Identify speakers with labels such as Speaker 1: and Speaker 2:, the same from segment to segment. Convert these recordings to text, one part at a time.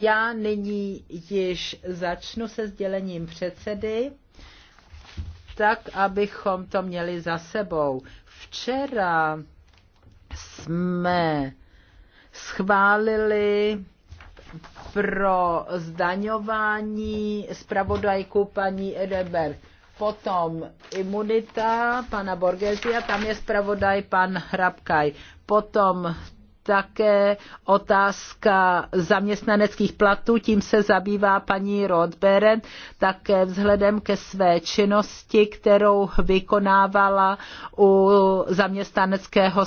Speaker 1: Já nyní
Speaker 2: již začnu se sdělením předsedy, tak abychom to měli za sebou. Včera jsme schválili pro zdaňování zpravodajku paní Edeberg. Potom imunita pana Borgesia, tam je zpravodaj pan Hrabkaj. Potom také otázka zaměstnaneckých platů, tím se zabývá paní Rodberen, také vzhledem ke své činnosti, kterou vykonávala u zaměstnaneckého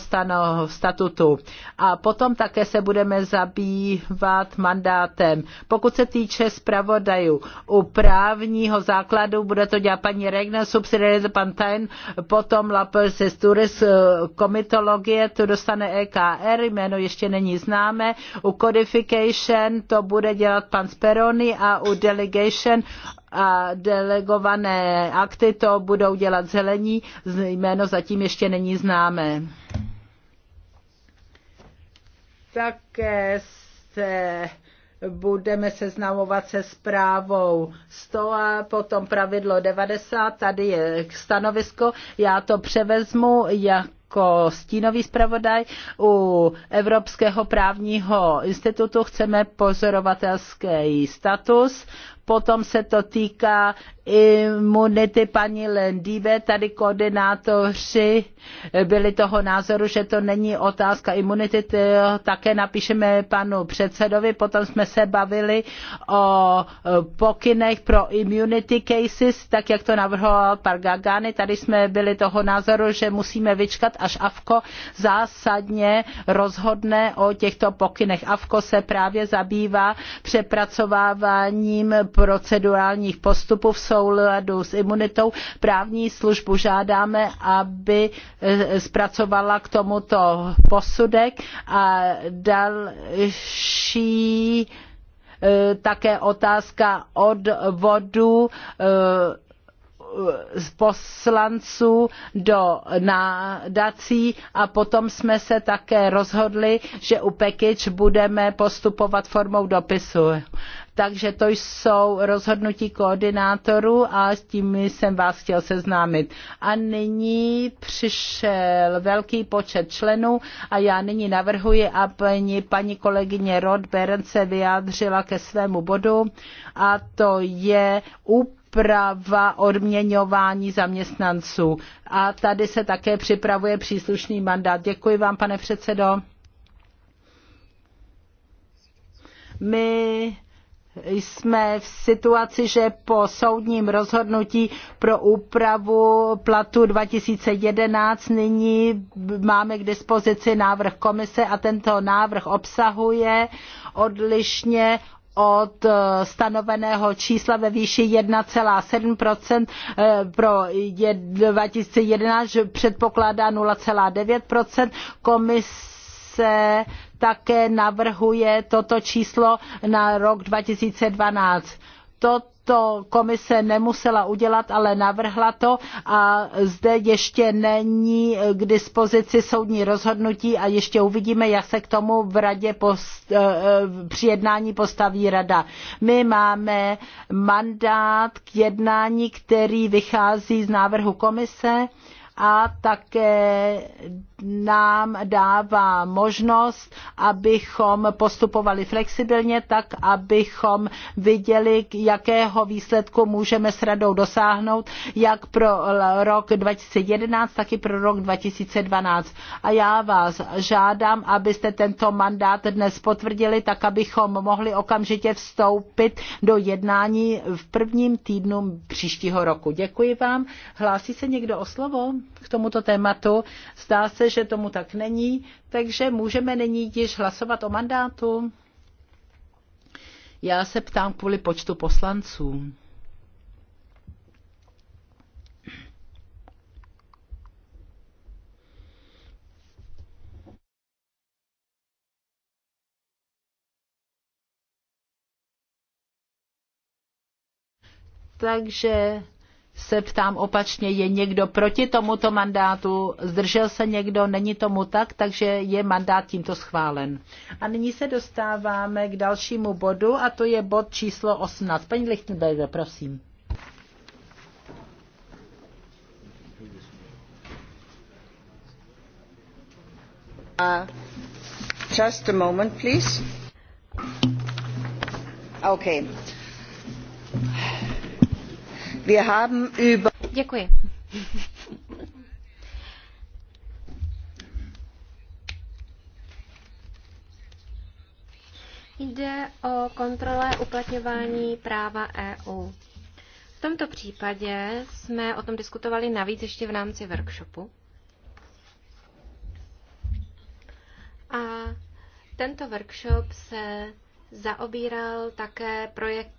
Speaker 2: statutu. A potom také se budeme zabývat mandátem. Pokud se týče zpravodajů, u právního základu bude to dělat paní Regner, subsidiarity pan Tain, potom Lapel Turis, komitologie, to dostane EKR, jméno jméno ještě není známé. U Codification to bude dělat pan Speroni a u Delegation a delegované akty to budou dělat zelení. Jméno zatím ještě není známé. Také se budeme seznamovat se zprávou 100 a potom pravidlo 90, tady je stanovisko, já to převezmu jak jako stínový zpravodaj u Evropského právního institutu chceme pozorovatelský status, potom se to týká imunity paní Lendíbe, tady koordinátoři byli toho názoru, že to není otázka imunity, také napíšeme panu předsedovi, potom jsme se bavili o pokynech pro immunity cases, tak jak to navrhoval pan Gagany, tady jsme byli toho názoru, že musíme vyčkat, až AFKO zásadně rozhodne o těchto pokynech. AFKO se právě zabývá přepracováváním procedurálních postupů v sou souladu s imunitou. Právní službu žádáme, aby eh, zpracovala k tomuto posudek a další eh, také otázka odvodu eh, poslanců do nadací a potom jsme se také rozhodli, že u package budeme postupovat formou dopisu. Takže to jsou rozhodnutí koordinátorů a s tím jsem vás chtěl seznámit. A nyní přišel velký počet členů a já nyní navrhuji, aby paní kolegyně Rod Beren se vyjádřila ke svému bodu a to je úplně úprava odměňování zaměstnanců. A tady se také připravuje příslušný mandát. Děkuji vám, pane předsedo. My jsme v situaci, že po soudním rozhodnutí pro úpravu platu 2011 nyní máme k dispozici návrh komise a tento návrh obsahuje odlišně od eh, stanoveného čísla ve výši 1,7 eh, pro 2011 předpokládá 0,9 komise komise také navrhuje toto číslo na rok 2012. Toto komise nemusela udělat, ale navrhla to a zde ještě není k dispozici soudní rozhodnutí a ještě uvidíme, jak se k tomu v radě post, eh, eh, při jednání postaví rada. My máme mandát k jednání, který vychází z návrhu komise a také nám dává možnost, abychom postupovali flexibilně tak, abychom viděli, jakého výsledku můžeme s radou dosáhnout, jak pro rok 2011, tak i pro rok 2012. A já vás žádám, abyste tento mandát dnes potvrdili, tak abychom mohli okamžitě vstoupit do jednání v prvním týdnu příštího roku. Děkuji vám. Hlásí se někdo o slovo? k tomuto tématu. Zdá se, že tomu tak není, takže můžeme nyní již hlasovat o mandátu. Já se ptám kvůli počtu poslanců. Takže se ptám opačně, je někdo proti tomuto mandátu, zdržel se někdo, není tomu tak, takže je mandát tímto schválen. A nyní se dostáváme k dalšímu bodu a to je bod číslo 18. Paní Lichtenberger, prosím.
Speaker 3: Uh, just a moment, please. Okay.
Speaker 4: Jde o kontrolu uplatňování práva EU. V tomto případě jsme o tom diskutovali navíc ještě v rámci workshopu. A tento workshop se zaobíral také projekt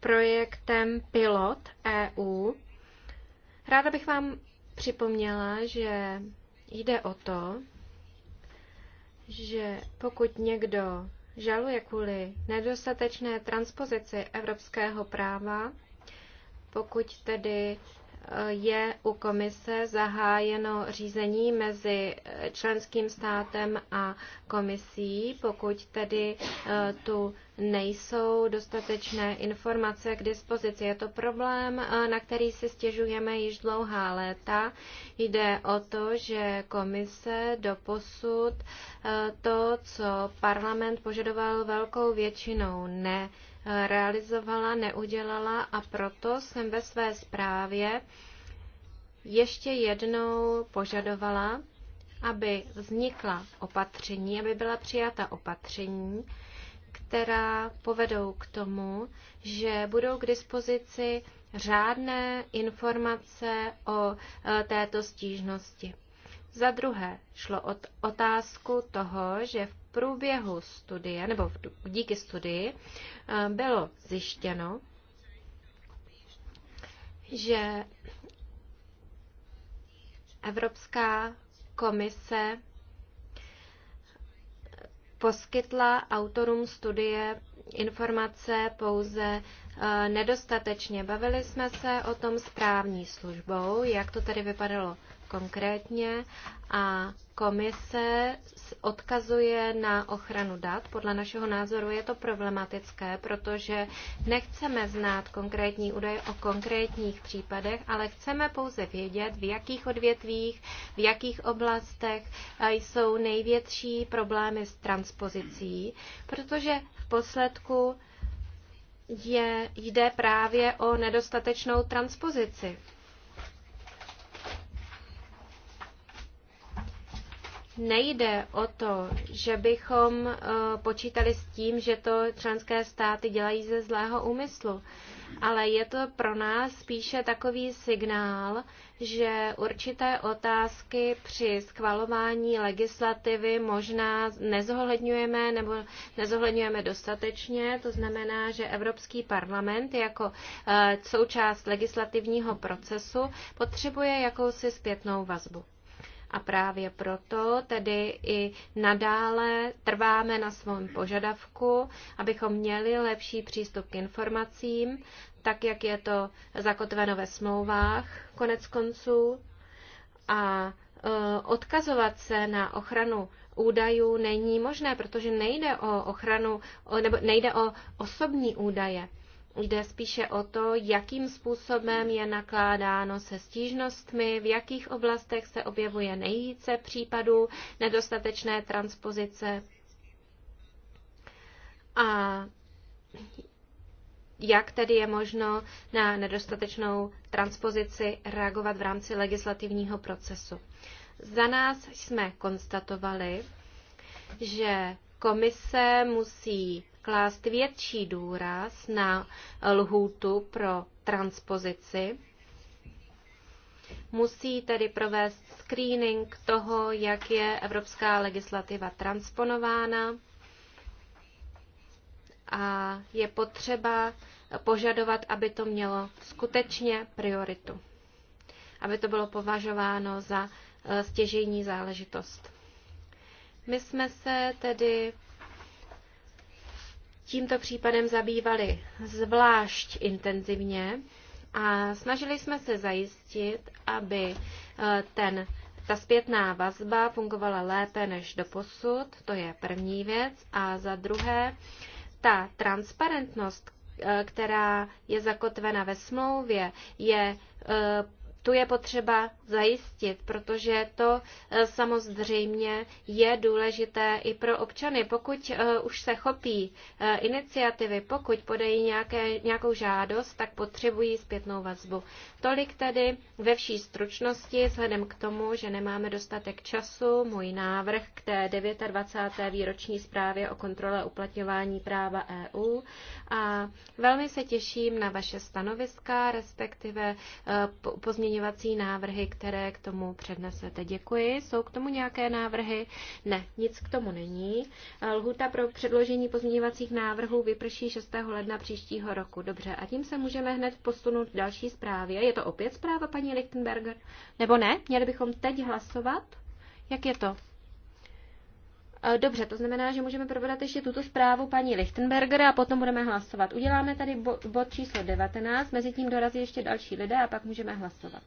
Speaker 4: projektem Pilot EU. Ráda bych vám připomněla, že jde o to, že pokud někdo žaluje kvůli nedostatečné transpozici evropského práva, pokud tedy je u komise zahájeno řízení mezi členským státem a komisí, pokud tedy e, tu nejsou dostatečné informace k dispozici. Je to problém, e, na který si stěžujeme již dlouhá léta. Jde o to, že komise doposud e, to, co parlament požadoval velkou většinou, ne realizovala, neudělala a proto jsem ve své zprávě ještě jednou požadovala, aby vznikla opatření, aby byla přijata opatření, která povedou k tomu, že budou k dispozici řádné informace o e, této stížnosti. Za druhé šlo o otázku toho, že v průběhu studie, nebo díky studii, eh, bylo zjištěno, že Evropská komise poskytla autorům studie informace pouze eh, nedostatečně. Bavili jsme se o tom správní službou, jak to tady vypadalo konkrétně a komise odkazuje na ochranu dat. Podle našeho názoru je to problematické, protože nechceme znát konkrétní údaje o konkrétních případech, ale chceme pouze vědět, v jakých odvětvích, v jakých oblastech jsou největší problémy s transpozicí, protože v posledku je, jde právě o nedostatečnou transpozici nejde o to, že bychom eh, počítali s tím, že to členské státy dělají ze zlého úmyslu, ale je to pro nás spíše takový signál, že určité otázky při schvalování legislativy možná nezohledňujeme nebo nezohledňujeme dostatečně. To znamená, že Evropský parlament jako eh, součást legislativního procesu potřebuje jakousi zpětnou vazbu. A právě proto tedy i nadále trváme na svém požadavku, abychom měli lepší přístup k informacím, tak jak je to zakotveno ve smlouvách konec konců. A e, odkazovat se na ochranu údajů není možné, protože nejde o ochranu, nebo nejde o osobní údaje. Jde spíše o to, jakým způsobem je nakládáno se stížnostmi, v jakých oblastech se objevuje nejvíce případů nedostatečné transpozice a jak tedy je možno na nedostatečnou transpozici reagovat v rámci legislativního procesu. Za nás jsme konstatovali, že komise musí klást větší důraz na lhůtu pro transpozici. Musí tedy provést screening toho, jak je evropská legislativa transponována a je potřeba požadovat, aby to mělo skutečně prioritu, aby to bylo považováno za eh, stěžejní záležitost. My jsme se tedy tímto případem zabývali zvlášť intenzivně a snažili jsme se zajistit, aby e, ten, ta zpětná vazba fungovala lépe než do posud. to je první věc. A za druhé, ta transparentnost, e, která je zakotvena ve smlouvě, je e, tu je potřeba zajistit, protože to eh, samozřejmě je důležité i pro občany. Pokud eh, už se chopí eh, iniciativy, pokud podají nějaké, nějakou žádost, tak potřebují zpětnou vazbu. Tolik tedy ve vší stručnosti, vzhledem k tomu, že nemáme dostatek času, můj návrh k té 29. výroční zprávě o kontrole uplatňování práva EU a velmi se těším na vaše stanoviska, respektive pozměnění pozměňovací návrhy, které k tomu přednesete. Děkuji. Jsou k tomu nějaké návrhy? Ne, nic k tomu není. Lhuta pro předložení pozměňovacích návrhů vyprší 6. ledna příštího roku. Dobře, a tím se můžeme hned posunout k další zprávě. Je to opět zpráva paní Lichtenberger? Nebo ne? Měli bychom teď hlasovat? Jak je to? Eh, dobře, to znamená, že můžeme probrat ještě tuto zprávu paní Lichtenberger a potom budeme hlasovat. Uděláme tady bod číslo 19, mezi tím dorazí ještě další lidé a pak můžeme hlasovat.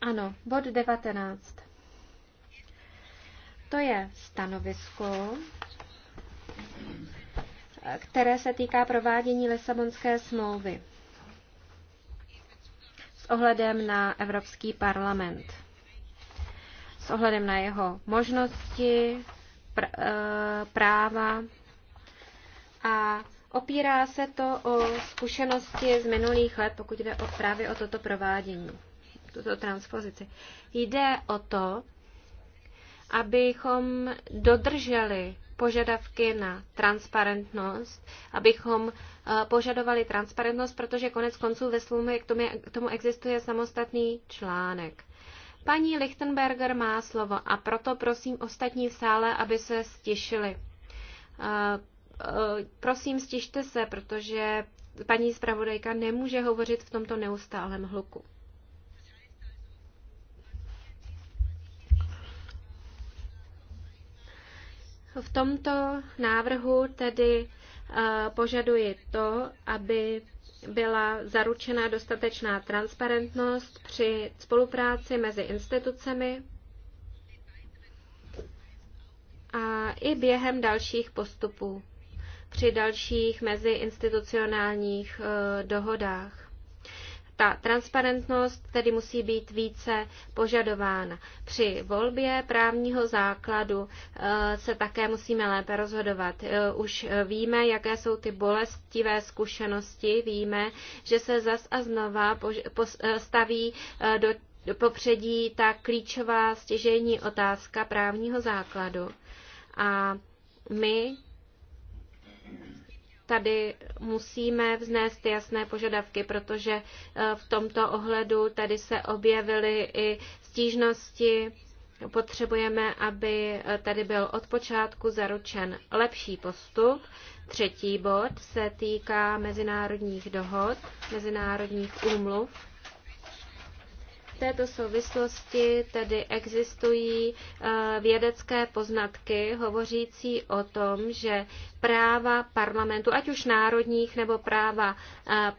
Speaker 4: Ano, bod 19. To je stanovisko, eh, které se týká provádění Lisabonské smlouvy s ohledem na Evropský parlament s ohledem na jeho možnosti, pr- eh, práva a opírá se to o zkušenosti z minulých let, pokud jde o, právě o toto provádění, tuto transpozici. Jde o to, abychom dodrželi požadavky na transparentnost, abychom eh, požadovali transparentnost, protože konec konců ve slumě k tomu existuje samostatný článek. Paní Lichtenberger má slovo a proto prosím ostatní v sále, aby se stišili. Eh, eh, prosím, stište se, protože paní zpravodajka nemůže hovořit v tomto neustálém hluku. V tomto návrhu tedy eh, požaduji to, aby byla zaručena dostatečná transparentnost při spolupráci mezi institucemi a i během dalších postupů, při dalších meziinstitucionálních eh, dohodách. Ta transparentnost tedy musí být více požadována. Při volbě právního základu eh, se také musíme lépe rozhodovat. Eh, už eh, víme, jaké jsou ty bolestivé zkušenosti, víme, že se zas a znova staví do popředí ta klíčová stěžejní otázka právního základu. A my tady musíme vznést jasné požadavky, protože eh, v tomto ohledu tady se objevily i stížnosti. Potřebujeme, aby eh, tady byl od počátku zaručen lepší postup. Třetí bod se týká mezinárodních dohod, mezinárodních úmluv. V této souvislosti tedy existují eh, vědecké poznatky hovořící o tom, že práva parlamentu, ať už národních nebo práva eh,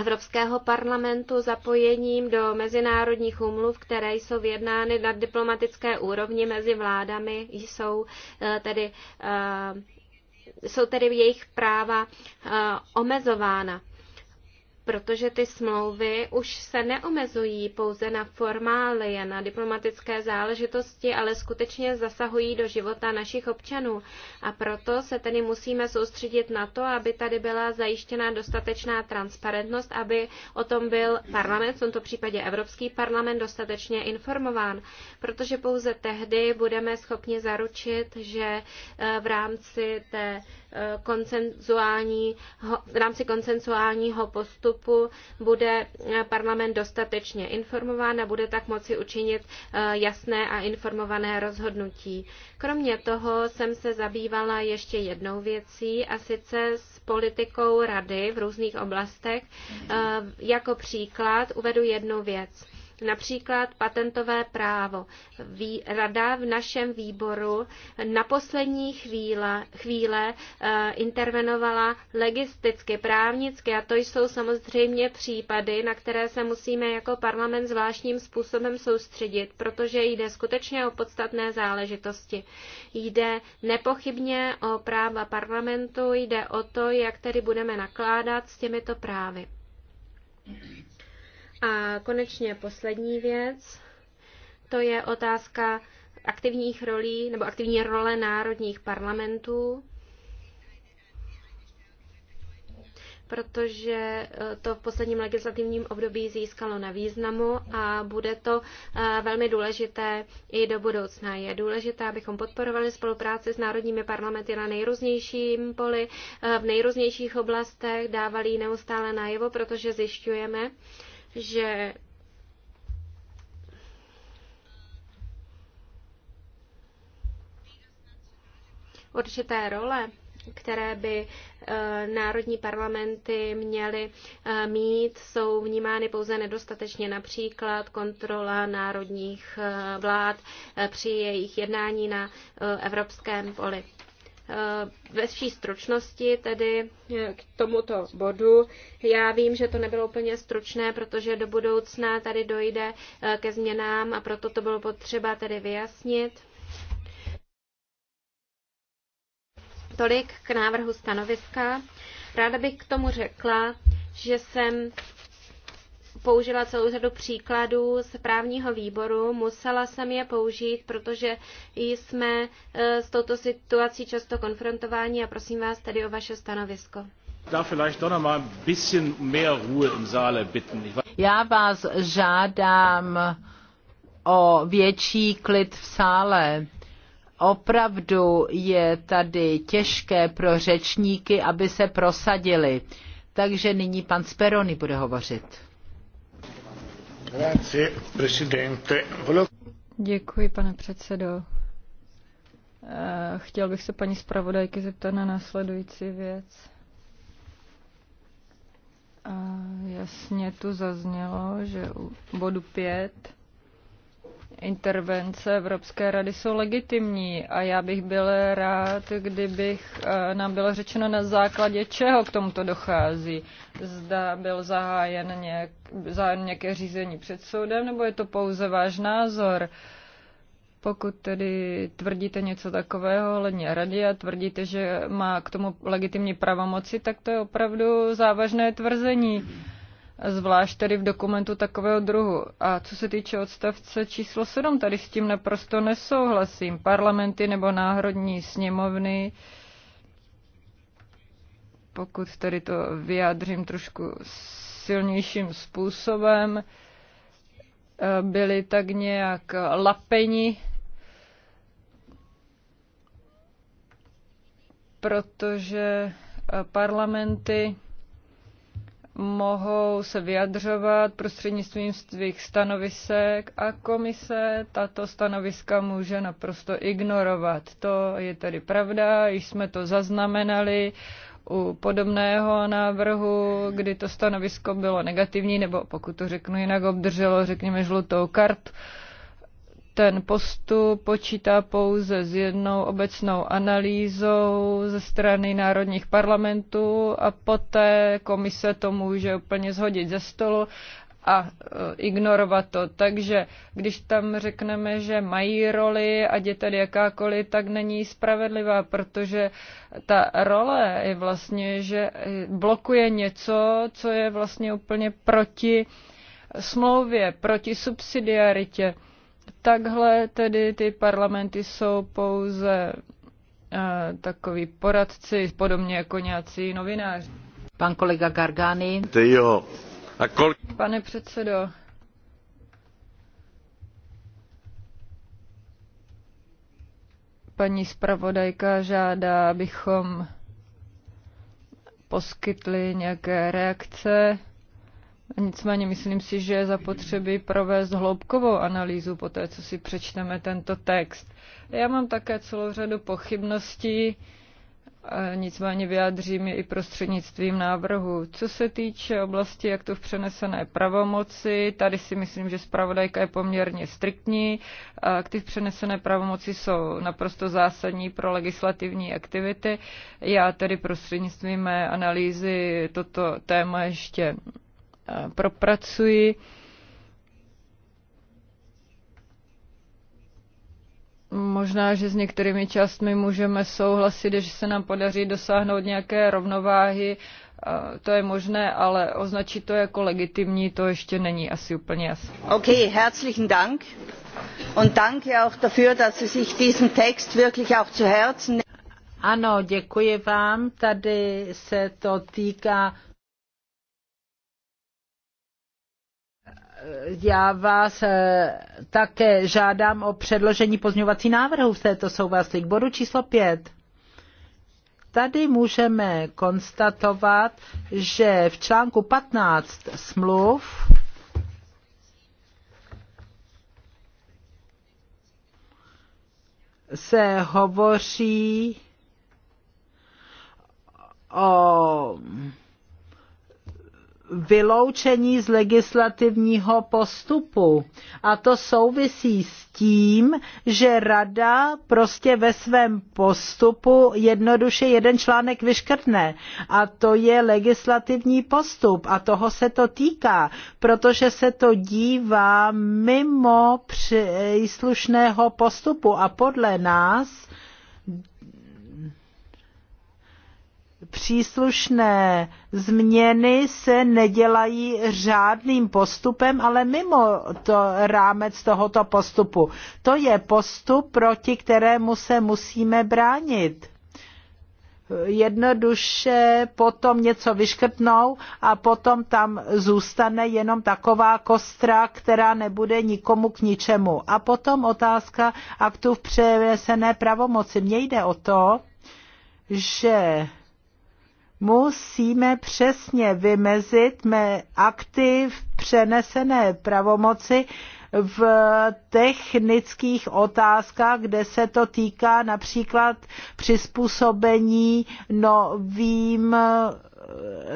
Speaker 4: Evropského parlamentu zapojením do mezinárodních umluv, které jsou vyjednány na diplomatické úrovni mezi vládami, jsou eh, tedy, jsou tedy jejich práva omezována protože ty smlouvy už se neomezují pouze na formálie, na diplomatické záležitosti, ale skutečně zasahují do života našich občanů. A proto se tedy musíme soustředit na to, aby tady byla zajištěna dostatečná transparentnost, aby o tom byl parlament, v tomto případě Evropský parlament, dostatečně informován. Protože pouze tehdy budeme schopni zaručit, že eh, v rámci té eh, koncenzuální, v rámci koncenzuálního postupu postupu bude parlament dostatečně informován a bude tak moci učinit eh, jasné a informované rozhodnutí. Kromě toho jsem se zabývala ještě jednou věcí a sice s politikou rady v různých oblastech. Eh, jako příklad uvedu jednu věc například patentové právo. rada v našem výboru na poslední chvíle, chvíle eh, intervenovala legisticky, právnicky a to jsou samozřejmě případy, na které se musíme jako parlament zvláštním způsobem soustředit, protože jde skutečně o podstatné záležitosti. Jde nepochybně o práva parlamentu, jde o to, jak tedy budeme nakládat s těmito právy. A konečně poslední věc, to je otázka aktivních rolí nebo aktivní role národních parlamentů, protože eh, to v posledním legislativním období získalo na významu a bude to eh, velmi důležité i do budoucna. Je důležité, abychom podporovali spolupráci s národními parlamenty na nejrůznějším poli, eh, v nejrůznějších oblastech, dávali ji neustále najevo, protože zjišťujeme, že určité role, které by eh, národní parlamenty měly eh, mít, jsou vnímány pouze nedostatečně, například kontrola národních eh, vlád při jejich jednání na evropském poli. Eh, ve vší stručnosti tedy eh, k tomuto bodu. Já vím, že to nebylo úplně stručné, protože do budoucna tady dojde eh, ke změnám a proto to bylo potřeba tedy vyjasnit. Tolik k návrhu stanoviska. Ráda bych k tomu řekla, že jsem použila celou řadu příkladů z právního výboru. Musela jsem je použít, protože jsme e, s touto situací často konfrontováni a prosím vás tedy o vaše stanovisko.
Speaker 1: Já vás
Speaker 2: žádám o větší klid v sále opravdu je tady těžké pro řečníky, aby se prosadili. Takže nyní pan Speroni bude hovořit.
Speaker 3: Děkuji, pane předsedo. Eh, chtěl bych se paní zpravodajky zeptat na následující věc. Jasně tu zaznělo, že u bodu 5 intervence Evropské rady jsou legitimní a já bych byl rád, kdybych eh, nám bylo řečeno na základě čeho k tomuto dochází. Zda byl zahájen, nějak, zahájen nějaké řízení před soudem, nebo je to pouze váš názor? Pokud tedy tvrdíte něco takového ohledně rady a tvrdíte, že má k tomu legitimní pravomoci, tak to je opravdu závažné tvrzení. Hmm zvlášť tedy v dokumentu takového druhu. A co se týče odstavce číslo 7, tady s tím naprosto nesouhlasím. Parlamenty nebo národní sněmovny, pokud tady to vyjádřím trošku silnějším způsobem, byli tak nějak lapeni, protože parlamenty mohou se vyjadřovat prostřednictvím svých stanovisek a komise tato stanoviska může naprosto ignorovat. To je tedy pravda, již jsme to zaznamenali u podobného návrhu, kdy to stanovisko bylo negativní, nebo pokud to řeknu jinak, obdrželo, řekněme, žlutou kartu ten postup počítá pouze s jednou obecnou analýzou ze strany národních parlamentů a poté komise to může úplně zhodit ze stolu a e, ignorovat to. Takže když tam řekneme, že mají roli, ať je tady jakákoliv, tak není spravedlivá, protože ta role je vlastně, že e, blokuje něco, co je vlastně úplně proti smlouvě, proti subsidiaritě. Takhle tedy ty parlamenty jsou pouze eh, takový poradci, podobně jako nějací novináři. Pan kolega Gargani. Ty
Speaker 4: jo. A kol...
Speaker 3: Pane předsedo, paní zpravodajka žádá, abychom poskytli nějaké reakce Nicméně myslím si, že je zapotřebí provést hloubkovou analýzu po té, co si přečteme tento text. Já mám také celou řadu pochybností, nicméně vyjádřím je i prostřednictvím návrhu. Co se týče oblasti, jak to v přenesené pravomoci, tady si myslím, že zpravodajka je poměrně striktní. Aktiv přenesené pravomoci jsou naprosto zásadní pro legislativní aktivity. Já tedy prostřednictvím mé analýzy toto téma ještě propracuji. Možná, že s některými částmi můžeme souhlasit, že se nám podaří dosáhnout nějaké rovnováhy, to je možné, ale označit to jako legitimní, to ještě není asi úplně jasné.
Speaker 2: OK, herzlichen Dank. Und danke auch dafür, dass Sie sich diesen Text wirklich auch zu Herzen nehmen. Ano, děkuji vám. Tady se to týká já vás eh, také žádám o předložení pozměňovací návrhu v této souvislosti k bodu číslo 5. Tady můžeme konstatovat, že v článku 15 smluv se hovoří o vyloučení z legislativního postupu. A to souvisí s tím, že rada prostě ve svém postupu jednoduše jeden článek vyškrtne. A to je legislativní postup. A toho se to týká, protože se to dívá mimo příslušného postupu. A podle nás příslušné změny se nedělají řádným postupem, ale mimo to rámec tohoto postupu. To je postup, proti kterému se musíme bránit jednoduše potom něco vyškrtnou a potom tam zůstane jenom taková kostra, která nebude nikomu k ničemu. A potom otázka aktu v přenesené pravomoci. Mně jde o to, že musíme přesně vymezit aktiv přenesené pravomoci v technických otázkách, kde se to týká například přizpůsobení novým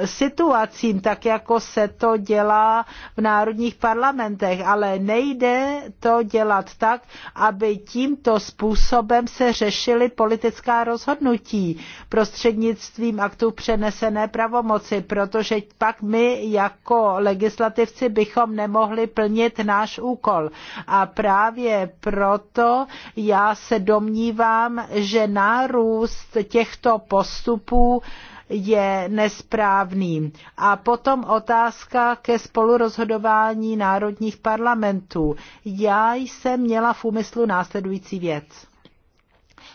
Speaker 2: situacím, tak jako se to dělá v národních parlamentech, ale nejde to dělat tak, aby tímto způsobem se řešily politická rozhodnutí prostřednictvím aktů přenesené pravomoci, protože pak my jako legislativci bychom nemohli plnit náš úkol. A právě proto já se domnívám, že nárůst těchto postupů je nesprávný. A potom otázka ke spolurozhodování národních parlamentů. Já jsem měla v úmyslu následující věc.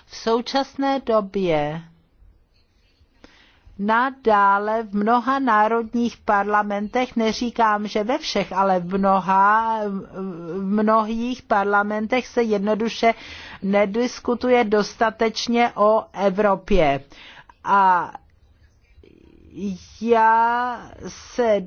Speaker 2: V současné době nadále v mnoha národních parlamentech, neříkám, že ve všech, ale v mnoha, v mnohých parlamentech se jednoduše nediskutuje dostatečně o Evropě. A já se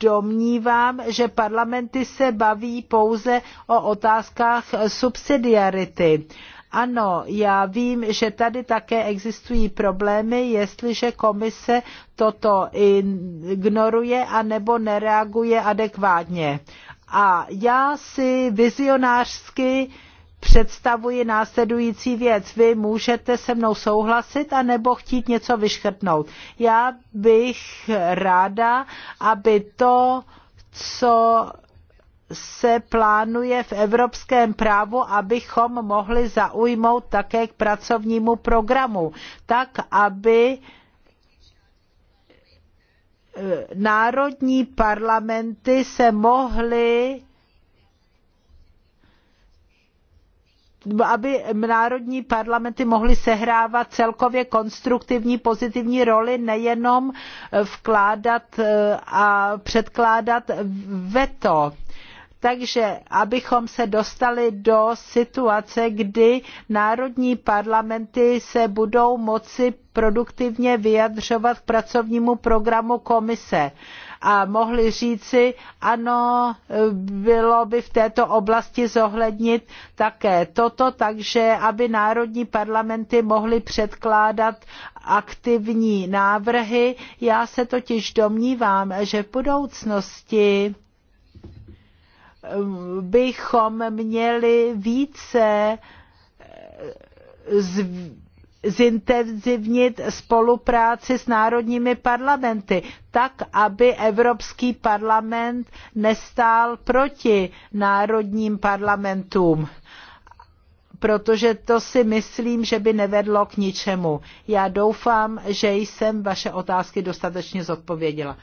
Speaker 2: domnívám, že parlamenty se baví pouze o otázkách subsidiarity. Ano, já vím, že tady také existují problémy, jestliže komise toto ignoruje a nebo nereaguje adekvátně. A já si vizionářsky představuji následující věc. Vy můžete se mnou souhlasit a nebo chtít něco vyškrtnout. Já bych ráda, aby to, co se plánuje v evropském právu, abychom mohli zaujmout také k pracovnímu programu, tak aby eh, národní parlamenty se mohly aby národní parlamenty mohly sehrávat celkově konstruktivní pozitivní roli, nejenom vkládat eh, a předkládat veto. Takže abychom se dostali do situace, kdy národní parlamenty se budou moci produktivně vyjadřovat k pracovnímu programu komise a mohli říci, ano, bylo by v této oblasti zohlednit také toto, takže aby národní parlamenty mohly předkládat aktivní návrhy. Já se totiž domnívám, že v budoucnosti um, bychom měli více eh, zv zintenzivnit spolupráci s národními parlamenty, tak, aby Evropský parlament nestál proti národním parlamentům protože to si myslím, že by nevedlo k ničemu. Já doufám, že jsem vaše otázky dostatečně zodpověděla.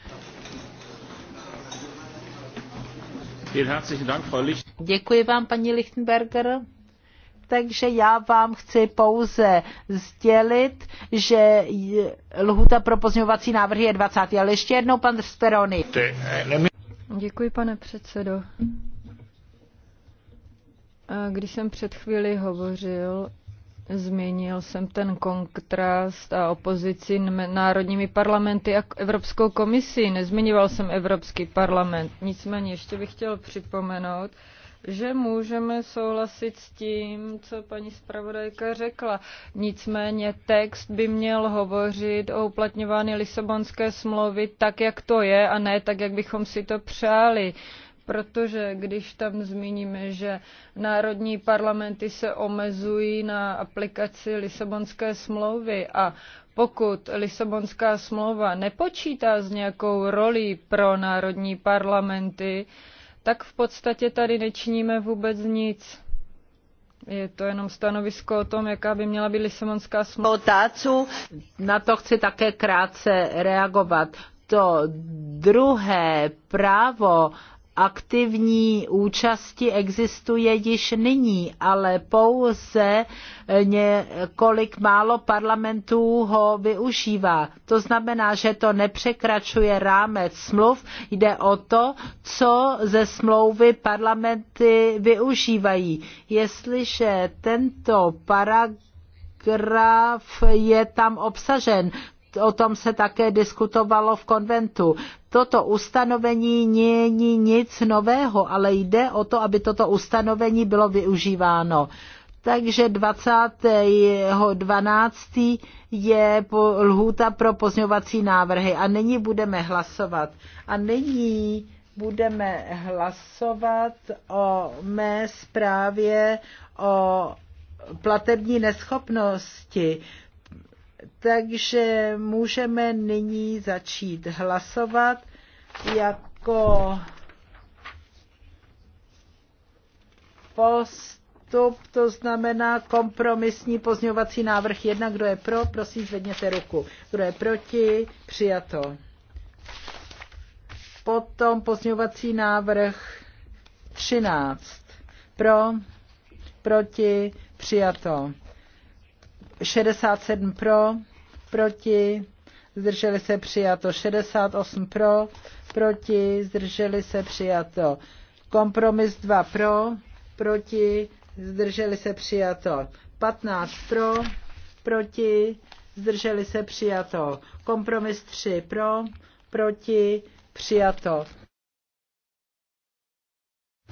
Speaker 2: Děkuji vám, paní Lichtenberger takže já vám chci pouze sdělit, že lhuta pro pozměňovací návrhy je 20.
Speaker 3: Ale ještě jednou pan Speroni. Děkuji, pane předsedo. Když jsem před chvíli hovořil, změnil jsem ten kontrast a opozici národními parlamenty a Evropskou komisí. Nezmiňoval jsem Evropský parlament. Nicméně ještě bych chtěl připomenout, že můžeme souhlasit s tím, co paní zpravodajka řekla. Nicméně text by měl hovořit o uplatňování Lisabonské smlouvy tak, jak to je a ne tak, jak bychom si to přáli protože když tam zmíníme, že národní parlamenty se omezují na aplikaci Lisabonské smlouvy a pokud Lisabonská smlouva nepočítá s nějakou rolí pro národní parlamenty, tak v podstatě tady nečiníme vůbec nic. Je to jenom stanovisko o tom, jaká by měla být Lisabonská smlouva. Na to chci také krátce reagovat.
Speaker 2: To druhé právo aktivní účasti existuje již nyní, ale pouze eh, několik málo parlamentů ho využívá. To znamená, že to nepřekračuje rámec smluv, jde o to, co ze smlouvy parlamenty využívají. Jestliže tento paragraf je tam obsažen, o tom se také diskutovalo v konventu toto ustanovení není nic nového, ale jde o to, aby toto ustanovení bylo využíváno. Takže 20.12. je lhůta pro pozňovací návrhy a nyní budeme hlasovat. A nyní budeme hlasovat o mé zprávě o platební neschopnosti. Takže můžeme nyní začít hlasovat jako postup, to znamená kompromisní pozňovací návrh Jedna, Kdo je pro, prosím zvedněte ruku. Kdo je proti, přijato. Potom pozňovací návrh 13. Pro, proti, přijato. 67 pro, proti, zdrželi se přijato 68 pro, proti, zdrželi se přijato. Kompromis 2 pro, proti, zdrželi se přijato. 15 pro, proti, zdrželi se přijato. Kompromis 3 pro, proti, přijato.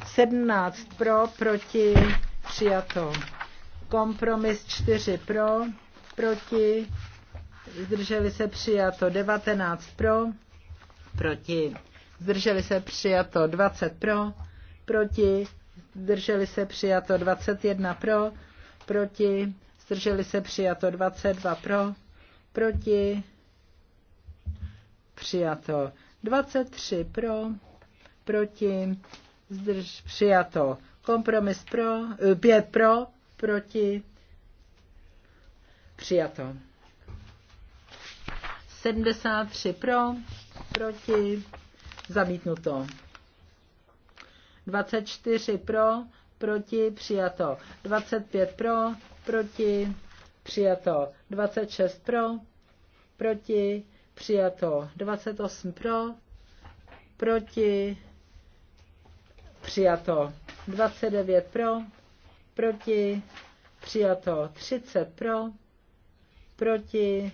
Speaker 2: 17 pro, proti, přijato. Kompromis 4 pro, proti, zdrželi se přijato 19 pro, proti, zdrželi se přijato 20 pro, proti, zdrželi se přijato 21 pro, proti, zdrželi se přijato 22 pro, proti, přijato 23 pro, proti, zdrž, přijato kompromis pro, 5 eh, pro, proti, přijato. 73 pro, proti, zamítnuto. 24 pro, proti, přijato. 25 pro, proti, přijato. 26 pro, proti, přijato. 28 pro, proti, přijato. 29 pro, proti, přijato 30 pro, proti,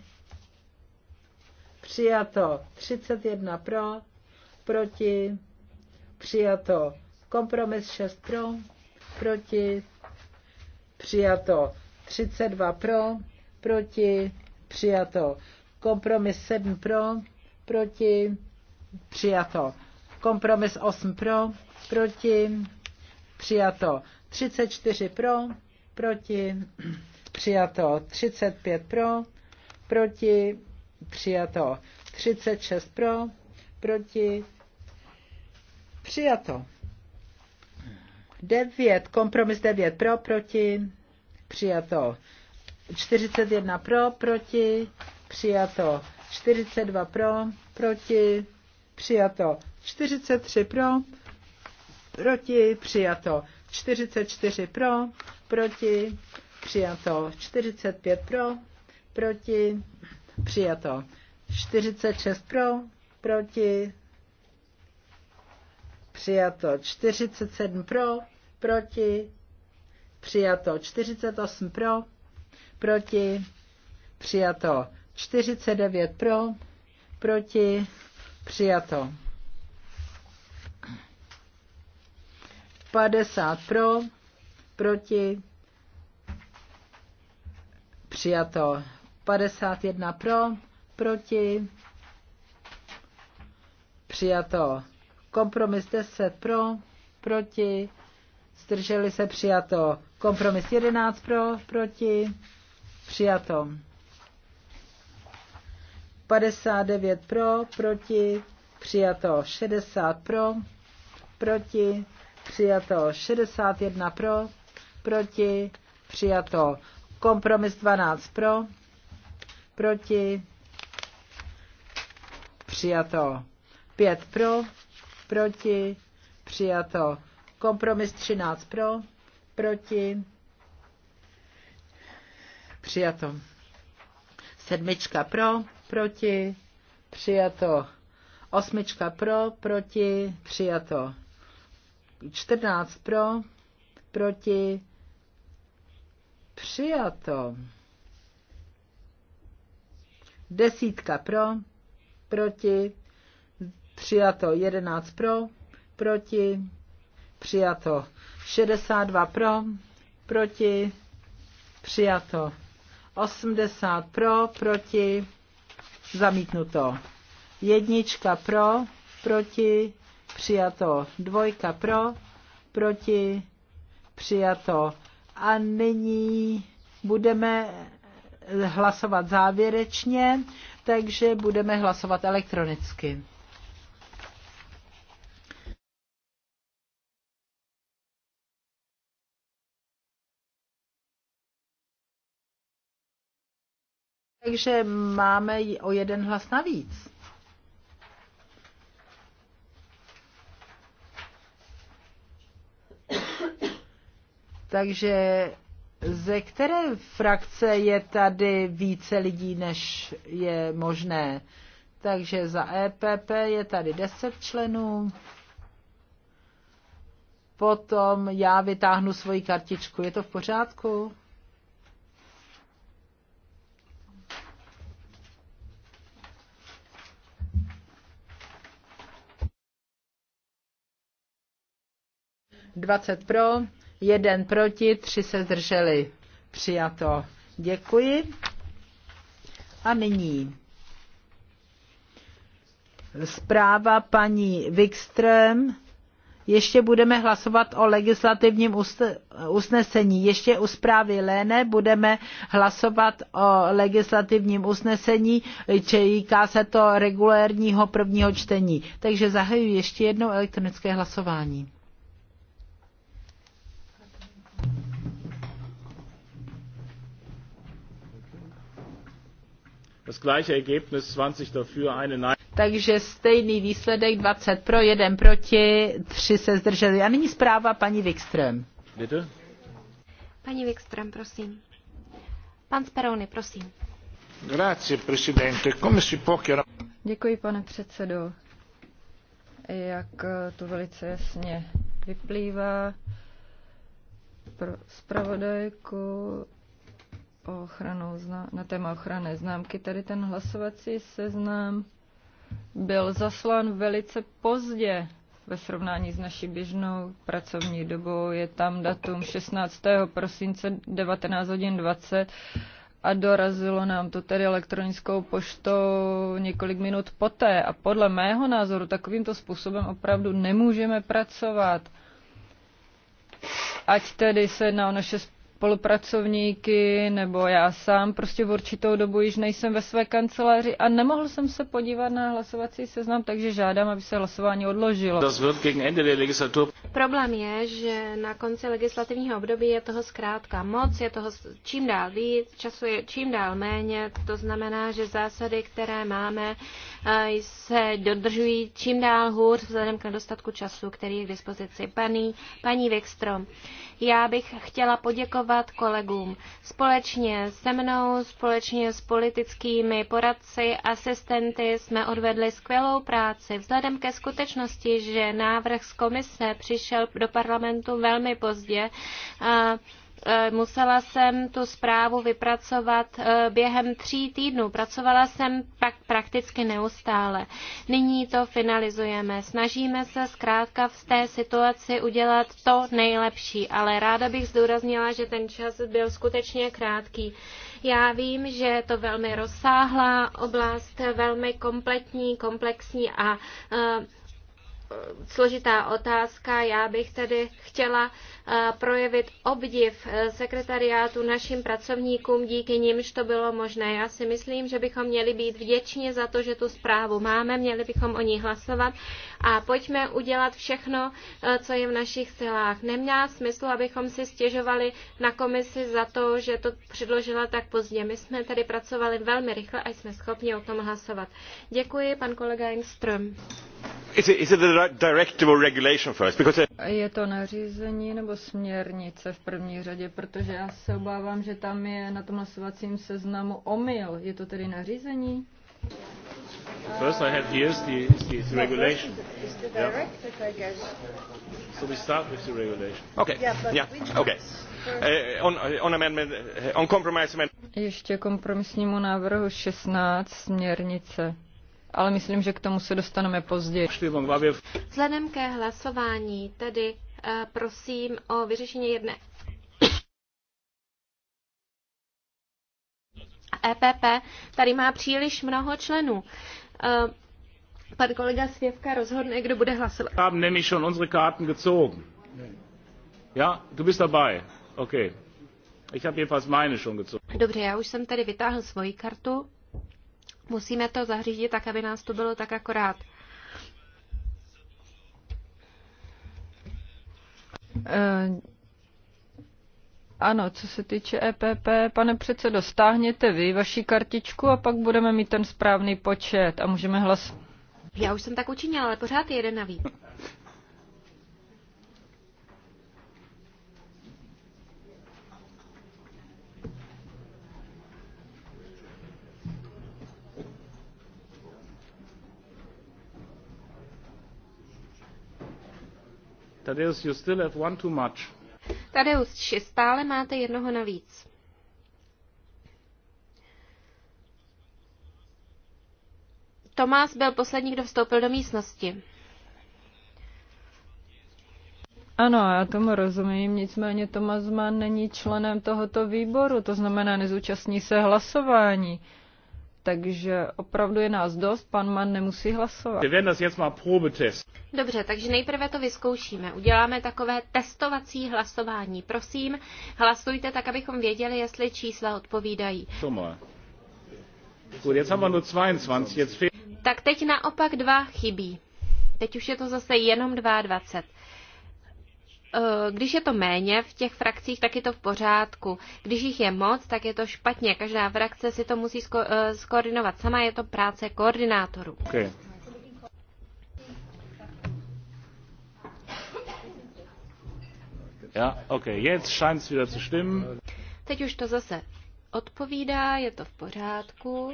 Speaker 2: přijato 31 pro, proti, přijato kompromis 6 pro, proti, přijato 32 pro, proti, přijato kompromis 7 pro, proti, přijato kompromis 8 pro, proti, přijato 34 pro, proti, přijato 35 pro, proti, přijato 36 pro, proti, přijato 9, kompromis 9 pro, proti, přijato 41 pro, proti, přijato 42 pro, proti, přijato 43 pro, proti, přijato 44 pro, proti, přijato. 45 pro, proti, přijato. 46 pro, proti, přijato. 47 pro, proti, přijato. 48 pro, proti, přijato. 49 pro, proti, přijato. 50 pro, proti, přijato. 51 pro, proti, přijato. Kompromis 10 pro, proti, zdrželi se přijato. Kompromis 11 pro, proti, přijato. 59 pro, proti, přijato. 60 pro, proti, přijato 61 pro, proti, přijato kompromis 12 pro, proti, přijato 5 pro, proti, přijato kompromis 13 pro, proti, přijato sedmička pro, proti, přijato osmička pro, proti, přijato 14 pro, proti, přijato. Desítka pro, proti, přijato 11 pro, proti, přijato 62 pro, proti, přijato 80 pro, proti, zamítnuto. Jednička pro, proti, přijato. Dvojka pro, proti, přijato. A nyní budeme hlasovat závěrečně, takže budeme hlasovat elektronicky. Takže máme o jeden hlas navíc. Takže ze které frakce je tady více lidí, než je možné? Takže za EPP je tady 10 členů. Potom já vytáhnu svoji kartičku. Je to v pořádku? Dvacet pro, jeden proti, tři se zdrželi. Přijato. Děkuji. A nyní zpráva paní Wikström. Ještě budeme hlasovat o legislativním usnesení. Ještě u zprávy Léne budeme hlasovat o legislativním usnesení, týká se to regulérního prvního čtení. Takže zahajuji ještě jednou elektronické hlasování.
Speaker 1: Das gleiche Ergebnis 20 dafür, eine Nein.
Speaker 2: Takže stejný výsledek 20 pro, 1 proti, 3 se zdrželi. A nyní zpráva paní
Speaker 1: Wikström. Bitte?
Speaker 4: Paní Wikström, prosím. Pan Speroni, prosím.
Speaker 1: Grazie, presidente. Come si può
Speaker 4: Děkuji, pane předsedo.
Speaker 3: Jak eh, to velice jasně vyplývá, pro zpravodajku ochranou, na téma ochranné známky. Tady ten hlasovací seznam byl zaslán velice pozdě ve srovnání s naší běžnou pracovní dobou. Je tam datum 16. prosince 19 hodin 20 a dorazilo nám to tedy elektronickou poštou několik minut poté. A podle mého názoru takovýmto způsobem opravdu nemůžeme pracovat ať tedy se jedná o naše spolupracovníky nebo já sám prostě v určitou dobu již nejsem ve své kanceláři a nemohl jsem se podívat na hlasovací seznam,
Speaker 4: takže žádám, aby se hlasování odložilo. Problém je, že na konci legislativního období je toho zkrátka moc, je toho čím dál víc, času je čím dál méně, to znamená, že zásady, které máme, eh, se dodržují čím dál hůř vzhledem k nedostatku času, který je k dispozici. Paní, paní Vikstrom, já bych chtěla poděkovat kolegům. Společně se mnou, společně s politickými poradci, asistenty jsme odvedli skvělou práci. Vzhledem ke skutečnosti, že návrh z komise přišel do parlamentu velmi pozdě, a E, musela jsem tu zprávu vypracovat e, během tří týdnů. Pracovala jsem pak prakticky neustále. Nyní to finalizujeme. Snažíme se zkrátka v té situaci udělat to nejlepší, ale ráda bych zdůraznila, že ten čas byl skutečně krátký. Já vím, že je to velmi rozsáhlá oblast, velmi kompletní, komplexní a e, složitá otázka. Já bych tedy chtěla eh, projevit obdiv eh, sekretariátu našim pracovníkům, díky nimž to bylo možné. Já si myslím, že bychom měli být vděční za to, že tu zprávu máme, měli bychom o ní hlasovat a pojďme udělat všechno, eh, co je v našich silách. Neměla smysl, abychom si stěžovali na komisi za to, že to předložila tak pozdě. My jsme tady pracovali velmi rychle a jsme schopni o tom hlasovat. Děkuji, pan kolega Engström.
Speaker 1: Is it, is it Uh,
Speaker 3: je to nařízení nebo směrnice v první řadě, protože já se obávám, že tam je na tom hlasovacím seznamu omyl. Je to tedy nařízení?
Speaker 1: First I have here is the, is the, is the regulation. It's the directive, yeah. I guess. So we start with the regulation. Okay. Yeah. But yeah. okay. Uh, on, uh, on, amendment, uh, on compromise amendment.
Speaker 3: Ještě kompromisnímu návrhu 16 směrnice ale myslím, že k tomu se dostaneme později.
Speaker 4: Vzhledem ke hlasování tedy eh, prosím o vyřešení jedné EPP tady má příliš mnoho členů. Eh, pan kolega Svěvka rozhodne, kdo bude hlasovat.
Speaker 1: Haben nämlich schon unsere Karten gezogen. Ja, du bist dabei. Okay. Ich habe jedenfalls meine schon gezogen.
Speaker 4: Dobře, já už jsem tady vytáhl svoji kartu. Musíme to zařídit tak, aby nás to bylo tak akorát.
Speaker 3: Uh, ano, co se týče EPP, pane předsedo, stáhněte vy vaši kartičku a pak budeme mít ten správný počet a můžeme hlas.
Speaker 4: Já už jsem tak učinila, ale pořád je jeden navíc.
Speaker 1: Tadeus, you still have one too much.
Speaker 4: Tadeus, stále máte jednoho navíc. Tomás byl poslední, kdo vstoupil do místnosti.
Speaker 3: Ano, já tomu rozumím, nicméně Tomas Mann není členem tohoto výboru, to znamená nezúčastní se hlasování. Takže opravdu je nás dost, pan man nemusí hlasovat.
Speaker 4: Dobře, takže nejprve to vyzkoušíme. Uděláme takové testovací hlasování. Prosím, hlasujte tak, abychom věděli, jestli čísla odpovídají. Tak teď naopak dva chybí. Teď už je to zase jenom 22. Eh, když je to méně v těch frakcích, tak je to v pořádku. Když jich je moc, tak je to špatně. Každá frakce si to musí sko- eh, skoordinovat sama, je to práce koordinátorů. Okay.
Speaker 1: Ja, okay. Jetzt scheint's wieder zu stimmen.
Speaker 4: Teď už to zase odpovídá, je to v pořádku.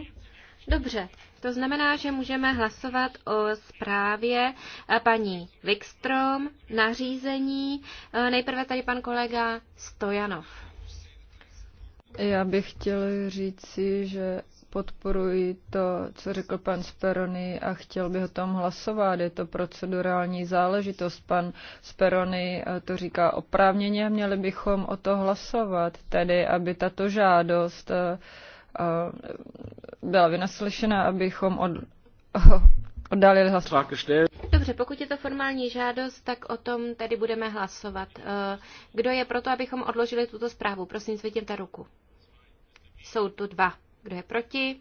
Speaker 4: Dobře, to znamená, že můžeme hlasovat o zprávě eh, paní Wikstrom, nařízení. Eh, nejprve tady pan kolega Stojanov.
Speaker 3: Já bych chtěl říci, že podporuji to, co řekl pan Sperony a chtěl bych o tom hlasovat. Je to procedurální záležitost. Pan Sperony eh, to říká oprávněně, měli bychom o to hlasovat, tedy aby tato žádost uh, Eh, byla vynaslyšena, abychom od, oddalili
Speaker 4: hlasování. Dobře, pokud je to formální žádost, tak o tom tady budeme hlasovat. Eh, kdo je proto, abychom odložili tuto zprávu? Prosím, zvedněte ruku. Jsou tu dva. Kdo je proti?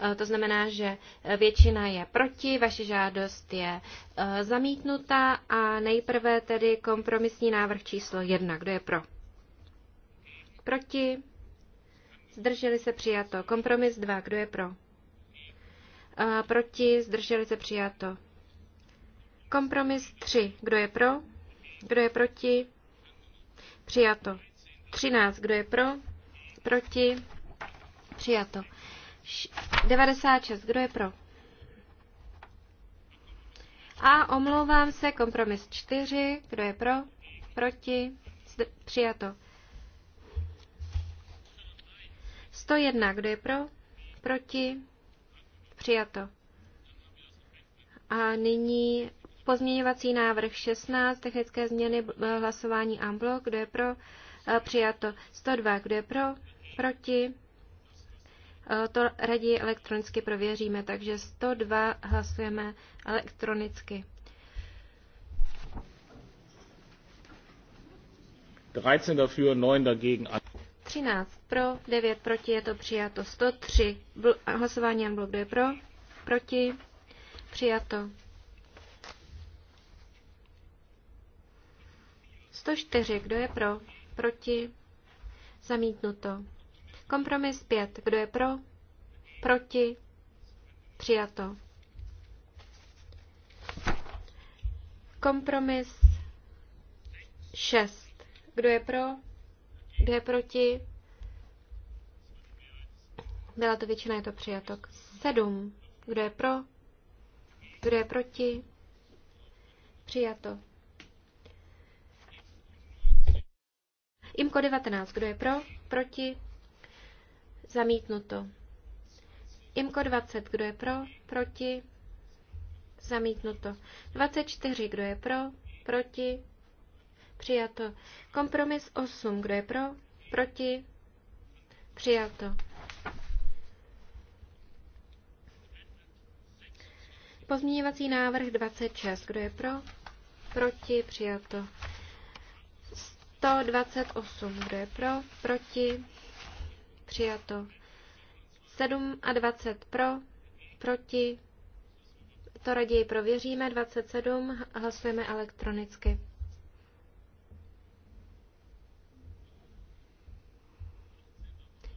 Speaker 4: Eh, to znamená, že většina je proti, vaše žádost je zamítnuta a nejprve tedy kompromisní návrh číslo jedna. Kdo je pro? Proti? zdrželi se přijato. Kompromis 2, kdo je pro? A Proti, zdrželi se přijato. Kompromis 3, kdo je pro? Kdo je proti? Přijato. 13, kdo je pro? Proti? Přijato. 96, kdo je pro? A omlouvám se, kompromis 4, kdo je pro? Proti? přijato. 101, kdo je pro? Proti? Přijato. A nyní pozměňovací návrh 16, technické změny hlasování AMBLO, kdo je pro? E, přijato. 102, kdo je pro? Proti? E, to raději elektronicky prověříme, takže 102 hlasujeme elektronicky.
Speaker 1: 13 dafür, 9 dagegen.
Speaker 4: 13 pro, 9 proti, je to přijato 103. Bl- hlasování en blok, kdo je pro, proti, přijato 104, kdo je pro, proti, zamítnuto. Kompromis 5, kdo je pro, proti, přijato. Kompromis 6, kdo je pro, kdo je proti? Byla to většina, je to přijato. sedm, Kdo je pro? Kdo je proti? Přijato. IMKO 19. Kdo je pro? Proti? Zamítnuto. IMKO 20. Kdo je pro? Proti? Zamítnuto. 24. Kdo je pro? Proti? Přijato. Kompromis 8. Kdo je pro? Proti? Přijato. Pozměňovací návrh 26. Kdo je pro? Proti? Přijato. 128. Kdo je pro? Proti? Přijato. 7 a 20 pro? Proti? To raději prověříme. 27. Hlasujeme elektronicky.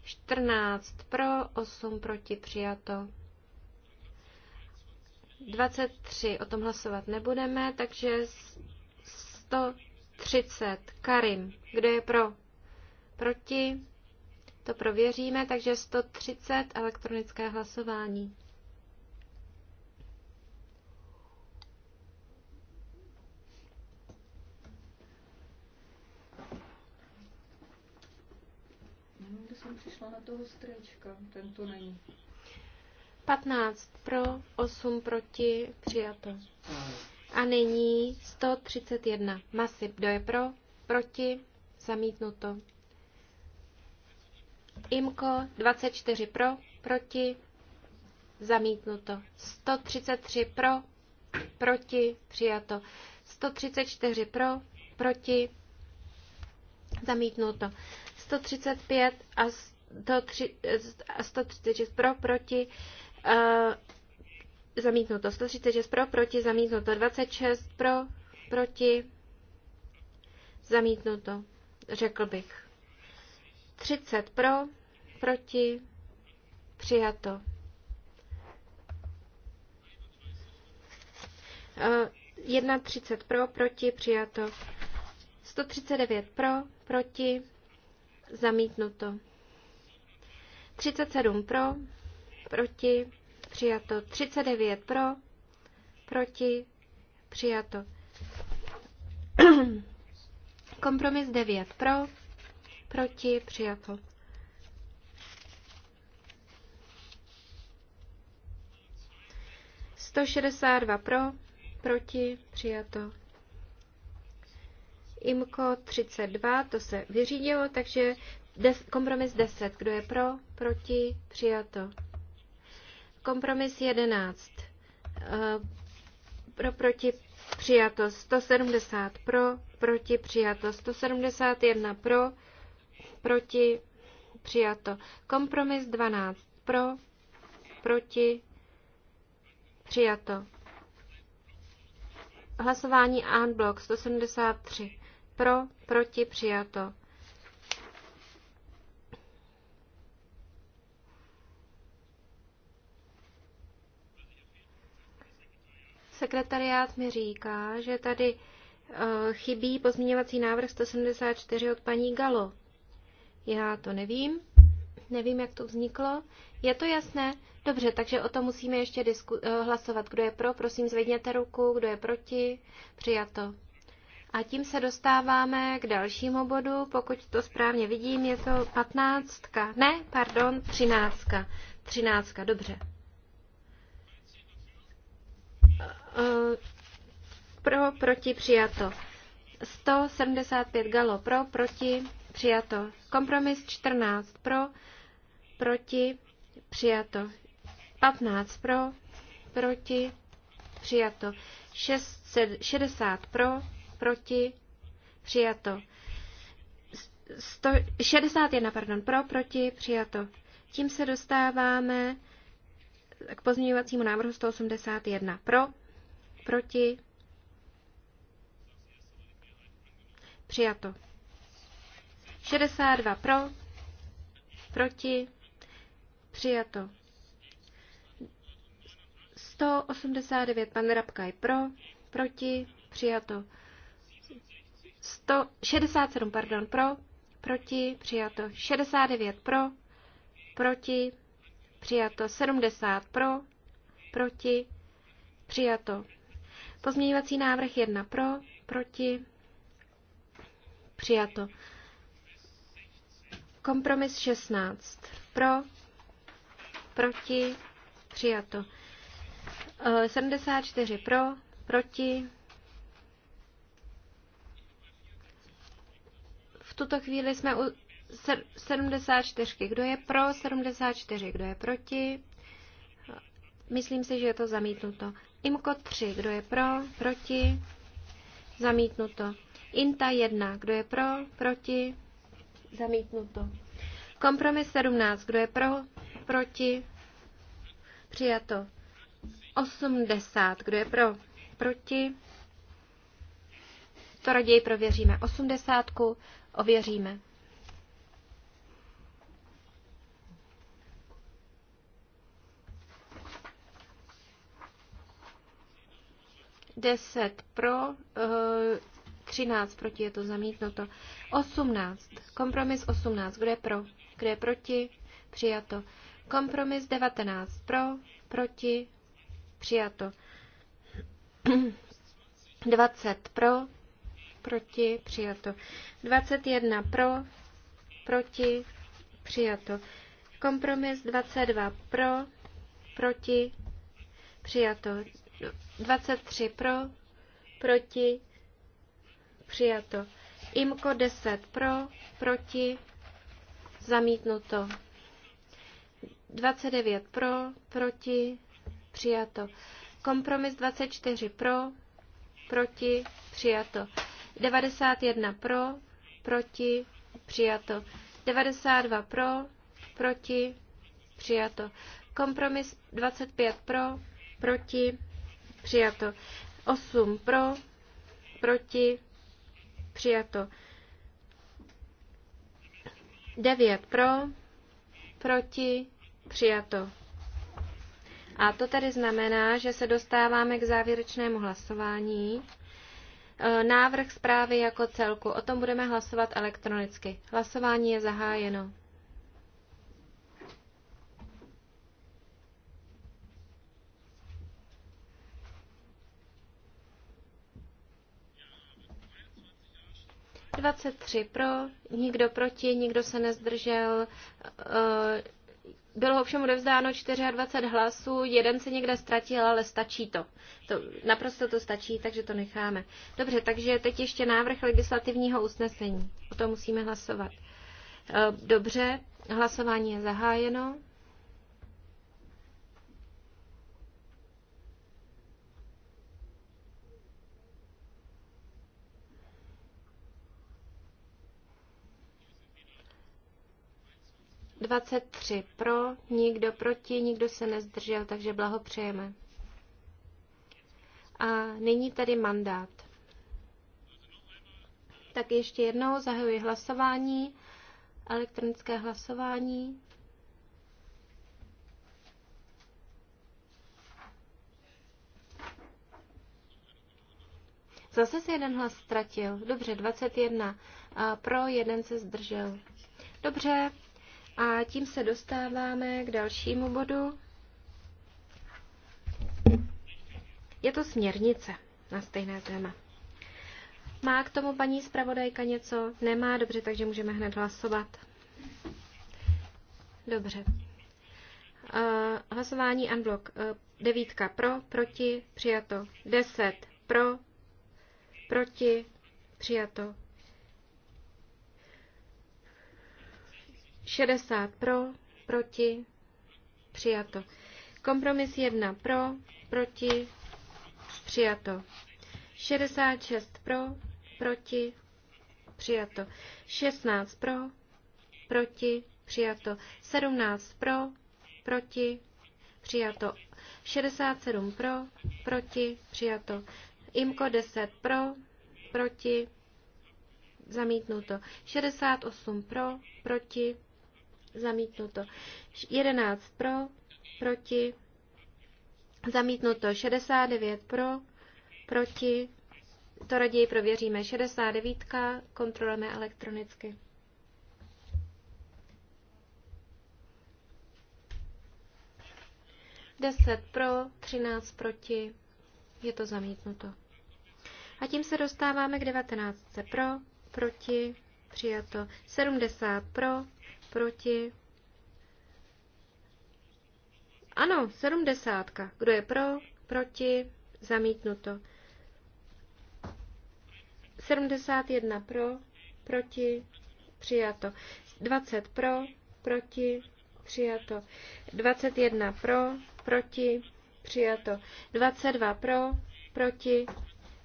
Speaker 4: 14 pro, 8 proti, přijato. 23 o tom hlasovat nebudeme, takže 130 Karim, kdo je pro? Proti? To prověříme, takže 130 elektronické hlasování.
Speaker 3: na toho strýčka, ten tu není.
Speaker 4: 15 pro, 8 proti, přijato. A nyní 131. Masip, kdo je pro, proti, zamítnuto. Imko 24 pro, proti, zamítnuto. 133 pro, proti, přijato. 134 pro, proti, zamítnuto. 135 a 136 eh, eh, pro, proti, zamítnuto. 136 pro, proti, zamítnuto. 26 pro, proti, zamítnuto, řekl bych. 30 pro, proti, přijato. Uh, třicet pro, proti, přijato. 139 eh, pro, proti, zamítnuto. 37 pro, proti, přijato. 39 pro, proti, přijato. Kompromis 9 pro, proti, přijato. Sto šedesát dva pro, proti, přijato. IMKO 32, to se vyřídilo, takže Des, kompromis 10. Kdo je pro? Proti? Přijato. Kompromis 11. Eh, pro, proti? Přijato. 170 pro, proti? Přijato. 171 pro, proti? Přijato. Kompromis 12. Pro, proti? Přijato. Hlasování en bloc 173. Pro, proti, přijato. sekretariát mi říká, že tady eh, chybí pozměňovací návrh 174 od paní Galo. Já to nevím, nevím, jak to vzniklo. Je to jasné? Dobře, takže o tom musíme ještě disku- eh, hlasovat. Kdo je pro, prosím, zvedněte ruku. Kdo je proti, přijato. A tím se dostáváme k dalšímu bodu. Pokud to správně vidím, je to 15. Ne, pardon, 13 13. dobře. Eh, pro, proti, přijato. 175 galo pro, proti, přijato. Kompromis 14 pro, proti, přijato. 15 pro, proti, přijato. 60 pro, proti, přijato. 161, pardon, pro, proti, přijato. Tím se dostáváme k pozměňovacímu návrhu 181. Pro, Proti? Přijato. 62 pro, proti, přijato. 189 pan Rabkaj pro, proti, přijato. 167 pardon, pro, proti, přijato. 69 pro, proti, přijato. 70 pro, proti, přijato. Pozměňovací návrh 1 pro, proti, přijato. Kompromis 16 pro, proti, přijato. 74 e, pro, proti. V tuto chvíli jsme u 74. Kdo je pro? 74. Kdo je proti? Myslím si, že je to zamítnuto. Imko 3, kdo je pro, proti, zamítnuto. Inta 1, kdo je pro, proti, zamítnuto. Kompromis 17, kdo je pro, proti, přijato. 80, kdo je pro, proti, to raději prověříme. 80 ověříme. 10 pro, 13 eh, proti je to zamítnuto. 18. Kompromis 18. Kdo je pro? Kdo je proti? Přijato. Kompromis 19. Pro, proti, přijato. 20 pro, proti, přijato. 21 pro, proti, přijato. Kompromis 22 pro, proti, přijato. 23 pro, proti, přijato. IMKO 10 pro, proti, zamítnuto. 29 pro, proti, přijato. Kompromis 24 pro, proti, přijato. 91 pro, proti, přijato. 92 pro, proti, přijato. Kompromis 25 pro, proti, přijato. 8 pro, proti, přijato. 9 pro, proti, přijato. A to tedy znamená, že se dostáváme k závěrečnému hlasování. E, návrh zprávy jako celku. O tom budeme hlasovat elektronicky. Hlasování je zahájeno. 23 pro, nikdo proti, nikdo se nezdržel. Eh, bylo ovšem odevzdáno 24 hlasů, jeden se někde ztratil, ale stačí to. to. Naprosto to stačí, takže to necháme. Dobře, takže teď ještě návrh legislativního usnesení. O tom musíme hlasovat. Eh, dobře, hlasování je zahájeno. 23 pro, nikdo proti, nikdo se nezdržel, takže blahopřejeme. A nyní tady mandát. Tak ještě jednou zahajuji hlasování, elektronické hlasování. Zase se jeden hlas ztratil. Dobře, 21 a pro, jeden se zdržel. Dobře, a tím se dostáváme k dalšímu bodu. Je to směrnice na stejné téma. Má k tomu paní zpravodajka něco? Nemá, dobře, takže můžeme hned hlasovat. Dobře. Eh, hlasování unblock. Eh, devítka pro, proti, přijato. Deset pro, proti, přijato. 60 pro, proti, přijato. Kompromis 1 pro, proti, přijato. 66 pro, proti, přijato. 16 pro, proti, přijato. 17 pro, proti, přijato. 67 pro, proti, přijato. IMKO 10 pro, proti, zamítnuto. 68 pro, proti, zamítnuto. 11 pro, proti, zamítnuto. 69 pro, proti, to raději prověříme. 69 kontrolujeme elektronicky. Deset pro, třináct proti, je to zamítnuto. A tím se dostáváme k 19 pro, proti, přijato 70 pro, proti. Ano, sedmdesátka. Kdo je pro, proti, zamítnuto. 71 pro, proti, přijato. 20 pro, proti, přijato. 21 pro, proti, přijato. 22 pro, proti,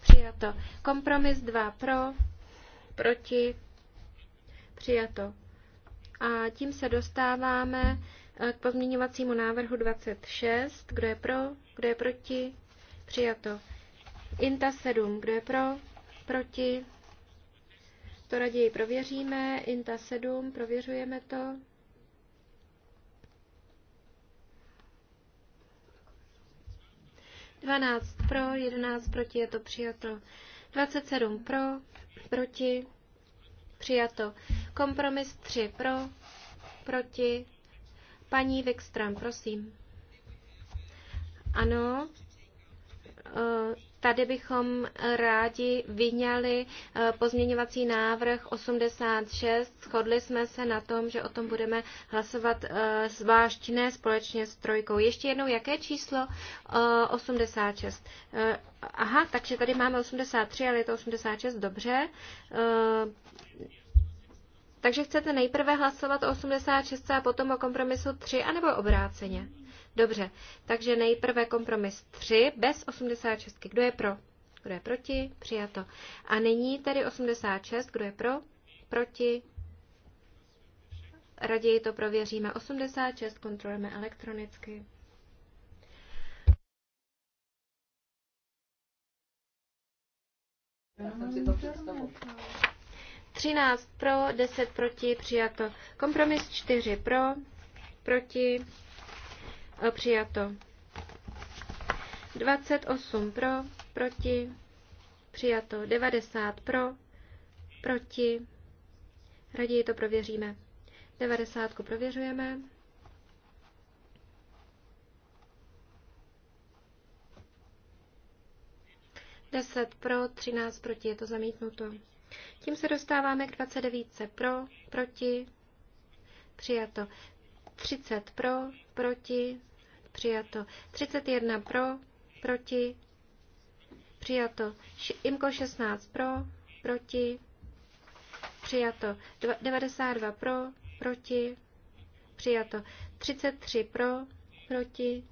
Speaker 4: přijato. Kompromis 2 pro, proti, přijato. A tím se dostáváme eh, k pozměňovacímu návrhu 26. Kdo je pro? Kdo je proti? Přijato. INTA 7. Kdo je pro? Proti? To raději prověříme. INTA 7. Prověřujeme to. Dvanáct pro, jedenáct proti, je to přijato. 27 pro, proti, Přijato. Kompromis 3 pro, proti. Paní Wikström, prosím. Ano, e, tady bychom rádi vyňali e, pozměňovací návrh 86. Shodli jsme se na tom, že o tom budeme hlasovat e, zvlášť ne společně s trojkou. Ještě jednou, jaké číslo? 86. Aha, takže tady máme 83, ale je to 86, dobře. Takže chcete nejprve hlasovat o 86 a potom o kompromisu 3, anebo obráceně? Dobře, takže nejprve kompromis 3 bez 86. Kdo je pro? Kdo je proti? Přijato. A nyní tedy 86. Kdo je pro? Proti? Raději to prověříme. 86 kontrolujeme elektronicky. Já jsem si to představu. 13 pro, 10 proti, přijato. Kompromis 4 e, pro, proti, přijato. 28 pro, proti, přijato. 90 pro, proti, raději to prověříme. 90 prověřujeme. Deset pro, třináct proti, je to zamítnuto. Tím se dostáváme k 29 pro, proti, přijato. 30 pro, proti, přijato. 31 pro, proti, přijato. Imko 16 pro, proti, přijato. 92 pro, proti, přijato. 33 pro, proti,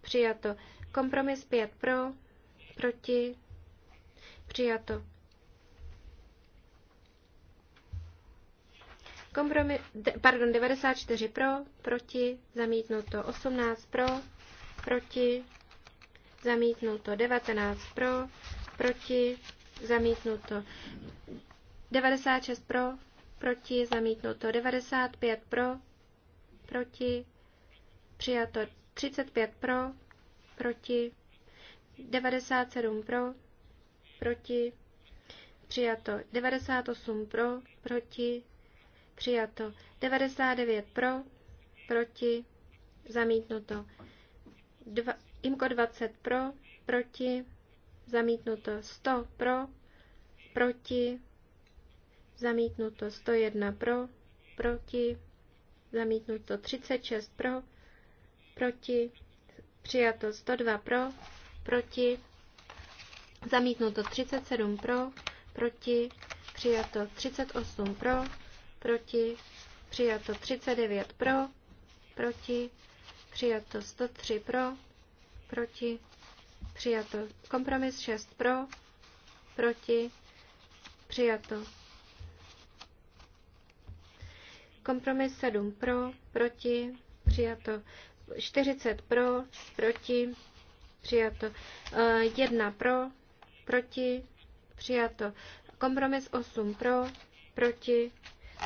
Speaker 4: přijato. Kompromis 5 pro, proti, přijato. Kompromis, de, pardon, 94 pro, proti, zamítnuto 18 pro, proti, zamítnuto 19 pro, proti, zamítnuto 96 pro, proti, zamítnuto 95 pro, proti, přijato 35 pro, proti, 97 pro, proti, přijato 98 pro, proti, přijato. 99 pro, proti, zamítnuto. Dva, IMKO 20 pro, proti, zamítnuto. 100 pro, proti, zamítnuto. 101 pro, proti, zamítnuto. 36 pro, proti, přijato. 102 pro, proti, zamítnuto. 37 pro, proti, přijato. 38 pro, proti, přijato 39 pro, proti, přijato 103 pro, proti, přijato kompromis 6 pro, proti, přijato kompromis 7 pro, proti, přijato 40 pro, proti, přijato 1 eh, pro, proti, přijato kompromis 8 pro, proti,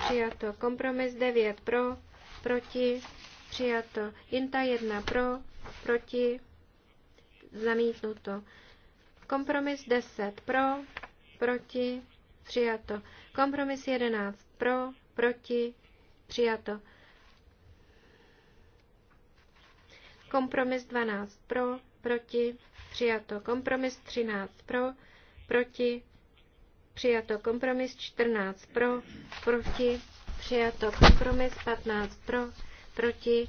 Speaker 4: přijato. Kompromis 9 pro, proti, přijato. Inta 1 pro, proti, zamítnuto. Kompromis 10 pro, proti, přijato. Kompromis 11 pro, proti, přijato. Kompromis 12 pro, proti, přijato. Kompromis 13 pro, proti, přijato kompromis 14 pro, proti, přijato kompromis 15 pro, proti,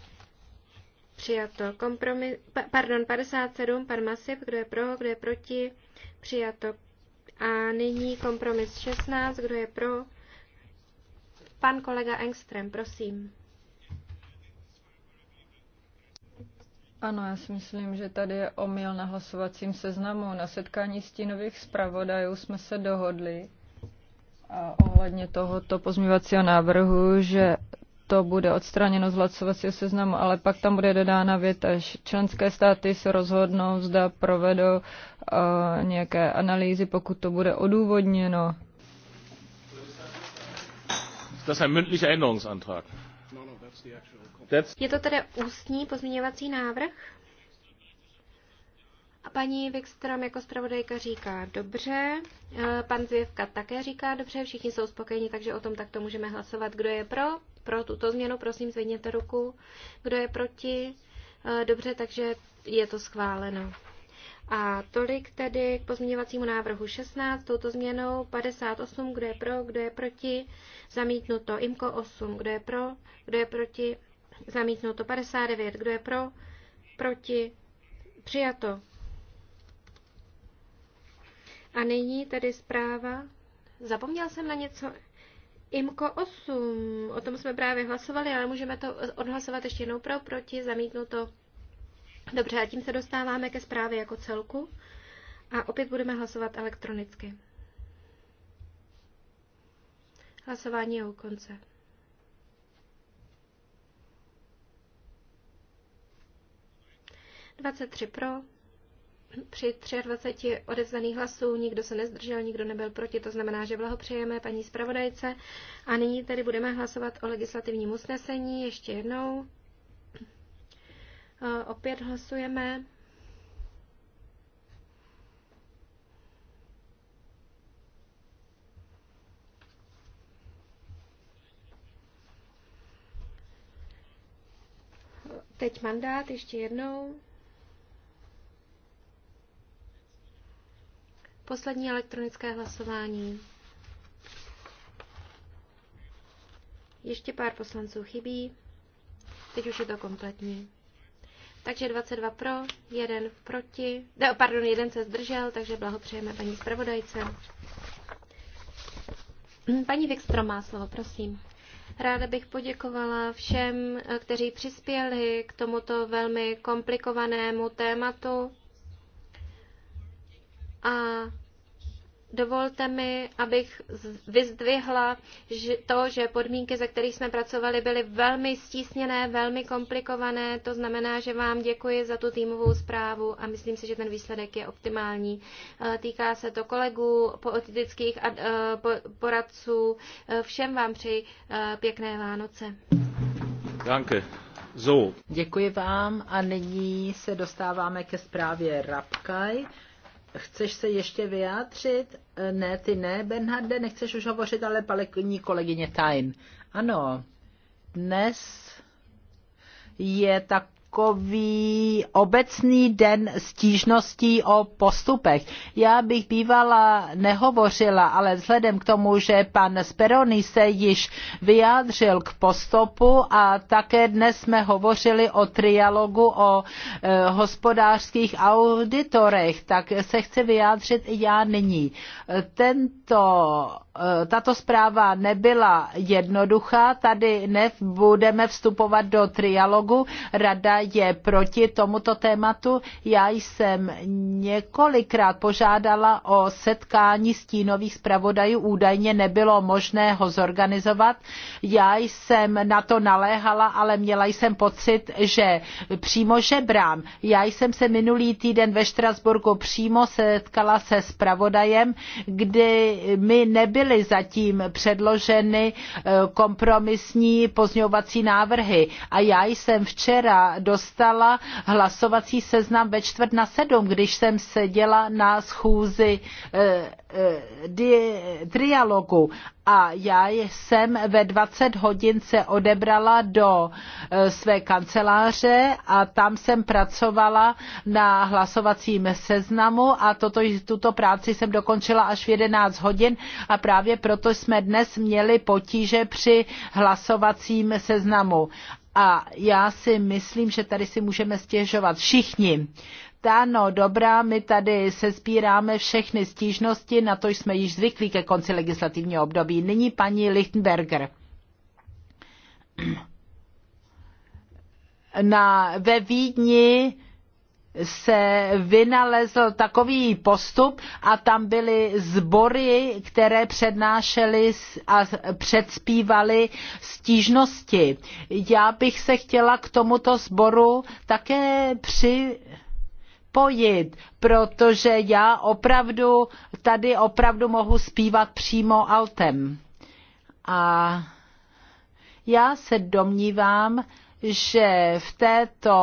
Speaker 4: přijato kompromis, pa, pardon, 57, pan Masip, kdo je pro, kdo je proti, přijato. A nyní kompromis 16, kdo je pro, pan kolega Engström, prosím.
Speaker 3: Ano, já si myslím, že tady je omyl na hlasovacím seznamu. Na setkání stínových zpravodajů jsme se dohodli a ohledně tohoto pozměvacího návrhu, že to bude odstraněno z hlasovacího seznamu, ale pak tam bude dodána věta, že členské státy se rozhodnou, zda provedou uh, nějaké analýzy, pokud to bude odůvodněno.
Speaker 1: To je mündlicher Änderungsantrag.
Speaker 4: Je to tedy ústní pozměňovací návrh? A paní Wikström jako zpravodajka říká dobře, e, pan Zvěvka také říká dobře, všichni jsou spokojeni, takže o tom takto můžeme hlasovat. Kdo je pro? Pro tuto změnu, prosím, zvedněte ruku. Kdo je proti? E, dobře, takže je to schváleno. A tolik tedy k pozměňovacímu návrhu 16, touto změnou 58, kdo je pro, kdo je proti, zamítnuto, IMKO 8, kdo je pro, kdo je proti, zamítnuto, 59, kdo je pro, proti, přijato. A nyní tedy zpráva, zapomněl jsem na něco, IMKO 8, o tom jsme právě hlasovali, ale můžeme to odhlasovat ještě jednou pro, proti, zamítnuto, Dobře, a tím se dostáváme ke zprávě jako celku a opět budeme hlasovat elektronicky. Hlasování je u konce. Dvacet tři pro, při 23 odevzdaných hlasů nikdo se nezdržel, nikdo nebyl proti, to znamená, že blahopřejeme paní zpravodajce. A nyní tedy budeme hlasovat o legislativním usnesení ještě jednou. Eh, opět hlasujeme. Teď mandát ještě jednou. Poslední elektronické hlasování. Ještě pár poslanců chybí. Teď už je to kompletní. Takže 22 pro, 1 proti, ne, pardon, jeden se zdržel, takže blahopřejeme paní zpravodajce. Paní Vikstrom má slovo, prosím. Ráda bych poděkovala všem, kteří přispěli k tomuto velmi komplikovanému tématu a Dovolte mi, abych vyzdvihla to, že podmínky, za kterých jsme pracovali, byly velmi stísněné, velmi komplikované. To znamená, že vám děkuji za tu týmovou zprávu a myslím si, že ten výsledek je optimální. Eh, týká se to kolegů, politických eh, poradců. Eh, všem vám přeji pěkné Vánoce.
Speaker 1: Danke. So.
Speaker 2: Děkuji vám a nyní se dostáváme ke zprávě Rapkaj. Chceš se ještě vyjádřit? Eh, ne, ty ne, Bernharde, nechceš už hovořit, ale paní kolegyně Tajn. Ano, dnes je tak takový obecný den stížností o postupech. Já bych bývala nehovořila, ale vzhledem k tomu, že pan Speroni se již vyjádřil k postupu a také dnes jsme hovořili o trialogu o e, hospodářských auditorech, tak se chci vyjádřit i já nyní. Tento, e, tato zpráva nebyla jednoduchá, tady nebudeme vstupovat do trialogu, rada je proti tomuto tématu. Já jsem několikrát požádala o setkání stínových zpravodajů, údajně nebylo možné ho zorganizovat. Já jsem na to naléhala, ale měla jsem pocit, že přímo žebrám. Já jsem se minulý týden ve Štrasburku přímo setkala se zpravodajem, kdy mi nebyly zatím předloženy eh, kompromisní pozňovací návrhy. A já jsem včera dostala hlasovací seznam ve čtvrt na sedm, když jsem seděla na schůzi eh, eh, trialogu a já jsem ve 20 hodin se odebrala do eh, své kanceláře a tam jsem pracovala na hlasovacím seznamu a toto, tuto práci jsem dokončila až v 11 hodin a právě proto jsme dnes měli potíže při hlasovacím seznamu. A já si myslím, že tady si můžeme stěžovat všichni. Ano, dobrá, my tady se sbíráme všechny stížnosti, na to jsme již zvyklí ke konci legislativního období. Nyní paní Lichtenberger. Na, ve Vídni se vynalezl takový postup a tam byly sbory, které přednášely a předspívaly stížnosti. Já bych se chtěla k tomuto sboru také při pojit, protože já opravdu tady opravdu mohu zpívat přímo altem. A já se domnívám, že v této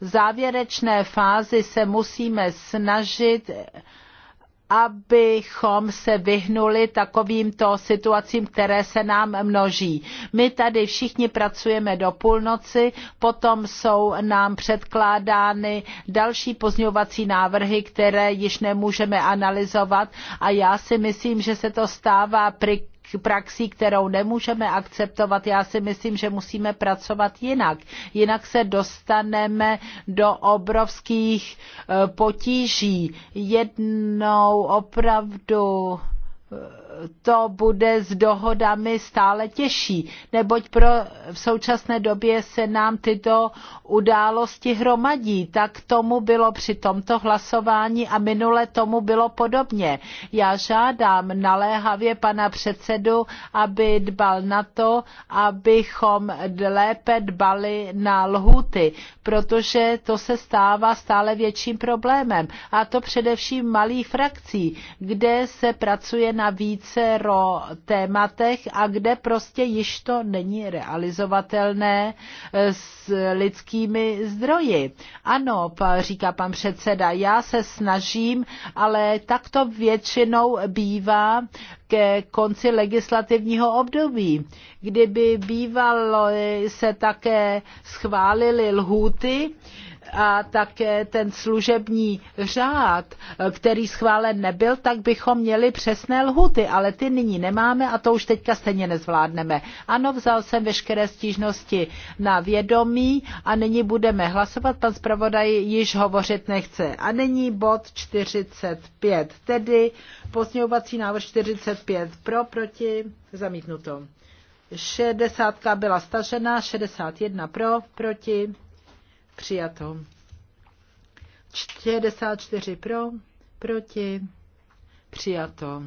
Speaker 2: závěrečné fázi se musíme snažit abychom se vyhnuli takovýmto situacím, které se nám množí. My tady všichni pracujeme do půlnoci, potom jsou nám předkládány další pozňovací návrhy, které již nemůžeme analyzovat a já si myslím, že se to stává pri praxí, kterou nemůžeme akceptovat. Já si myslím, že musíme pracovat jinak. Jinak se dostaneme do obrovských eh, potíží. Jednou opravdu eh, to bude s dohodami stále těžší, neboť pro v současné době se nám tyto události hromadí. Tak tomu bylo při tomto hlasování a minule tomu bylo podobně. Já žádám naléhavě pana předsedu, aby dbal na to, abychom lépe dbali na lhuty, protože to se stává stále větším problémem. A to především malých frakcí, kde se pracuje na víc vícero tématech a kde prostě již to není realizovatelné eh, s lidskými zdroji. Ano, říká pan předseda, já se snažím, ale tak to většinou bývá ke konci legislativního období. Kdyby bývalo eh, se také schválili lhůty, a také ten služební řád, který schválen nebyl, tak bychom měli přesné lhuty, ale ty nyní nemáme a to už teďka stejně nezvládneme. Ano, vzal jsem veškeré stížnosti na vědomí a nyní budeme hlasovat. Pan zpravodaj již hovořit nechce. A nyní bod 45, tedy pozměňovací návrh 45 pro, proti, zamítnuto. 60 byla stažena, 61 pro, proti Přijato. 64 pro, proti, přijato.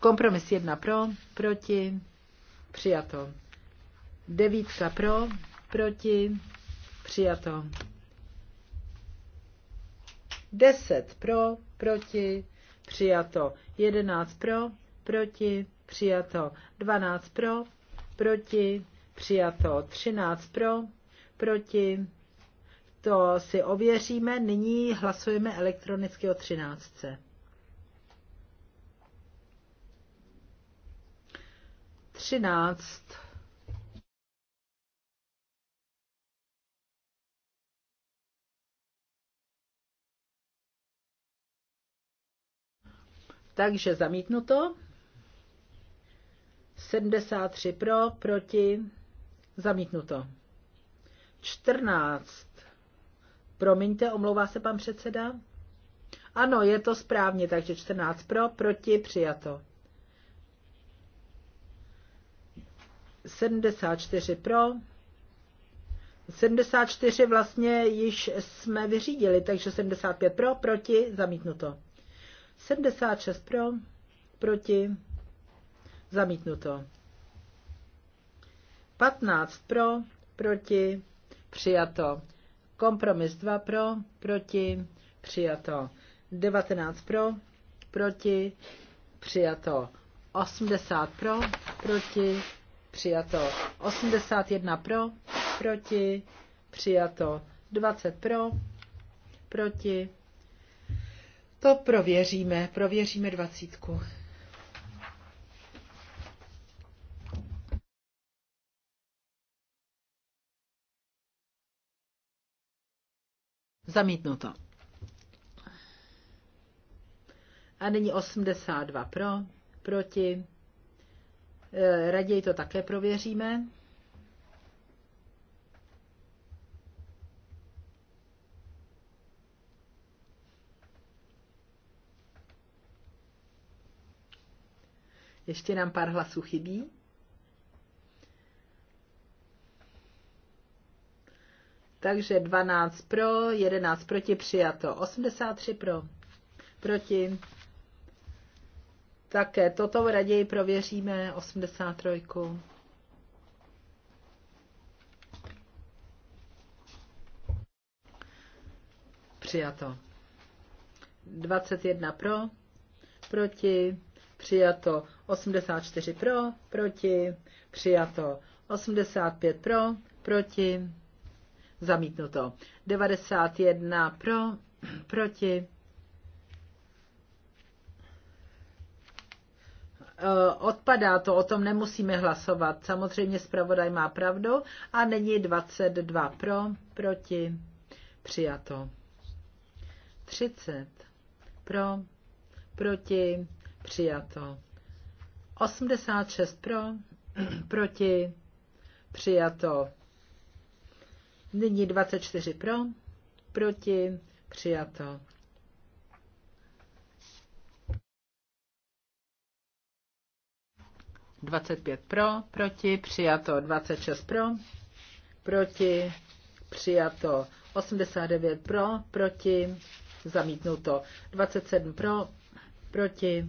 Speaker 2: Kompromis 1 pro, proti, přijato. 9 pro, proti, přijato. 10 pro, proti, přijato. 11 pro, proti, přijato. 12 pro, proti, přijato 13 pro, proti, to si ověříme, nyní hlasujeme elektronicky o 13. Třináct. Takže zamítnuto. 73 pro, proti. Zamítnuto. 14. Promiňte, omlouvá se pan předseda? Ano, je to správně, takže 14 pro, proti, přijato. 74 pro. 74 vlastně již jsme vyřídili, takže 75 pro, proti, zamítnuto. 76 pro, proti, zamítnuto. 15 pro, proti, přijato. Kompromis 2 pro, proti, přijato. 19 pro, proti, přijato. 80 pro, proti, přijato. 81 pro, proti, přijato. 20 pro, proti. To prověříme, prověříme dvacítku. Zamítnuto. A nyní 82 pro, proti. E, raději to také prověříme. Ještě nám pár hlasů chybí. Takže 12 pro, 11 proti, přijato. 83 pro, proti. Také toto raději prověříme, 83. Přijato. 21 pro, proti, přijato 84 pro, proti, přijato 85 pro, proti, Zamítnuto. 91 pro, proti. Eh, odpadá to, o tom nemusíme hlasovat. Samozřejmě zpravodaj má pravdu a není 22 pro, proti. Přijato. 30 pro, proti, přijato. 86 pro, proti, přijato. Nyní 24 pro, proti, přijato. Dvacet pět pro, proti, přijato. Dvacet šest pro, proti, přijato. Osmdesát devět pro, proti, zamítnuto. Dvacet sedm pro, proti.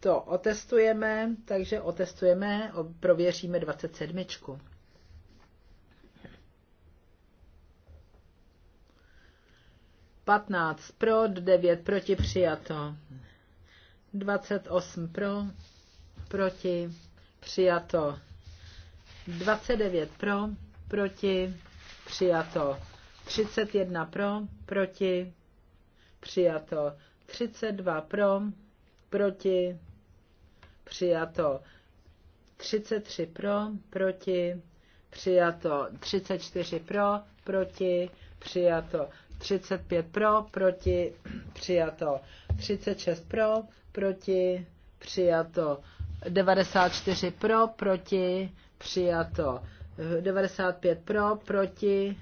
Speaker 2: To otestujeme, takže otestujeme, prověříme dvacet sedmičku. 15 pro, 9 proti přijato. 28 pro, proti přijato. 29 pro, proti přijato. 31 pro, proti přijato. 32 pro, proti přijato. 33 pro, proti přijato. 34 pro, proti přijato. 35 pro, proti, přijato. 36 pro, proti, přijato. 94 pro, proti, přijato. 95 pro, proti.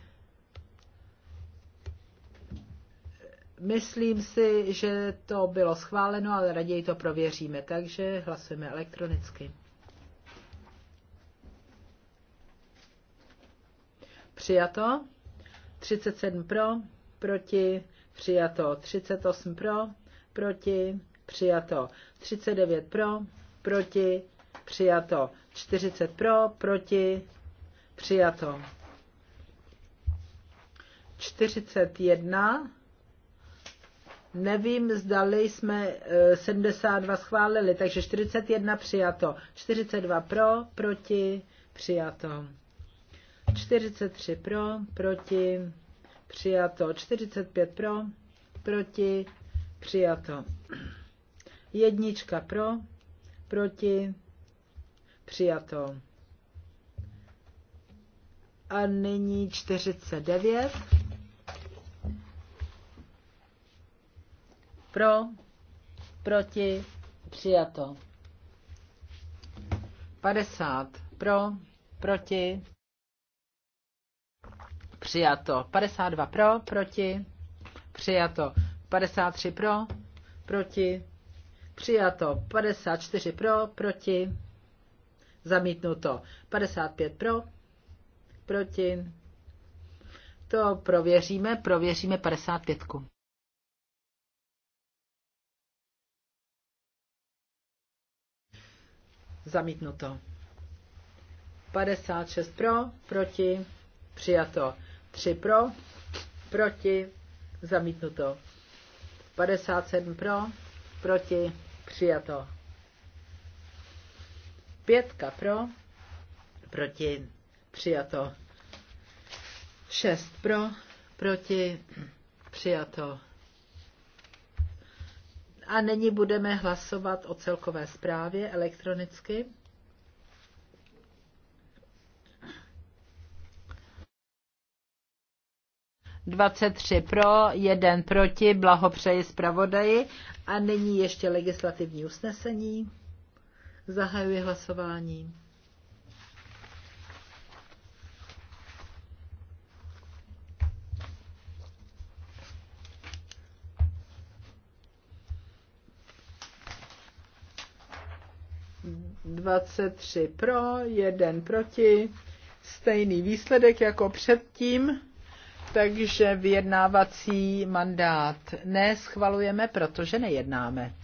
Speaker 2: Myslím si, že to bylo schváleno, ale raději to prověříme, takže hlasujeme elektronicky. Přijato. 37 pro, proti, přijato 38 pro, proti, přijato 39 pro, proti, přijato 40 pro, proti, přijato 41. Nevím, zdali jsme 72 e, schválili, takže 41 přijato, 42 pro, proti, přijato. 43 pro, proti, přijato 45 pro, proti, přijato. Jednička pro, proti, přijato. A nyní 49. Pro, proti, přijato. 50 pro, proti, Přijato. 52 pro, proti. Přijato. 53 pro, proti. Přijato. 54 pro, proti. Zamítnuto. 55 pro, proti. To prověříme, prověříme 55. Zamítnuto. 56 pro, proti, přijato. 3 pro, proti, zamítnuto. 57 pro, proti, přijato. Pětka pro, proti, přijato. Šest pro, proti, přijato. A nyní budeme hlasovat o celkové zprávě elektronicky. 23 pro, 1 proti, blahopřeji zpravodaji. A nyní ještě legislativní usnesení. Zahajuji hlasování. Dvacet tři pro, jeden proti, stejný výsledek jako předtím. Takže vyjednávací mandát neschvalujeme, protože nejednáme.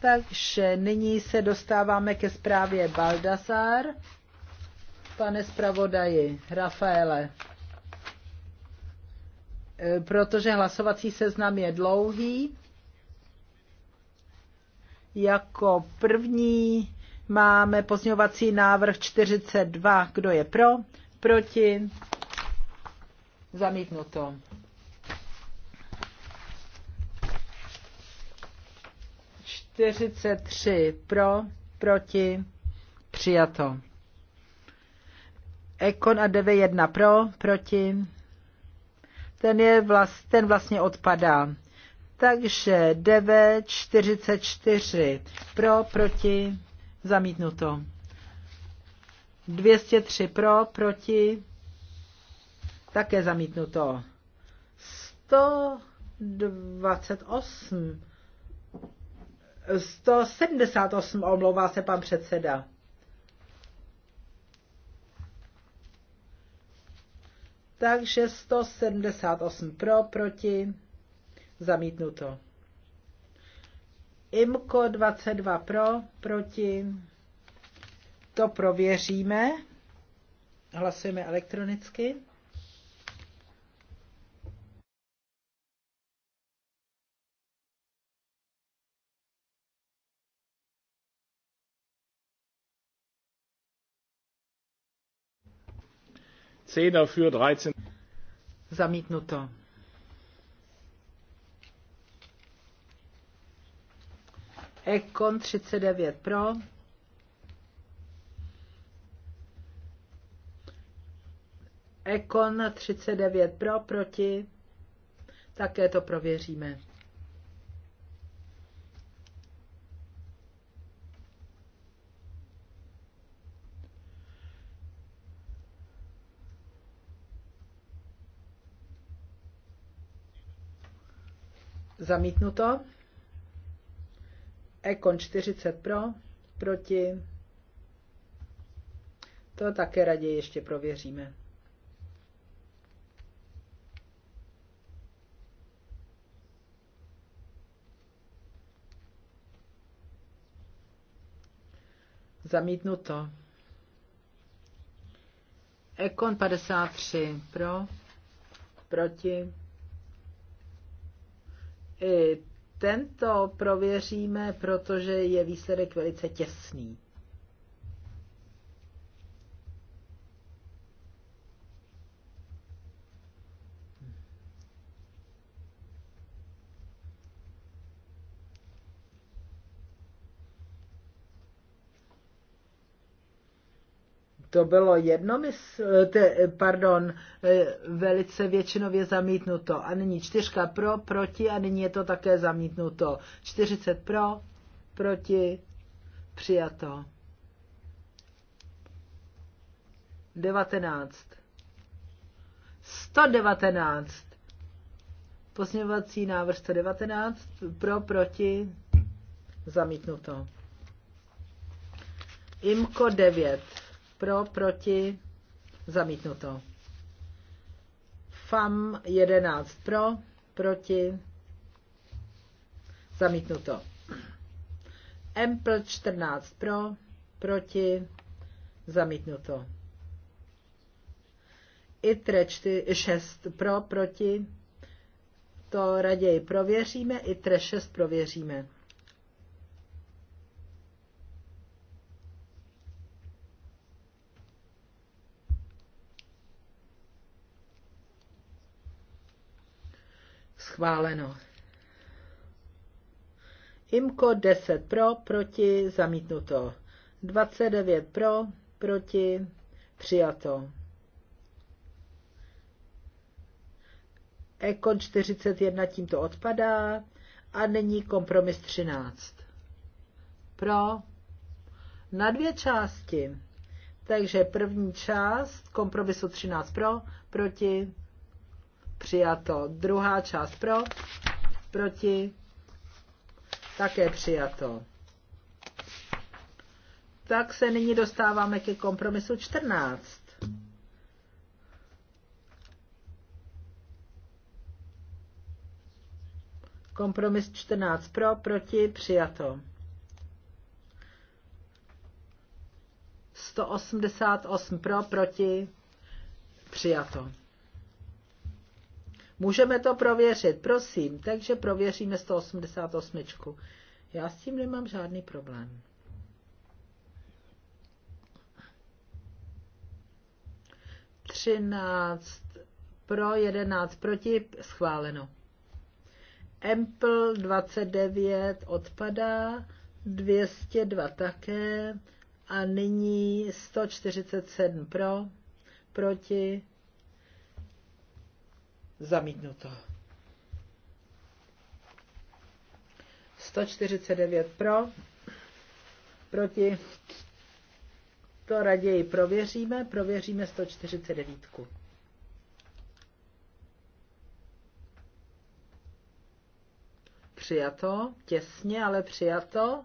Speaker 2: Takže nyní se dostáváme ke zprávě Baldasar. Pane zpravodaji, Rafaele, eh, protože hlasovací seznam je dlouhý, jako první máme pozňovací návrh 42. Kdo je pro? Proti? Zamítnuto. Čtyřicet tři pro, proti, přijato. Ekon a 9.1 pro, proti. Ten, je vlast, ten vlastně odpadá. Takže 9.44 pro, proti, zamítnuto. 203 pro, proti, také zamítnuto. 128. 178, omlouvá se pan předseda. Takže 178 pro, proti, zamítnuto. IMKO 22 pro, proti, to prověříme. Hlasujeme elektronicky.
Speaker 1: 10 dafür, 13.
Speaker 2: Zamítnuto. Ekon 39 pro. Ekon 39 pro, proti. Také to prověříme. Zamítnuto. Ekon 40 pro, proti. To také raději ještě prověříme. Zamítnuto. Ekon 53 pro, proti tento prověříme, protože je výsledek velice těsný. to bylo jednomysl, eh, pardon, eh, velice většinově zamítnuto. A nyní čtyřka pro, proti a nyní je to také zamítnuto. 40 pro, proti, přijato. 19. 119. Pozměňovací návrh 119. Pro, proti, zamítnuto. IMKO 9 pro, proti, zamítnuto. FAM 11 pro, proti, zamítnuto. EMPL 14 pro, proti, zamítnuto. ITRE 6 pro, proti, to raději prověříme, ITRE 6 prověříme. schváleno. IMKO 10 pro, proti, zamítnuto. 29 pro, proti, přijato. Ekon 41 tímto odpadá a není kompromis 13. Pro na dvě části. Takže první část kompromisu 13 pro, proti, Přijato. Druhá část pro, proti, také přijato. Tak se nyní dostáváme ke kompromisu 14. Kompromis 14 pro, proti, přijato. 188 pro, proti, přijato. Můžeme to prověřit, prosím. Takže prověříme 188. Já s tím nemám žádný problém. Třináct pro, jedenáct proti, schváleno. Empl 29 odpadá, 202 také a nyní 147 pro, proti, Zamítnuto. 149 pro, proti. To raději prověříme, prověříme 149. Přijato, těsně, ale přijato.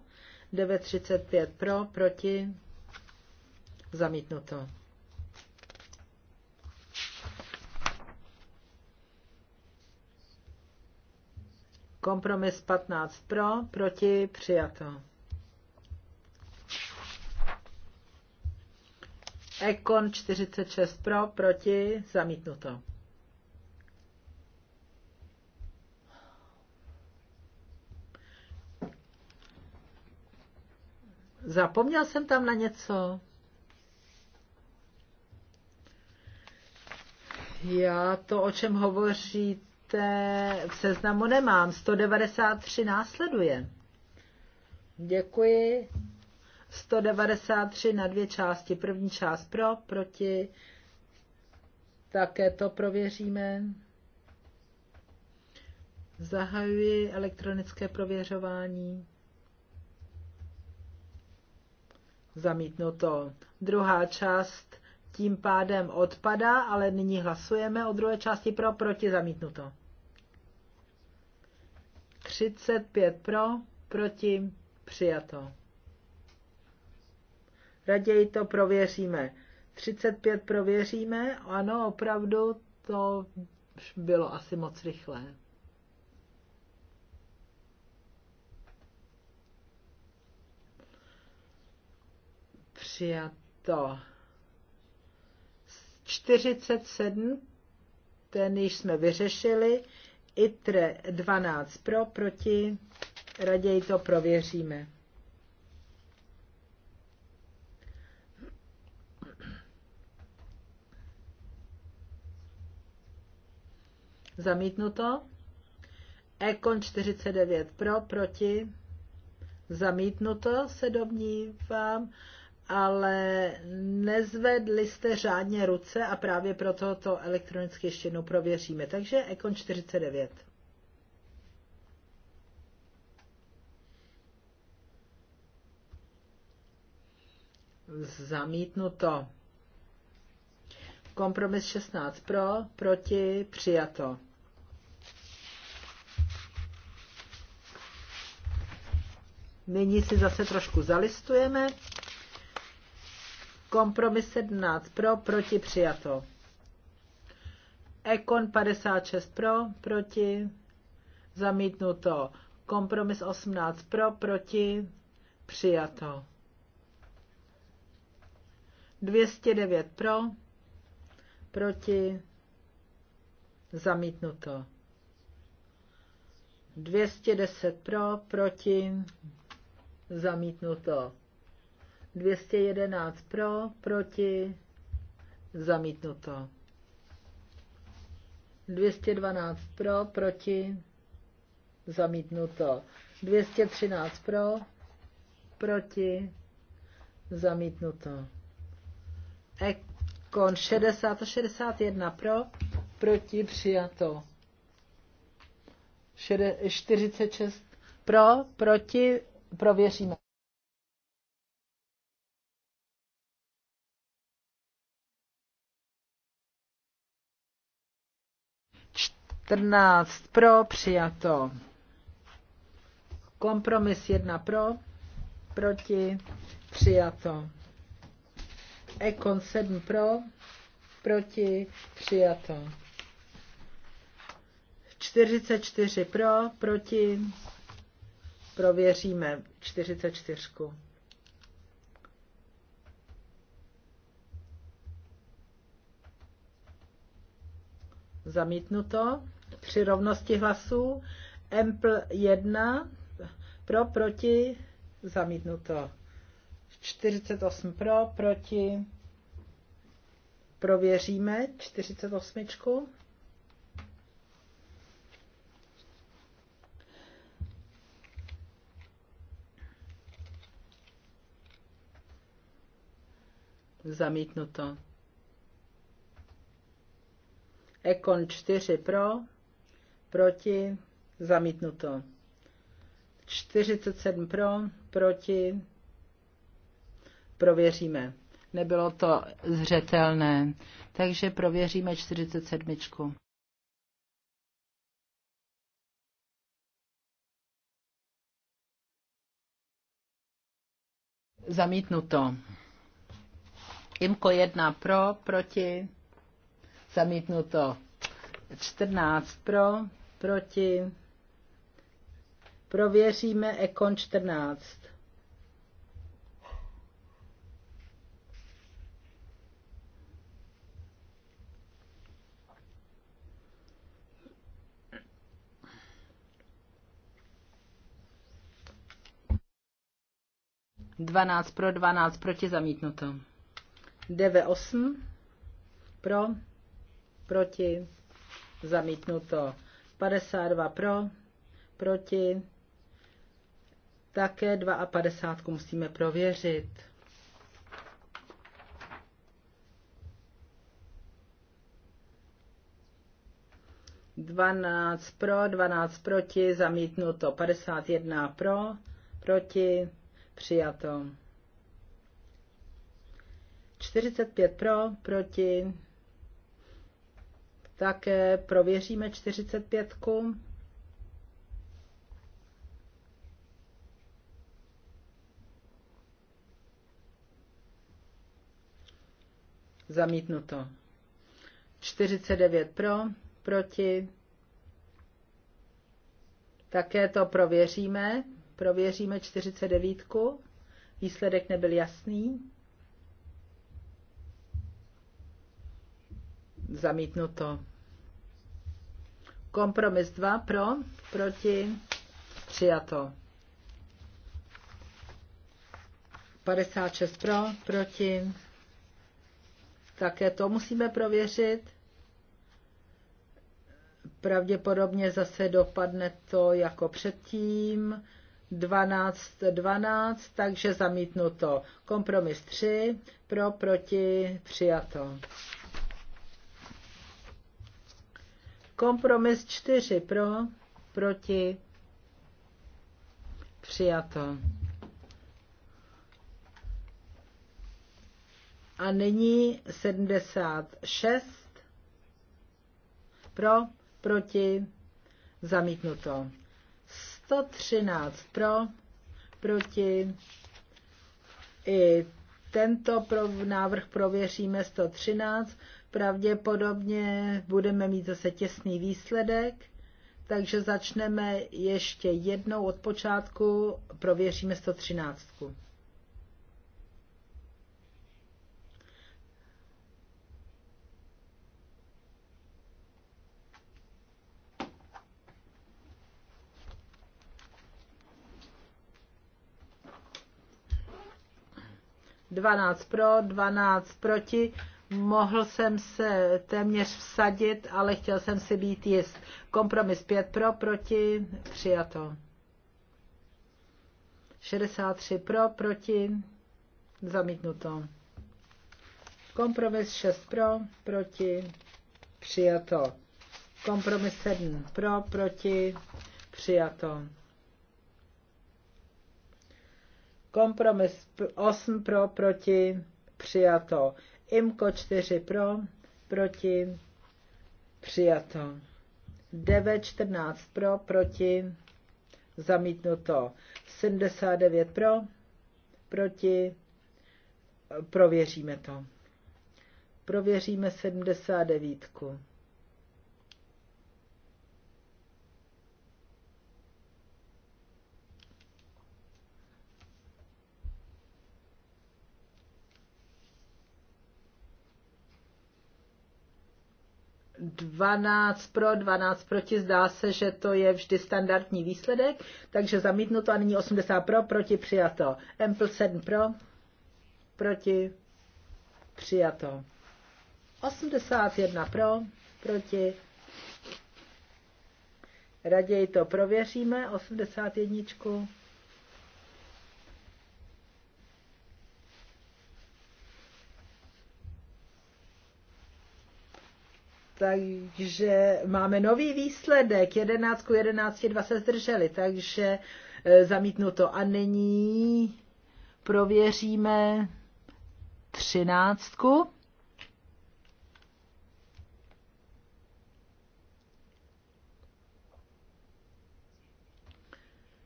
Speaker 2: 935 pro, proti. Zamítnuto. Kompromis 15 pro, proti přijato. Ekon 46 pro, proti zamítnuto. Zapomněl jsem tam na něco. Já to, o čem hovoří té v seznamu nemám. 193 následuje. Děkuji. 193 na dvě části. První část pro, proti. Také to prověříme. Zahajuji elektronické prověřování. Zamítnuto. Druhá část tím pádem odpadá, ale nyní hlasujeme o druhé části pro, proti zamítnuto. 35 pro, proti přijato. Raději to prověříme. 35 prověříme, ano, opravdu to bylo asi moc rychlé. Přijato. 47, ten již jsme vyřešili. ITRE 12 pro, proti, raději to prověříme. Zamítnuto. Ekon 49 pro, proti. Zamítnuto se domnívám ale nezvedli jste řádně ruce a právě proto to elektronicky ještě jednou prověříme. Takže Ekon 49. Zamítnuto. Kompromis 16 pro, proti, přijato. Nyní si zase trošku zalistujeme. Kompromis 17 pro, proti přijato. Ekon 56 pro, proti, zamítnuto. Kompromis 18 pro, proti, přijato. 209 pro, proti, zamítnuto. 210 pro, proti, zamítnuto. 211 pro, proti, zamítnuto. 212 pro, proti, zamítnuto. 213 pro, proti, zamítnuto. Ekon 60 a 61 pro, proti, přijato. 46 pro, proti, prověříme. 14 pro, přijato. Kompromis 1 pro, proti, přijato. Ekon 7 pro, proti, přijato. 44 pro, proti, prověříme 44. Zamítnuto při rovnosti hlasů. Empl 1 pro, proti, zamítnuto. 48 pro, proti, prověříme 48. Zamítnuto. Ekon 4 pro, proti, zamítnuto. 47 pro, proti, prověříme. Nebylo to zřetelné, takže prověříme 47. Zamítnuto. Imko 1 pro, proti, zamítnuto. 14 pro, proti, prověříme Ekon 14. Dvanáct pro, dvanáct proti zamítnuto. Deve osm pro, proti zamítnuto. 52 pro, proti, také 52 musíme prověřit. Dvanáct pro, 12 proti, zamítnuto, 51 pro, proti, přijato. 45 pro, proti, tak prověříme 45. -ku. Zamítnuto. 49 pro, proti. Také to prověříme. Prověříme 49. -ku. Výsledek nebyl jasný. Zamítnuto. Kompromis 2 pro, proti, přijato. 56 pro, proti. Také to musíme prověřit. Pravděpodobně zase dopadne to jako předtím. 12, 12, takže zamítnuto. Kompromis 3, pro, proti, přijato. Kompromis 4 pro, proti, přijato. A nyní 76 pro, proti, zamítnuto. 113 pro, proti, i tento pro, návrh prověříme 113, Pravděpodobně budeme mít zase těsný výsledek, takže začneme ještě jednou od počátku, prověříme 113. Dvanáct pro, dvanáct proti. Mohl jsem se téměř vsadit, ale chtěl jsem si být jist. Kompromis 5 pro, proti, přijato. 63 pro, proti, zamítnuto. Kompromis 6 pro, proti, přijato. Kompromis 7 pro, proti, přijato. Kompromis 8 pro, proti, přijato. IMKO 4 pro, proti, přijato. DV 14 pro, proti, zamítnuto. 79 pro, proti, prověříme to. Prověříme 79. 12 pro, 12 proti, zdá se, že to je vždy standardní výsledek, takže zamítnuto a nyní 80 pro, proti přijato. M plus 7 pro, proti přijato. 81 pro, proti. Raději to prověříme, 81. Takže máme nový výsledek. 11 k 11, 2 se zdrželi, takže e, zamítnuto. A nyní prověříme třináctku.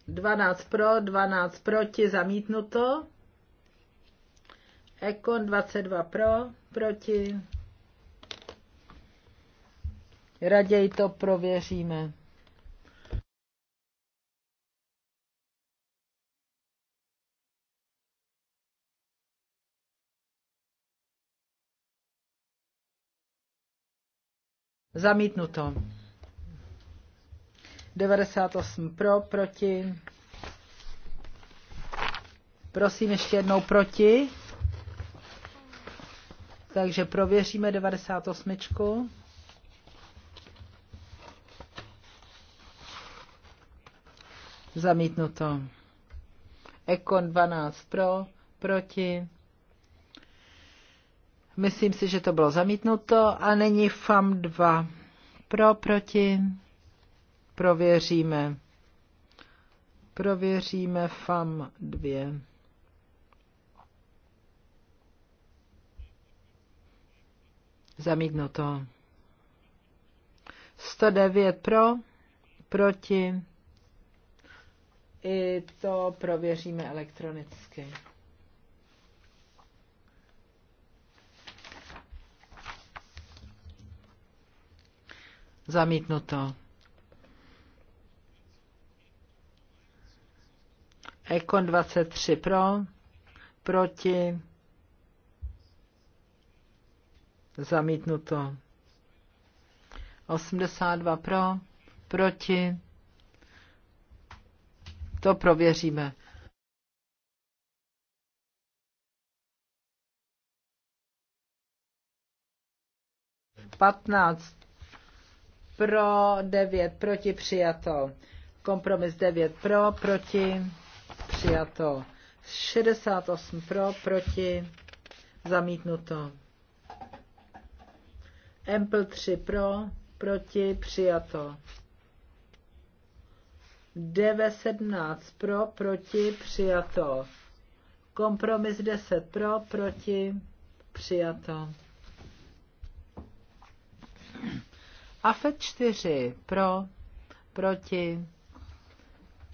Speaker 2: Dvanáct pro, dvanáct proti, zamítnuto. Ekon 22 pro, proti. Raději to prověříme. Zamítnuto. 98 pro, proti. Prosím ještě jednou proti. Takže prověříme 98. Zamítnuto. Ekon 12 pro, proti. Myslím si, že to bylo zamítnuto a není FAM 2. Pro, proti. Prověříme. Prověříme FAM 2. Zamítnuto. 109 pro, proti i to prověříme elektronicky. Zamítnuto. Ekon 23 pro, proti, zamítnuto. 82 pro, proti, to prověříme. Patnáct pro, devět proti, přijato. Kompromis devět pro, proti, přijato. 68 pro, proti, zamítnuto. Ample 3 pro, proti, přijato. DV17 pro, proti, přijato. Kompromis 10 pro, proti, přijato. AFET 4 pro, proti.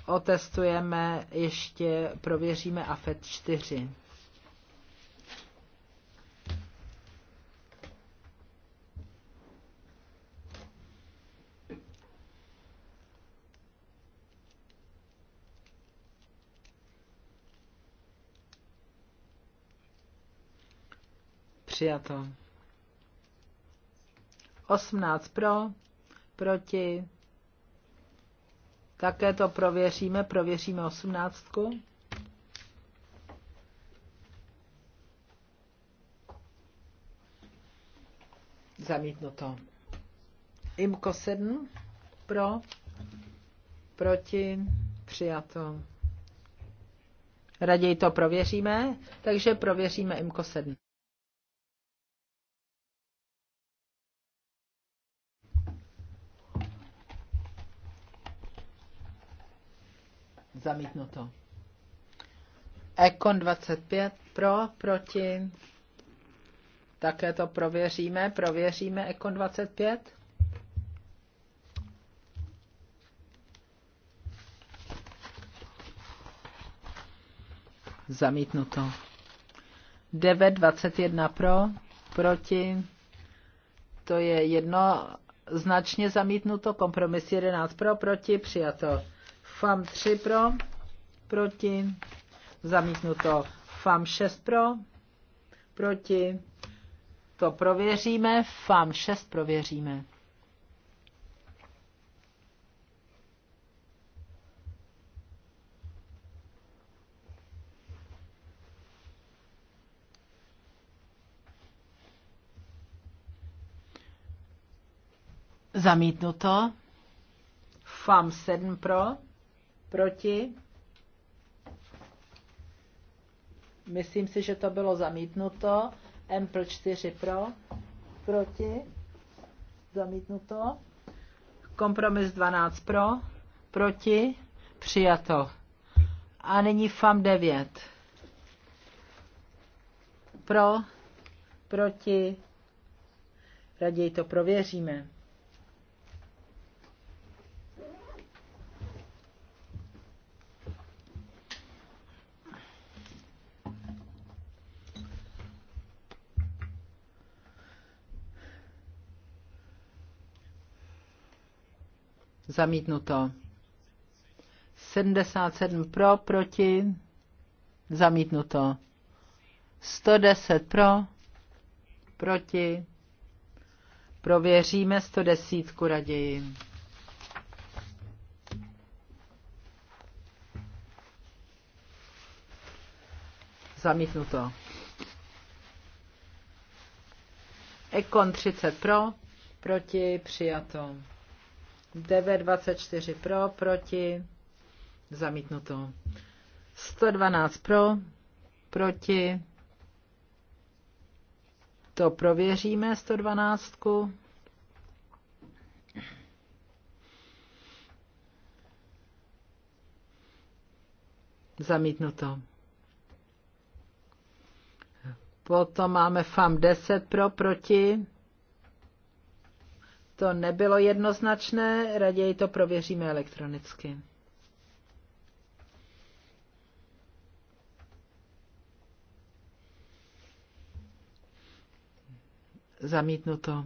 Speaker 2: Otestujeme ještě, prověříme AFET 4. Přijato. 18 pro, proti. Také to prověříme. Prověříme osmnáctku. Zamítnuto. Imko 7 pro, proti, přijato. Raději to prověříme, takže prověříme Imko 7. zamítnuto. Ekon 25 pro, proti. Také to prověříme. Prověříme Ekon 25. Zamítnuto. 9.21 21 pro, proti. To je jedno značně zamítnuto. Kompromis 11 pro, proti, přijato. FAM 3 pro, proti, zamítnuto. FAM 6 pro, proti, to prověříme, FAM 6 prověříme. Zamítnuto. FAM 7 pro proti. Myslím si, že to bylo zamítnuto. Ample 4 pro, proti, zamítnuto. Kompromis 12 pro, proti, přijato. A nyní FAM 9. Pro, proti, raději to prověříme. Zamítnuto. 77 pro, proti. Zamítnuto. 110 pro, proti. Prověříme 110 raději. Zamítnuto. Ekon 30 pro, proti přijato. 924 pro, proti, zamítnuto. 112 pro, proti, to prověříme 112. Zamítnuto. Potom máme FAM 10 pro, proti, to nebylo jednoznačné, raději to prověříme elektronicky. Zamítnuto.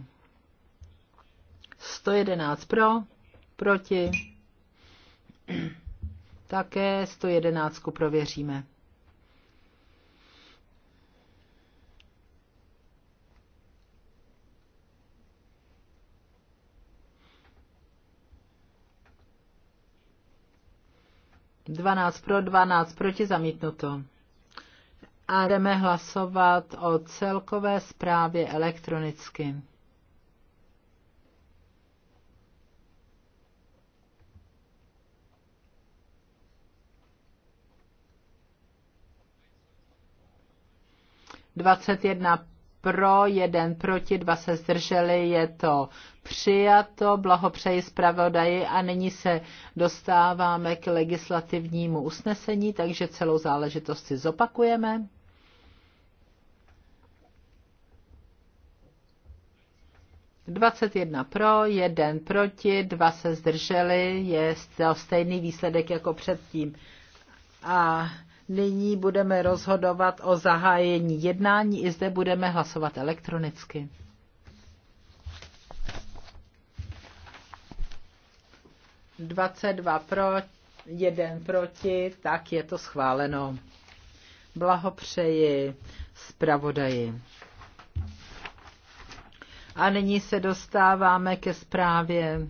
Speaker 2: 111 pro, proti. Také 111 prověříme. 12 pro, 12 proti, zamítnuto. A jdeme hlasovat o celkové zprávě elektronicky. Dvacet jedna pro, jeden proti, dva se zdrželi, je to přijato, blahopřeji zpravodaji a nyní se dostáváme k legislativnímu usnesení, takže celou záležitost si zopakujeme. Dvacet jedna pro, jeden proti, dva se zdrželi, je stejný výsledek jako předtím. A Nyní budeme rozhodovat o zahájení jednání. I zde budeme hlasovat elektronicky. Dvacet dva pro, jeden proti, tak je to schváleno. Blahopřeji zpravodaji. A nyní se dostáváme ke zprávě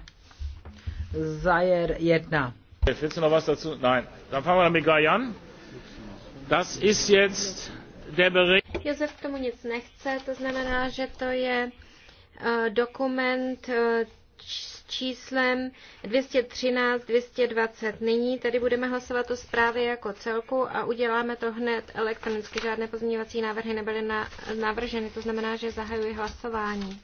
Speaker 2: Zajer 1.
Speaker 1: Willst du noch was dazu? Nein. Dann fangen wir mit gleich Das ist jetzt der Bericht.
Speaker 4: Josef k tomu nic nechce, to znamená, že to je eh, dokument eh, s číslem 213 220. Nyní tedy budeme hlasovat o zprávě jako celku a uděláme to hned elektronicky. Žádné pozměňovací návrhy nebyly na, navrženy, to znamená, že zahajuji hlasování.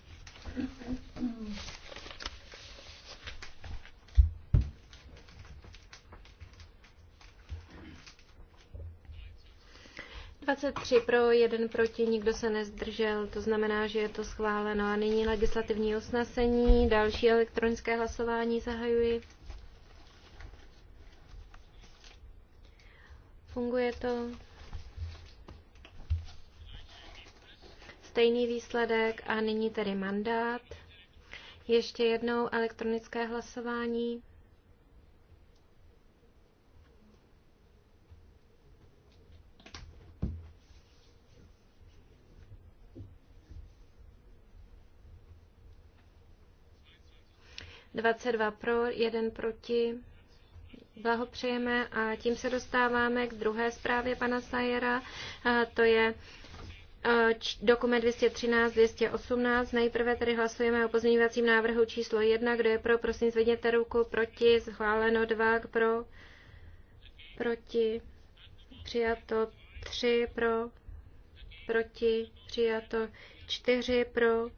Speaker 4: 23 pro, 1 proti, nikdo se nezdržel, to znamená, že je to schváleno. A nyní legislativní usnesení, další elektronické hlasování zahajuji. Funguje to. Stejný výsledek a nyní tedy mandát. Ještě jednou elektronické hlasování. 22 pro, 1 proti. Blahopřejeme a tím se dostáváme k druhé zprávě pana Sajera. To je e, dokument 213, 218. Nejprve tedy hlasujeme o pozměňovacím návrhu číslo 1. Kdo je pro, prosím zvedněte ruku. Proti, schváleno 2. Pro, proti, přijato 3. Pro, proti, přijato 4. Pro,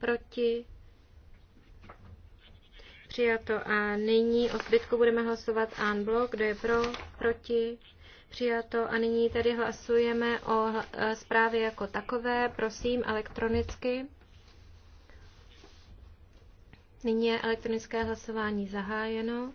Speaker 4: proti, Přijato. A nyní o zbytku budeme hlasovat en bloc. Kdo je pro? Proti? Přijato. A nyní tady hlasujeme o e, zprávě jako takové. Prosím, elektronicky. Nyní je elektronické hlasování zahájeno.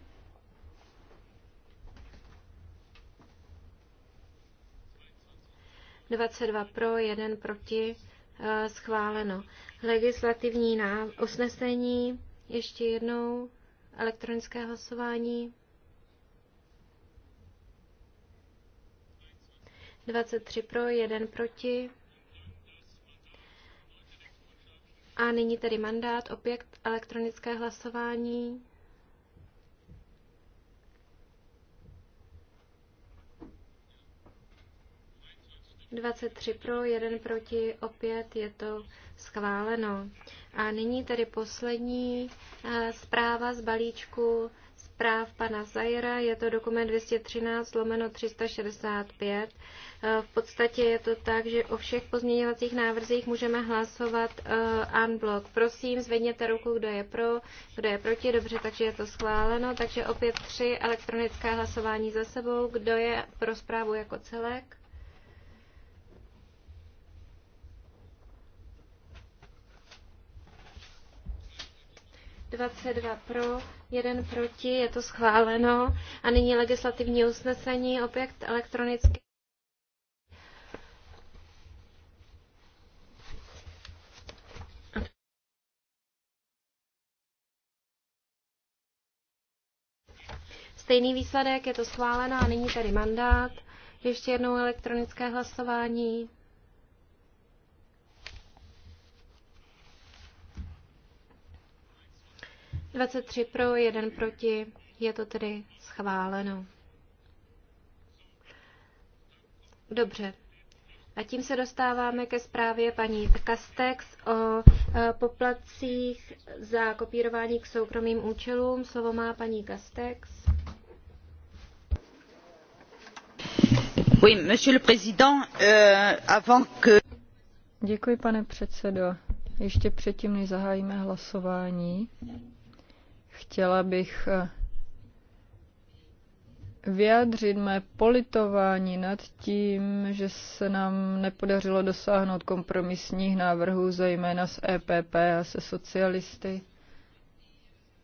Speaker 4: Dvacet dva pro, jeden proti, e, schváleno. Legislativní usnesení ještě jednou elektronické hlasování. 23 pro, 1 proti. A nyní tedy mandát, objekt elektronické hlasování. Dvacet tři pro, jeden proti, opět je to schváleno. A nyní tedy poslední eh, zpráva z balíčku zpráv pana Zajera. Je to dokument 213 lomeno 365. Eh, v podstatě je to tak, že o všech pozměňovacích návrzích můžeme hlasovat unblock. Eh, Prosím, zvedněte ruku, kdo je pro, kdo je proti. Dobře, takže je to schváleno. Takže opět tři elektronická hlasování za sebou. Kdo je pro zprávu jako celek? 22 pro, 1 proti, je to schváleno. A nyní legislativní usnesení, objekt elektronicky. Stejný výsledek, je to schváleno a nyní tady mandát. Ještě jednou elektronické hlasování. 23 pro, 1 proti, je to tedy schváleno. Dobře. A tím se dostáváme ke zprávě paní Kastex o e, poplatcích za kopírování k soukromým účelům. Slovo má paní Kastex.
Speaker 3: Oui, monsieur le président, euh, avant que... Děkuji, pane předsedo. Ještě předtím, než zahájíme hlasování, Chtěla bych eh, vyjádřit mé politování nad tím, že se nám nepodařilo dosáhnout kompromisních návrhů, zejména s EPP a se socialisty,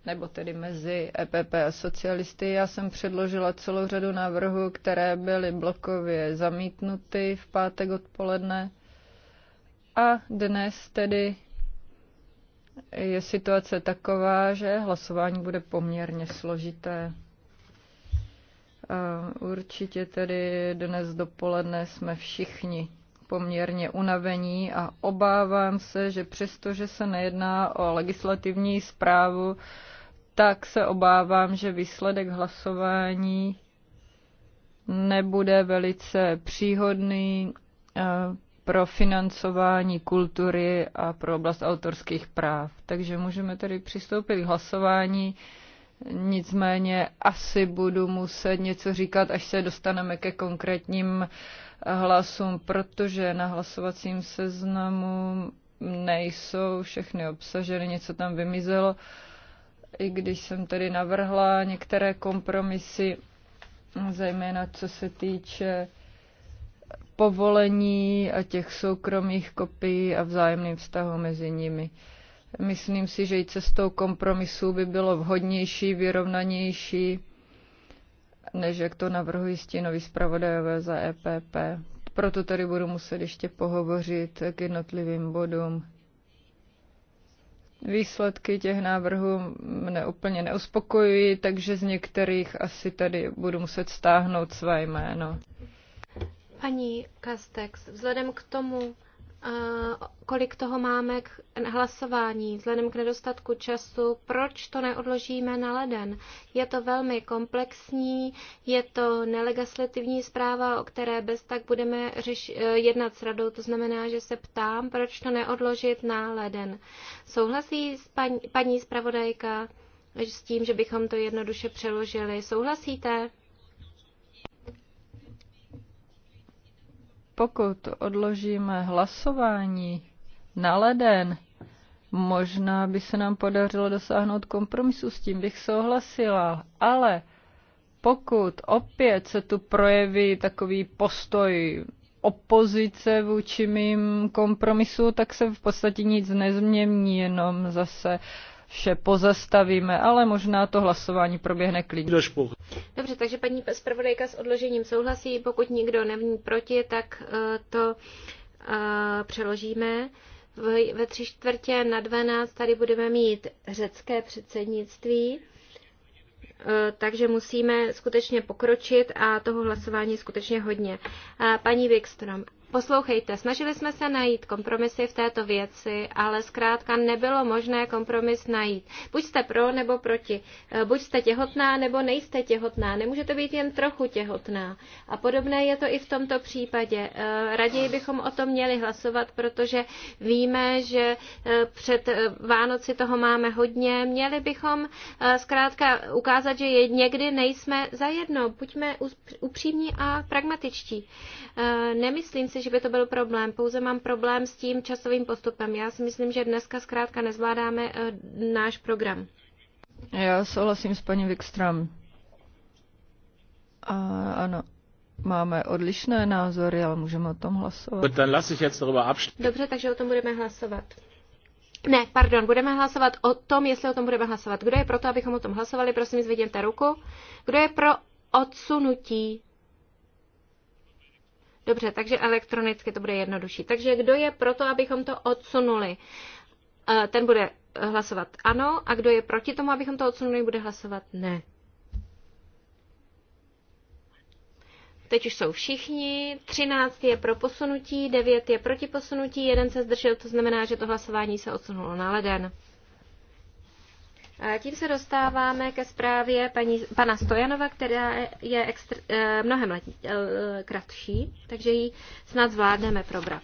Speaker 3: nebo tedy mezi EPP a socialisty. Já jsem předložila celou řadu návrhů, které byly blokově zamítnuty v pátek odpoledne. A dnes tedy je situace taková, že hlasování bude poměrně složité. Určitě tedy dnes dopoledne jsme všichni poměrně unavení a obávám se, že přestože se nejedná o legislativní zprávu, tak se obávám, že výsledek hlasování nebude velice příhodný pro financování kultury a pro oblast autorských práv. Takže můžeme tedy přistoupit k hlasování. Nicméně asi budu muset něco říkat, až se dostaneme ke konkrétním hlasům, protože na hlasovacím seznamu nejsou všechny obsaženy, něco tam vymizelo. I když jsem tedy navrhla některé kompromisy, zejména co se týče povolení a těch soukromých kopií a vzájemným vztahu mezi nimi. Myslím si, že i cestou kompromisu by bylo vhodnější, vyrovnanější, než jak to navrhují stínoví zpravodajové za EPP. Proto tady budu muset ještě pohovořit k jednotlivým bodům. Výsledky těch návrhů mne úplně neuspokojují, takže z některých asi tady budu muset stáhnout své jméno.
Speaker 4: Paní Kastex, vzhledem k tomu, kolik toho máme k hlasování, vzhledem k nedostatku času, proč to neodložíme na leden. Je to velmi komplexní, je to nelegislativní zpráva, o které bez tak budeme řeš- e, jednat s radou, to znamená, že se ptám, proč to neodložit na leden. Souhlasí s paní, paní zpravodajka s tím, že bychom to jednoduše přeložili? Souhlasíte?
Speaker 3: Pokud odložíme hlasování na leden, možná by se nám podařilo dosáhnout kompromisu, s tím bych souhlasila, ale pokud opět se tu projeví takový postoj opozice vůči mým kompromisu, tak se v podstatě nic nezmění, jenom zase vše pozastavíme, ale možná to hlasování proběhne klidně.
Speaker 4: Dobře, takže paní zpravodajka s odložením souhlasí, pokud nikdo nevní proti, tak eh, to eh, přeložíme. Ve tři čtvrtě na 12 tady budeme mít řecké předsednictví eh, takže musíme skutečně pokročit a toho hlasování je skutečně hodně. Paní Wikström, Poslouchejte, snažili jsme se najít kompromisy v této věci, ale zkrátka nebylo možné kompromis najít. Buď jste pro nebo proti, eh, buď jste těhotná nebo nejste těhotná, nemůžete být jen trochu těhotná. A podobné je to i v tomto případě. Eh, raději bychom o tom měli hlasovat, protože víme, že eh, před Vánoci toho máme hodně. Měli bychom zkrátka ukázat, že někdy nejsme zajedno. Buďme upřímní a pragmatičtí. Nemyslím si, si, že by to byl problém. Pouze mám problém s tím časovým postupem. Já si myslím, že dneska zkrátka nezvládáme eh, náš program.
Speaker 3: Já souhlasím s paní Wikström. A, ano, máme odlišné názory, ale můžeme o tom hlasovat.
Speaker 1: Dobře,
Speaker 4: takže o tom budeme hlasovat. Ne, pardon, budeme hlasovat o tom, jestli o tom budeme hlasovat. Kdo je pro to, abychom o tom hlasovali, prosím, zvedněte ruku. Kdo je pro odsunutí Dobře, takže elektronicky to bude jednodušší. Takže kdo je pro to, abychom to odsunuli? Eh, ten bude hlasovat ano a kdo je proti tomu, abychom to odsunuli, bude hlasovat ne. Teď už jsou všichni, 13 je pro posunutí, 9 je proti posunutí, jeden se zdržel, to znamená, že to hlasování se odsunulo na leden tím se dostáváme ke zprávě paní, pana Stojanova, která je extr, eh, mnohem let, eh, kratší, takže ji snad zvládneme probrat.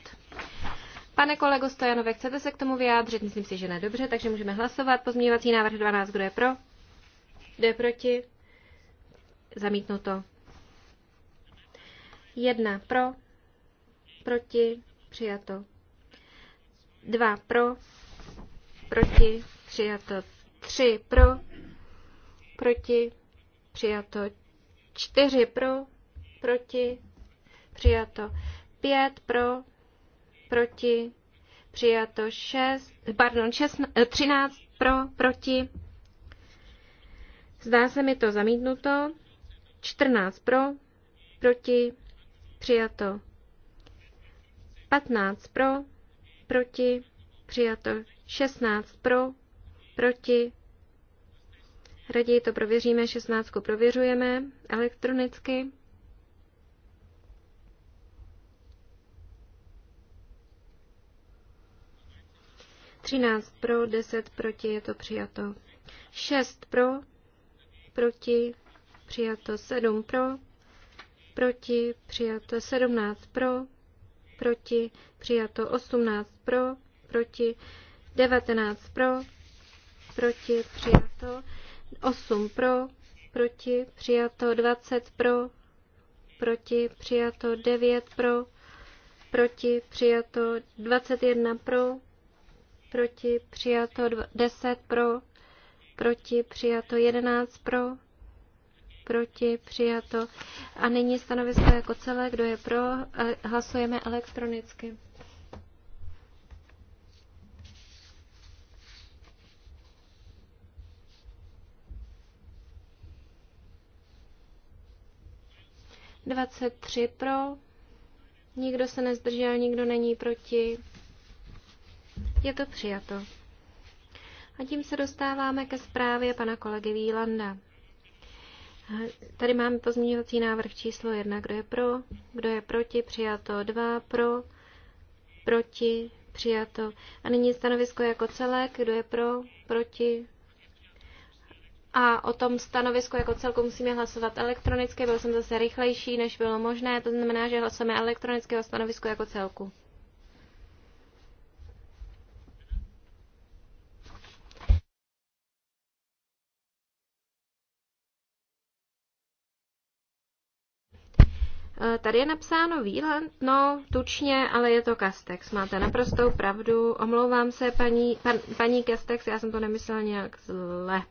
Speaker 4: Pane kolego Stojanove, chcete se k tomu vyjádřit? Myslím si, že ne. Dobře, takže můžeme hlasovat. Pozměňovací návrh 12, kdo je pro? Kdo je proti? Zamítnuto. Jedna pro, proti, přijato. Dva pro, proti, přijato. 3 pro, proti, přijato 4 pro, proti, přijato 5 pro, proti, přijato 6, pardon, 6, 13 eh, pro, proti. Zdá se mi to zamítnuto. 14 pro, proti, přijato 15 pro, proti, přijato 16 pro, proti. Raději to prověříme, 16 prověřujeme elektronicky. Třináct pro, deset proti, je to přijato. Šest pro, proti, přijato. Sedm pro, proti, přijato. Sedmnáct pro, proti, přijato. Osmnáct pro, proti, devatenáct pro, proti, přijato. 8 pro, proti, přijato. 20 pro, proti, přijato. 9 pro, proti, přijato. 21 pro, proti, přijato. 10 pro, proti, přijato. 11 pro, proti, přijato. A nyní stanovisko jako celé, kdo je pro, hlasujeme elektronicky. 23 pro, nikdo se nezdržel, nikdo není proti. Je to přijato. A tím se dostáváme ke zprávě pana kolegy Výlanda. Tady máme pozměňovací návrh číslo 1. Kdo je pro? Kdo je proti? Přijato 2. Pro? Proti? Přijato. A nyní stanovisko jako celek. Kdo je pro? Proti? a o tom stanovisku jako celku musíme hlasovat elektronicky. Byl jsem zase rychlejší, než bylo možné. To znamená, že hlasujeme elektronicky o stanovisku jako celku. E, tady je napsáno výlet, no tučně, ale je to Kastex. Máte naprostou pravdu. Omlouvám se, paní, pan, paní Kastex, já jsem to nemyslela nějak zle.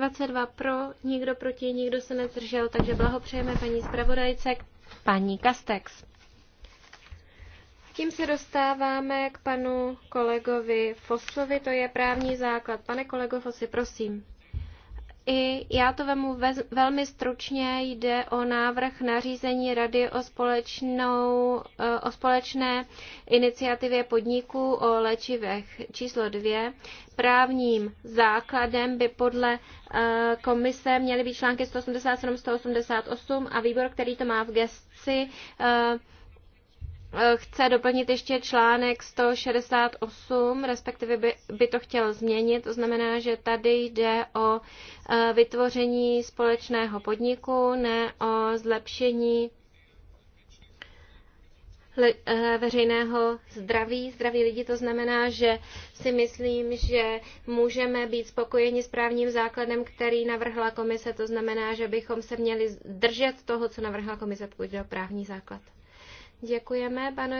Speaker 4: 22 pro, nikdo proti, nikdo se nezdržel, takže blahopřejeme paní zpravodajce, paní Kastex. Tím se dostáváme k panu kolegovi Fosovi, to je právní základ. Pane kolego Fosi, prosím. I já to vemu vez, velmi stručně, jde o návrh nařízení Rady o, společnou, eh, o společné iniciativě podniků o léčivech číslo 2. Právním základem by podle eh, komise měly být články 187-188 a výbor, který to má v gestci, eh, chce doplnit ještě článek 168, respektive by, by to chtěl změnit. To znamená, že tady jde o e, vytvoření společného podniku, ne o zlepšení e, veřejného zdraví, zdraví lidí. To znamená, že si myslím, že můžeme být spokojeni s právním základem, který navrhla komise. To znamená, že bychom se měli držet toho, co navrhla komise, pokud jde o právní základ. Děkujeme panu,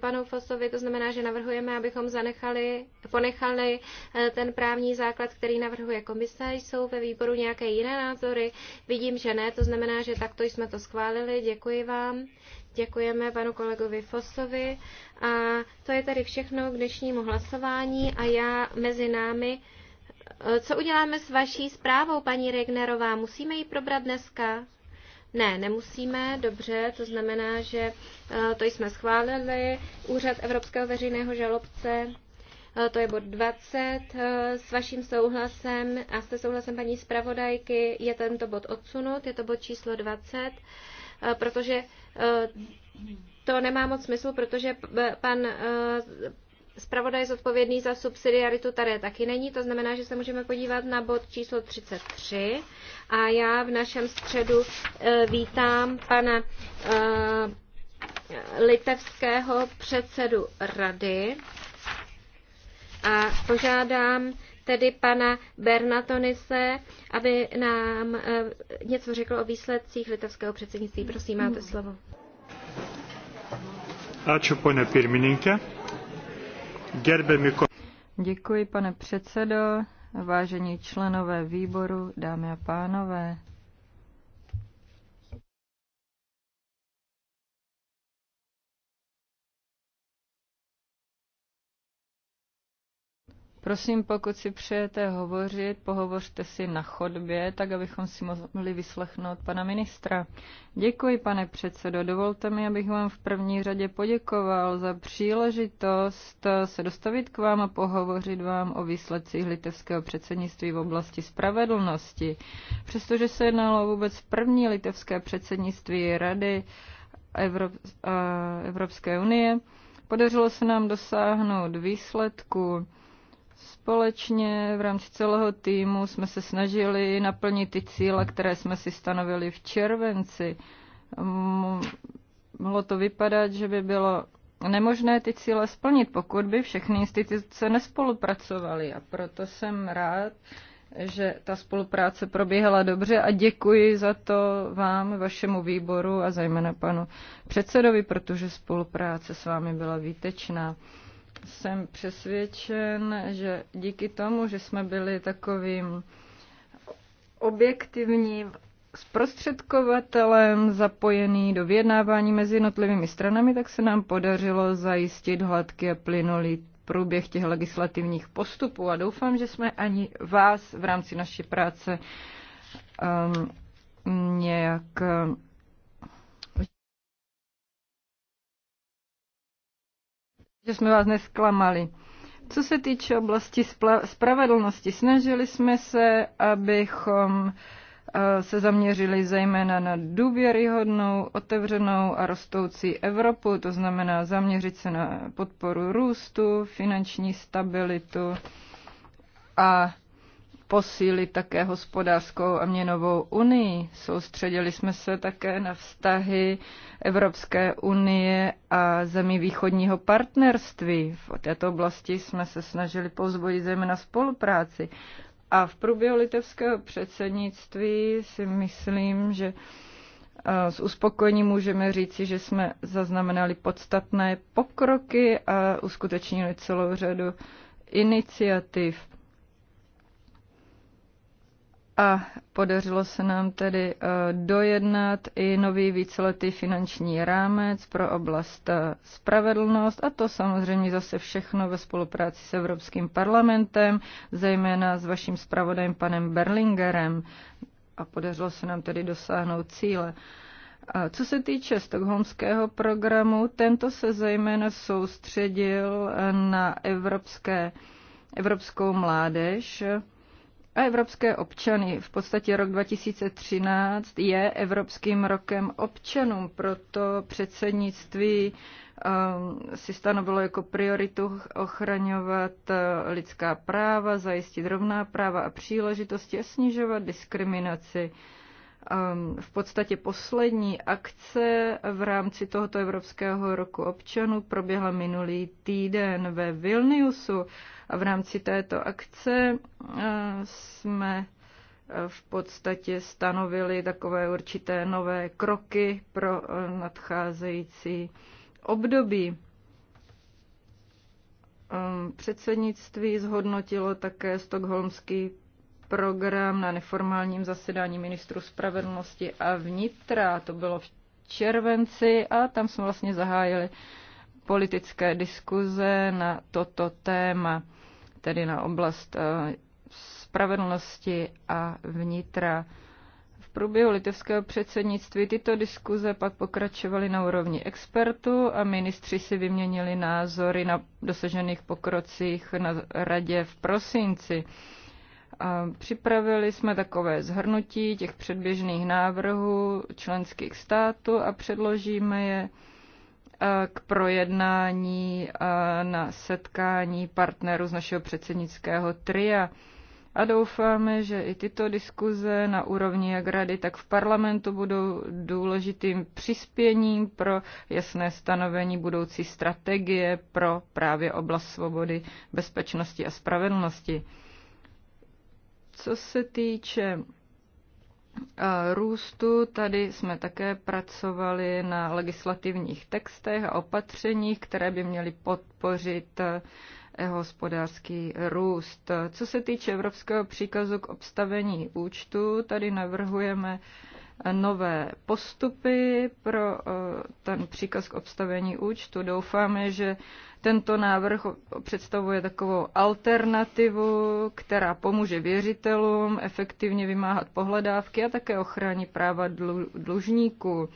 Speaker 4: panu Fosovi, to znamená, že navrhujeme, abychom zanechali, ponechali eh, ten právní základ, který navrhuje komise. Jsou ve výboru nějaké jiné názory? Vidím, že ne, to znamená, že takto jsme to schválili. Děkuji vám. Děkujeme panu kolegovi Fosovi. A to je tady všechno k dnešnímu hlasování a já mezi námi. Eh, co uděláme s vaší zprávou, paní Regnerová? Musíme ji probrat dneska? Ne, nemusíme, dobře, to znamená, že eh, to jsme schválili. Úřad Evropského veřejného žalobce, eh, to je bod 20, eh, s vaším souhlasem a se souhlasem paní zpravodajky je tento bod odsunut, je to bod číslo 20, protože to nemá moc smysl, protože pan zpravodaj zodpovědný za subsidiaritu tady taky není, to znamená, že se můžeme podívat na bod číslo 33 a já v našem středu eh, vítám pana eh, litevského předsedu rady a požádám tedy pana Bernatonise, aby nám eh, něco řekl o výsledcích litevského předsednictví. Prosím, máte slovo.
Speaker 3: pane Děkuji, pane předsedo, vážení členové výboru, dámy a pánové. Prosím, pokud si přejete hovořit, pohovořte si na chodbě, tak abychom si mohli vyslechnout pana ministra. Děkuji, pane předsedo. Dovolte mi, abych vám v první řadě poděkoval za příležitost se dostavit k vám a pohovořit vám o výsledcích litevského předsednictví v oblasti spravedlnosti. Přestože se jednalo vůbec první litevské předsednictví Rady Evrop, Evropské unie, podařilo se nám dosáhnout výsledku, Společně v rámci celého týmu jsme se snažili naplnit ty cíle, které jsme si stanovili v červenci. Mohlo to vypadat, že by bylo nemožné ty cíle splnit, pokud by všechny instituce nespolupracovaly. A proto jsem rád, že ta spolupráce probíhala dobře a děkuji za to vám, vašemu výboru a zejména panu předsedovi, protože spolupráce s vámi byla výtečná jsem přesvědčen, že díky tomu, že jsme byli takovým objektivním zprostředkovatelem zapojený do vyjednávání mezi jednotlivými stranami, tak se nám podařilo zajistit hladký a plynulý průběh těch legislativních postupů. A doufám, že jsme ani vás v rámci naší práce um, nějak že jsme vás nesklamali. Co se týče oblasti spravedlnosti, snažili jsme se, abychom eh, se zaměřili zejména na důvěryhodnou, otevřenou a rostoucí Evropu, to znamená zaměřit se na podporu růstu, finanční stabilitu a posílit také hospodářskou a měnovou unii. Soustředili jsme se také na vztahy Evropské unie a zemí východního partnerství. V této oblasti jsme se snažili povzbudit zejména spolupráci. A v průběhu litevského předsednictví si myslím, že eh, s uspokojením můžeme říci, že jsme zaznamenali podstatné pokroky a uskutečnili celou řadu iniciativ a podařilo se nám tedy eh, dojednat i nový víceletý finanční rámec pro oblast eh, spravedlnost a to samozřejmě zase všechno ve spolupráci s Evropským parlamentem, zejména s vaším zpravodajem panem Berlingerem a podařilo se nám tedy dosáhnout cíle. A co se týče stokholmského programu, tento se zejména soustředil eh, na evropské, evropskou mládež, a evropské občany. V podstatě rok 2013 je Evropským rokem občanů, proto předsednictví um, si stanovilo jako prioritu ochraňovat uh, lidská práva, zajistit rovná práva a příležitosti a snižovat diskriminaci. Ehm, v podstatě poslední akce v rámci tohoto Evropského roku občanů proběhla minulý týden ve Vilniusu a v rámci této akce eh, jsme eh, v podstatě stanovili takové určité nové kroky pro eh, nadcházející období. Ehm, předsednictví zhodnotilo také stokholmský program na neformálním zasedání ministru spravedlnosti a vnitra. To bylo v červenci a tam jsme vlastně zahájili politické diskuze na toto téma, tedy na oblast eh, spravedlnosti a vnitra. V průběhu litevského předsednictví tyto diskuze pak pokračovaly na úrovni expertů a ministři si vyměnili názory na dosažených pokrocích na radě v prosinci. Připravili jsme takové zhrnutí těch předběžných návrhů členských států a předložíme je e, k projednání e, na setkání partnerů z našeho předsednického tria. A doufáme, že i tyto diskuze na úrovni jak rady, tak v parlamentu budou důležitým přispěním pro jasné stanovení budoucí strategie pro právě oblast svobody, bezpečnosti a spravedlnosti. Co se týče růstu, tady jsme také pracovali na legislativních textech a opatřeních, které by měly podpořit hospodářský růst. Co se týče evropského příkazu k obstavení účtu, tady navrhujeme nové postupy pro eh, ten příkaz k obstavení účtu. Doufáme, že tento návrh představuje takovou alternativu, která pomůže věřitelům efektivně vymáhat pohledávky a také ochrání práva dlužníků.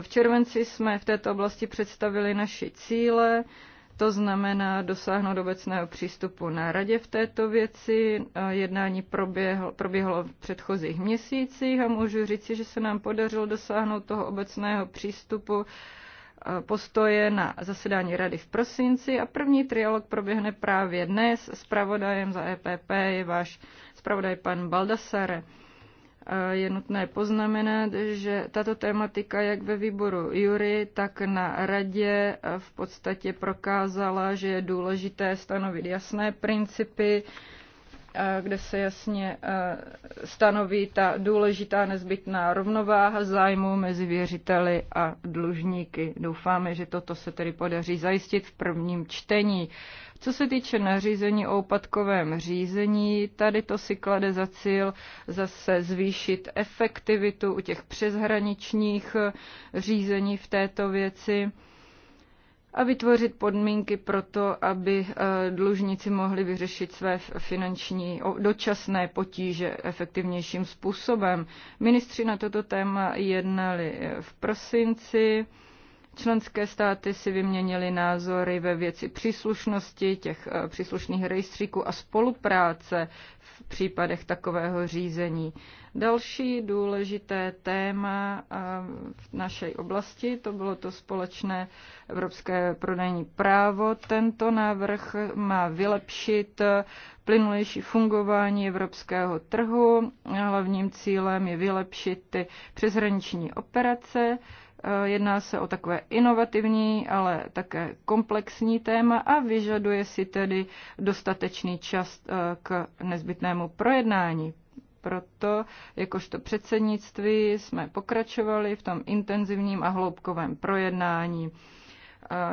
Speaker 3: V červenci jsme v této oblasti představili naše cíle, to znamená dosáhnout obecného přístupu na radě v této věci. Jednání proběhlo, proběhlo v předchozích měsících a můžu říci, že se nám podařilo dosáhnout toho obecného přístupu postoje na zasedání rady v prosinci a první trialog proběhne právě dnes. pravodajem za EPP je váš zpravodaj pan Baldassare je nutné poznamenat, že tato tématika jak ve výboru Jury, tak na radě v podstatě prokázala, že je důležité stanovit jasné principy, kde se jasně stanoví ta důležitá nezbytná rovnováha zájmu mezi věřiteli a dlužníky. Doufáme, že toto se tedy podaří zajistit v prvním čtení. Co se týče nařízení o úpadkovém řízení, tady to si klade za cíl zase zvýšit efektivitu u těch přeshraničních řízení v této věci a vytvořit podmínky pro to, aby eh, dlužníci mohli vyřešit své finanční dočasné potíže efektivnějším způsobem. Ministři na toto téma jednali eh, v prosinci. Členské státy si vyměnily názory ve věci příslušnosti těch eh, příslušných rejstříků a spolupráce v případech takového řízení. Další důležité téma eh, v naší oblasti, to bylo to společné evropské prodejní právo. Tento návrh má vylepšit plynulejší fungování evropského trhu. Hlavním cílem je vylepšit ty přeshraniční operace, Eh, jedná se o takové inovativní, ale také komplexní téma a vyžaduje si tedy dostatečný čas eh, k nezbytnému projednání. Proto, jakožto předsednictví, jsme pokračovali v tom intenzivním a hloubkovém projednání.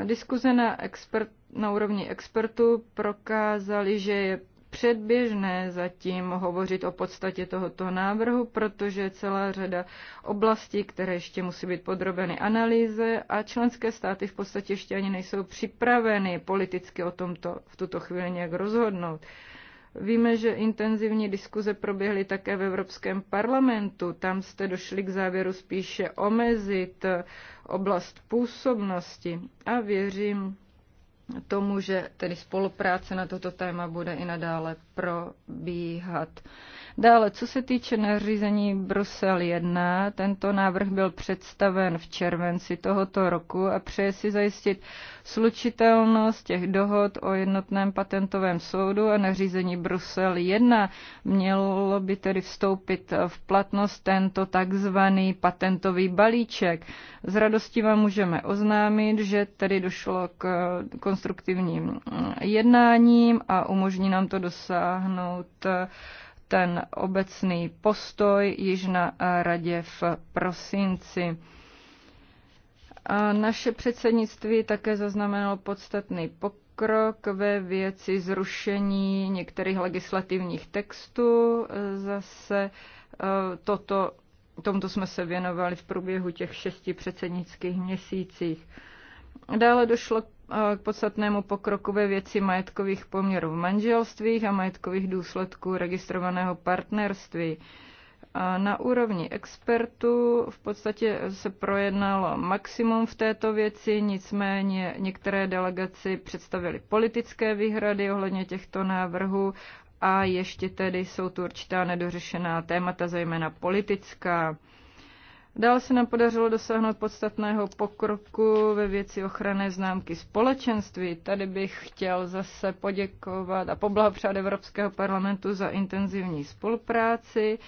Speaker 3: Eh, diskuze na, expert, na úrovni expertů prokázaly, že je předběžné zatím hovořit o podstatě tohoto návrhu, protože je celá řada oblastí, které ještě musí být podrobeny analýze a členské státy v podstatě ještě ani nejsou připraveny politicky o tomto v tuto chvíli nějak rozhodnout. Víme, že intenzivní diskuze proběhly také v Evropském parlamentu. Tam jste došli k závěru spíše omezit oblast působnosti a věřím, tomu, že tedy spolupráce na toto téma bude i nadále probíhat. Dále, co se týče nařízení Brusel 1, tento návrh byl představen v červenci tohoto roku a přeje si zajistit slučitelnost těch dohod o jednotném patentovém soudu a nařízení Brusel 1. Mělo by tedy vstoupit v platnost tento takzvaný patentový balíček. Z radostí vám můžeme oznámit, že tedy došlo k konstruktivním jednáním a umožní nám to dosáhnout ten obecný postoj již na radě v prosinci. A naše předsednictví také zaznamenalo podstatný pokrok ve věci zrušení některých legislativních textů. Zase e, toto, tomto jsme se věnovali v průběhu těch šesti předsednických měsících. Dále došlo k podstatnému pokroku ve věci majetkových poměrů v manželstvích a majetkových důsledků registrovaného partnerství. A na úrovni expertů v podstatě se projednalo maximum v této věci, nicméně některé delegaci představili politické výhrady ohledně těchto návrhů a ještě tedy jsou tu určitá nedořešená témata, zejména politická. Dále se nám podařilo dosáhnout podstatného pokroku ve věci ochranné známky společenství. Tady bych chtěl zase poděkovat a poblahopřát Evropského parlamentu za intenzivní spolupráci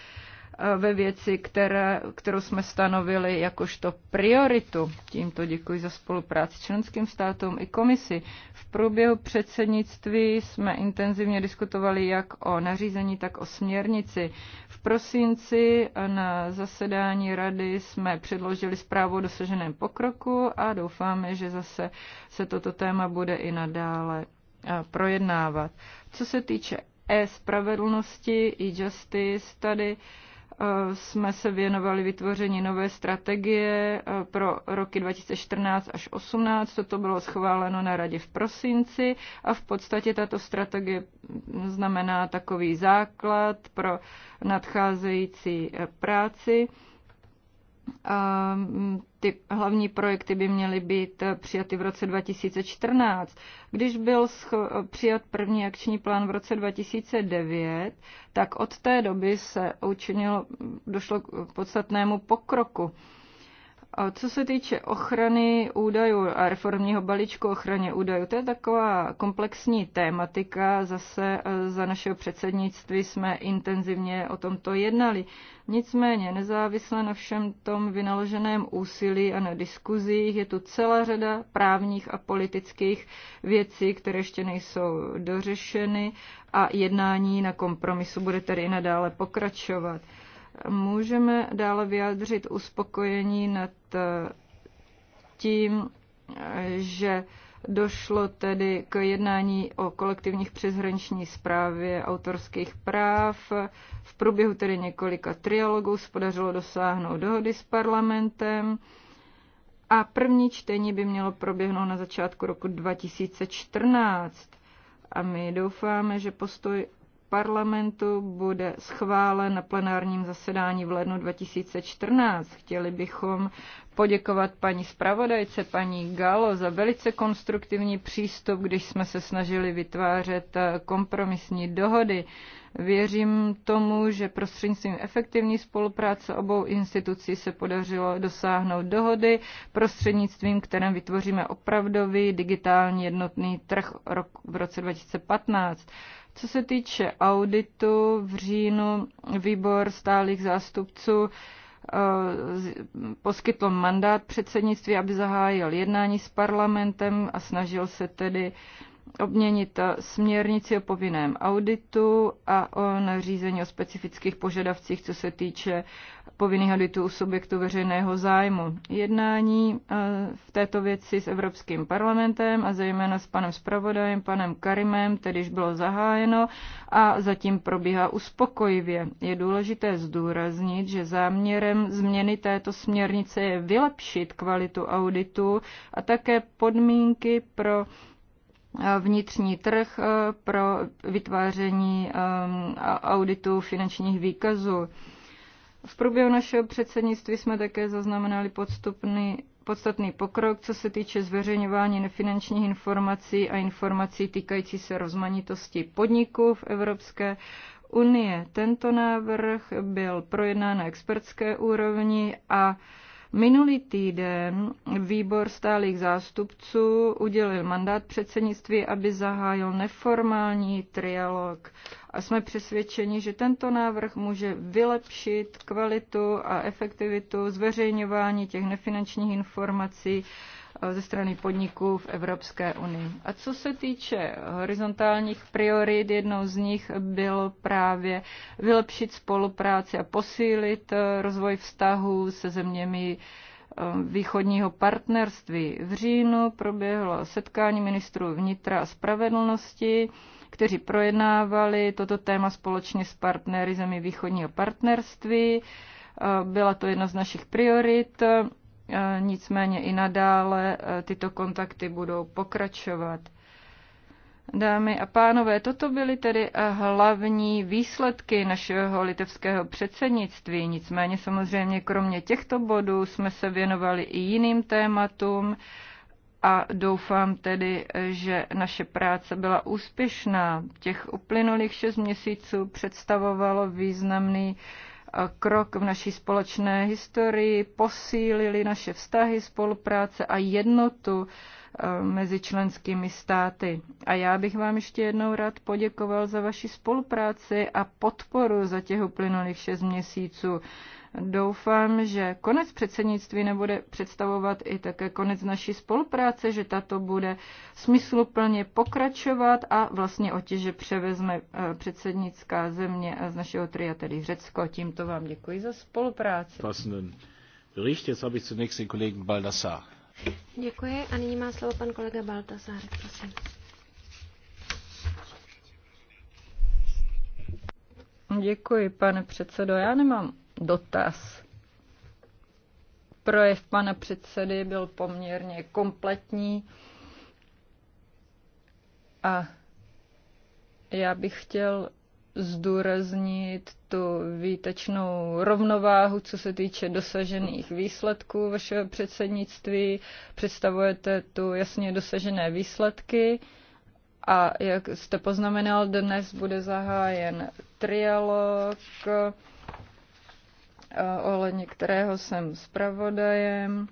Speaker 3: ve věci, které, kterou jsme stanovili jakožto prioritu. Tímto děkuji za spolupráci členským státům i komisi. V průběhu předsednictví jsme intenzivně diskutovali jak o nařízení, tak o směrnici. V prosinci na zasedání rady jsme předložili zprávu o dosaženém pokroku a doufáme, že zase se toto téma bude i nadále projednávat. Co se týče e-spravedlnosti, e-justice, tady jsme se věnovali vytvoření nové strategie pro roky 2014 až 2018. Toto bylo schváleno na radě v prosinci a v podstatě tato strategie znamená takový základ pro nadcházející e, práci. Mm, ty hlavní projekty by měly být přijaty v roce 2014. Když byl přijat první akční plán v roce 2009, tak od té doby se učinilo, došlo k podstatnému pokroku. A co se týče ochrany údajů a reformního balíčku ochraně údajů, to je taková komplexní tématika. Zase eh, za našeho předsednictví jsme intenzivně o tomto jednali. Nicméně nezávisle na všem tom vynaloženém úsilí a na diskuzích je tu celá řada právních a politických věcí, které ještě nejsou dořešeny a jednání na kompromisu bude tedy i nadále pokračovat. Můžeme dále vyjádřit uspokojení nad eh, tím, eh, že došlo tedy k jednání o kolektivních přeshraniční zprávě autorských práv. V průběhu tedy několika trialogů se podařilo dosáhnout dohody s parlamentem a první čtení by mělo proběhnout na začátku roku 2014. A my doufáme, že postoj parlamentu bude schválen na plenárním zasedání v lednu 2014. Chtěli bychom poděkovat paní zpravodajce, paní Galo, za velice konstruktivní přístup, když jsme se snažili vytvářet eh, kompromisní dohody. Věřím tomu, že prostřednictvím efektivní spolupráce obou institucí se podařilo dosáhnout dohody, prostřednictvím kterém vytvoříme opravdový digitální jednotný trh v roce 2015. Co se týče auditu, v říjnu výbor stálých zástupců eh, poskytl mandát předsednictví, aby zahájil jednání s parlamentem a snažil se tedy obměnit směrnici o povinném auditu a o nařízení o specifických požadavcích, co se týče povinných auditů u subjektu veřejného zájmu. Jednání eh, v této věci s Evropským parlamentem a zejména s panem zpravodajem, panem Karimem, tedyž bylo zahájeno a zatím probíhá uspokojivě. Je důležité zdůraznit, že záměrem změny této směrnice je vylepšit kvalitu auditu a také podmínky pro vnitřní trh eh, pro vytváření eh, auditu finančních výkazů. V průběhu našeho předsednictví jsme také zaznamenali podstupný, podstatný pokrok, co se týče zveřejňování nefinančních informací a informací týkající se rozmanitosti podniků v Evropské unie. Tento návrh byl projednán na expertské úrovni a Minulý týden výbor stálých zástupců udělil mandát předsednictví, aby zahájil neformální trialog. A jsme přesvědčeni, že tento návrh může vylepšit kvalitu a efektivitu zveřejňování těch nefinančních informací, Eh, ze strany podniků v Evropské unii. A co se týče horizontálních priorit, jednou z nich bylo právě vylepšit spolupráci a posílit eh, rozvoj vztahů se zeměmi eh, východního partnerství. V říjnu proběhlo setkání ministrů vnitra a spravedlnosti, kteří projednávali toto téma společně s partnery zemí východního partnerství. Byla to jedna z našich priorit Nicméně i nadále e, tyto kontakty budou pokračovat. Dámy a pánové, toto byly tedy e, hlavní výsledky našeho litevského předsednictví. Nicméně samozřejmě kromě těchto bodů jsme se věnovali i jiným tématům a doufám tedy, e, že naše práce byla úspěšná. Těch uplynulých šest měsíců představovalo významný krok v naší společné historii, posílili naše vztahy, spolupráce a jednotu Eh, mezi členskými státy. A já bych vám ještě jednou rád poděkoval za vaši spolupráci a podporu za těch uplynulých šest měsíců. Doufám, že konec předsednictví nebude představovat i také konec naší spolupráce, že tato bude smysluplně pokračovat a vlastně otěže převezme eh, předsednická země z našeho tria, tedy Řecko. Tímto vám děkuji za spolupráci. Bericht. Jetzt habe ich zunächst den
Speaker 1: Kollegen Baldassar.
Speaker 4: Děkuji a nyní má slovo pan kolega Baltasár, prosím.
Speaker 3: Děkuji, pane předsedo. Já nemám dotaz. Projev pana předsedy byl poměrně kompletní a já bych chtěl zdůraznit tu výtečnou rovnováhu, co se týče dosažených výsledků vašeho předsednictví. Představujete tu jasně dosažené výsledky a jak jste poznamenal, dnes bude zahájen trialog, eh, ohledně kterého jsem zpravodajem.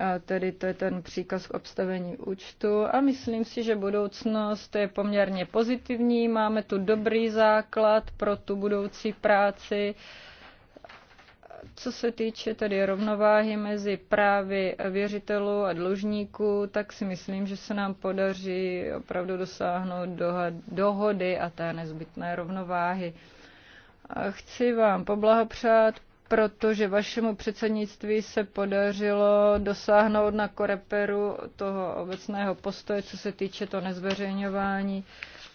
Speaker 3: A tedy to je ten příkaz k obstavení účtu a myslím si, že budoucnost je poměrně pozitivní, máme tu dobrý základ pro tu budoucí práci. Co se týče tedy rovnováhy mezi právy věřitelů a dlužníků, tak si myslím, že se nám podaří opravdu dosáhnout dohody a té nezbytné rovnováhy. Chci vám poblahopřát protože vašemu předsednictví se podařilo dosáhnout na koreperu toho obecného postoje, co se týče to nezveřejňování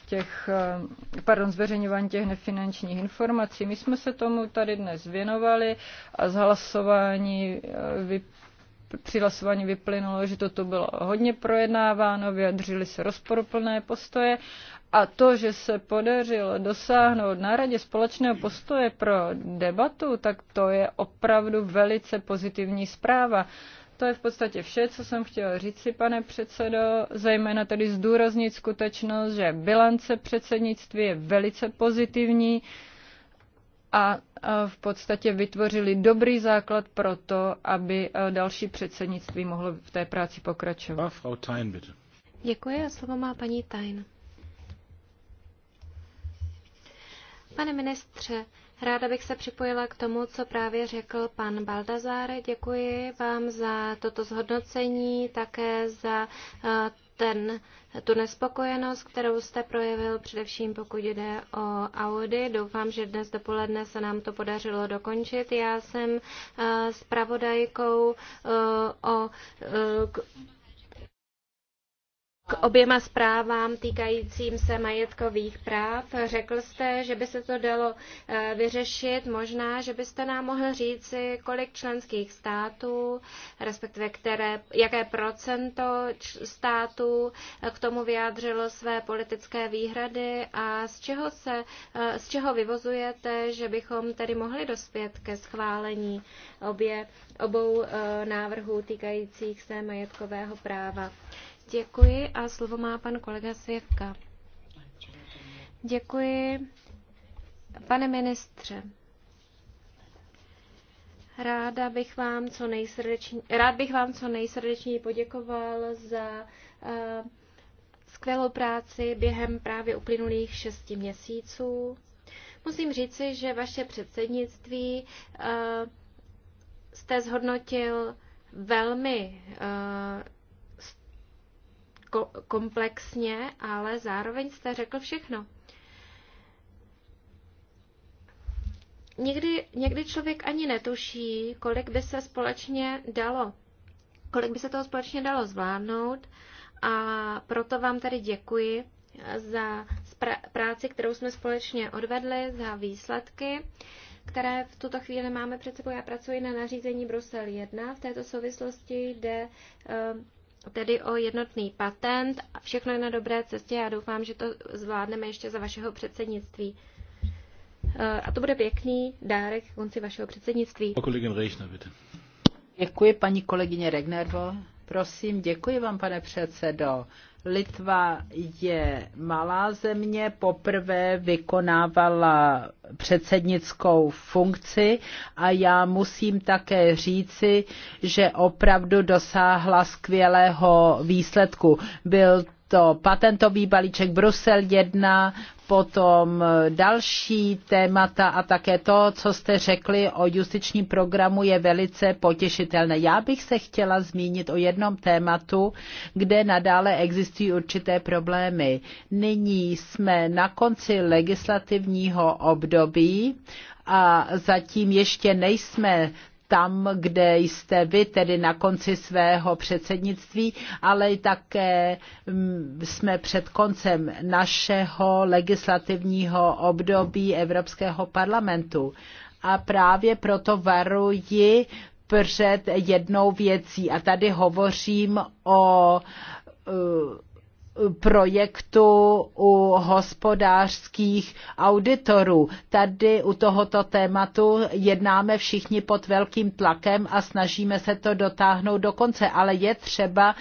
Speaker 3: těch, eh, pardon, zveřejňování těch nefinančních informací. My jsme se tomu tady dnes věnovali a z hlasování eh, vy, při hlasování vyplynulo, že toto bylo hodně projednáváno, vyjadřili se rozporuplné postoje a to, že se podařilo dosáhnout na radě společného postoje pro debatu, tak to je opravdu velice pozitivní zpráva. To je v podstatě vše, co jsem chtěla říci, pane předsedo, zejména tedy zdůraznit skutečnost, že bilance předsednictví je velice pozitivní a v podstatě vytvořili dobrý základ pro to, aby další předsednictví mohlo v té práci pokračovat.
Speaker 4: Děkuji a slovo má paní Tajn. Pane ministře, ráda bych se připojila k tomu, co právě řekl pan Baldazar. Děkuji vám za toto zhodnocení, také za eh, ten, tu nespokojenost, kterou jste projevil, především pokud jde o Audi. Doufám, že dnes dopoledne se nám to podařilo dokončit. Já jsem s eh, pravodajkou eh, o k oběma zprávám týkajícím se majetkových práv řekl jste, že by se to dalo eh, vyřešit. Možná, že byste nám mohl říci, kolik členských států, respektive které, jaké procento států eh, k tomu vyjádřilo své politické výhrady a z čeho, se, eh, z čeho vyvozujete, že bychom tedy mohli dospět ke schválení obě, obou návrhů týkajících se majetkového práva. Děkuji a slovo má pan kolega Svěvka. Děkuji. Pane ministře, ráda bych vám co nejsrdečně, rád bych vám co nejsrdečněji poděkoval za uh, skvělou práci během právě uplynulých šesti měsíců. Musím říci, že vaše předsednictví uh, jste zhodnotil velmi uh, komplexně, ale zároveň jste řekl všechno. Někdy, někdy člověk ani netuší, kolik by se společně dalo, kolik by se toho společně dalo zvládnout a proto vám tady děkuji za práci, kterou jsme společně odvedli, za výsledky které v tuto chvíli máme před sebou. Já pracuji na nařízení Brusel 1. V této souvislosti jde eh, tedy o jednotný patent. Všechno je na dobré cestě. Já doufám, že to zvládneme ještě za vašeho předsednictví. E, a to bude pěkný dárek k konci vašeho předsednictví.
Speaker 2: Děkuji paní kolegyně Regnervo. Prosím, děkuji vám, pane předsedo. Litva je malá země, poprvé vykonávala předsednickou funkci a já musím také říci, že opravdu dosáhla skvělého výsledku. Byl to patentový balíček Brusel 1, potom další témata a také to, co jste řekli o justičním programu, je velice potěšitelné. Já bych se chtěla zmínit o jednom tématu, kde nadále existují určité problémy. Nyní jsme na konci legislativního období a zatím ještě nejsme tam, kde jste vy, tedy na konci svého předsednictví, ale i také mm, jsme před koncem našeho legislativního období Evropského parlamentu. A právě proto varuji před jednou věcí. A tady hovořím o projektu u hospodářských auditorů. Tady u tohoto tématu jednáme všichni pod velkým tlakem a snažíme se to dotáhnout do konce, ale je třeba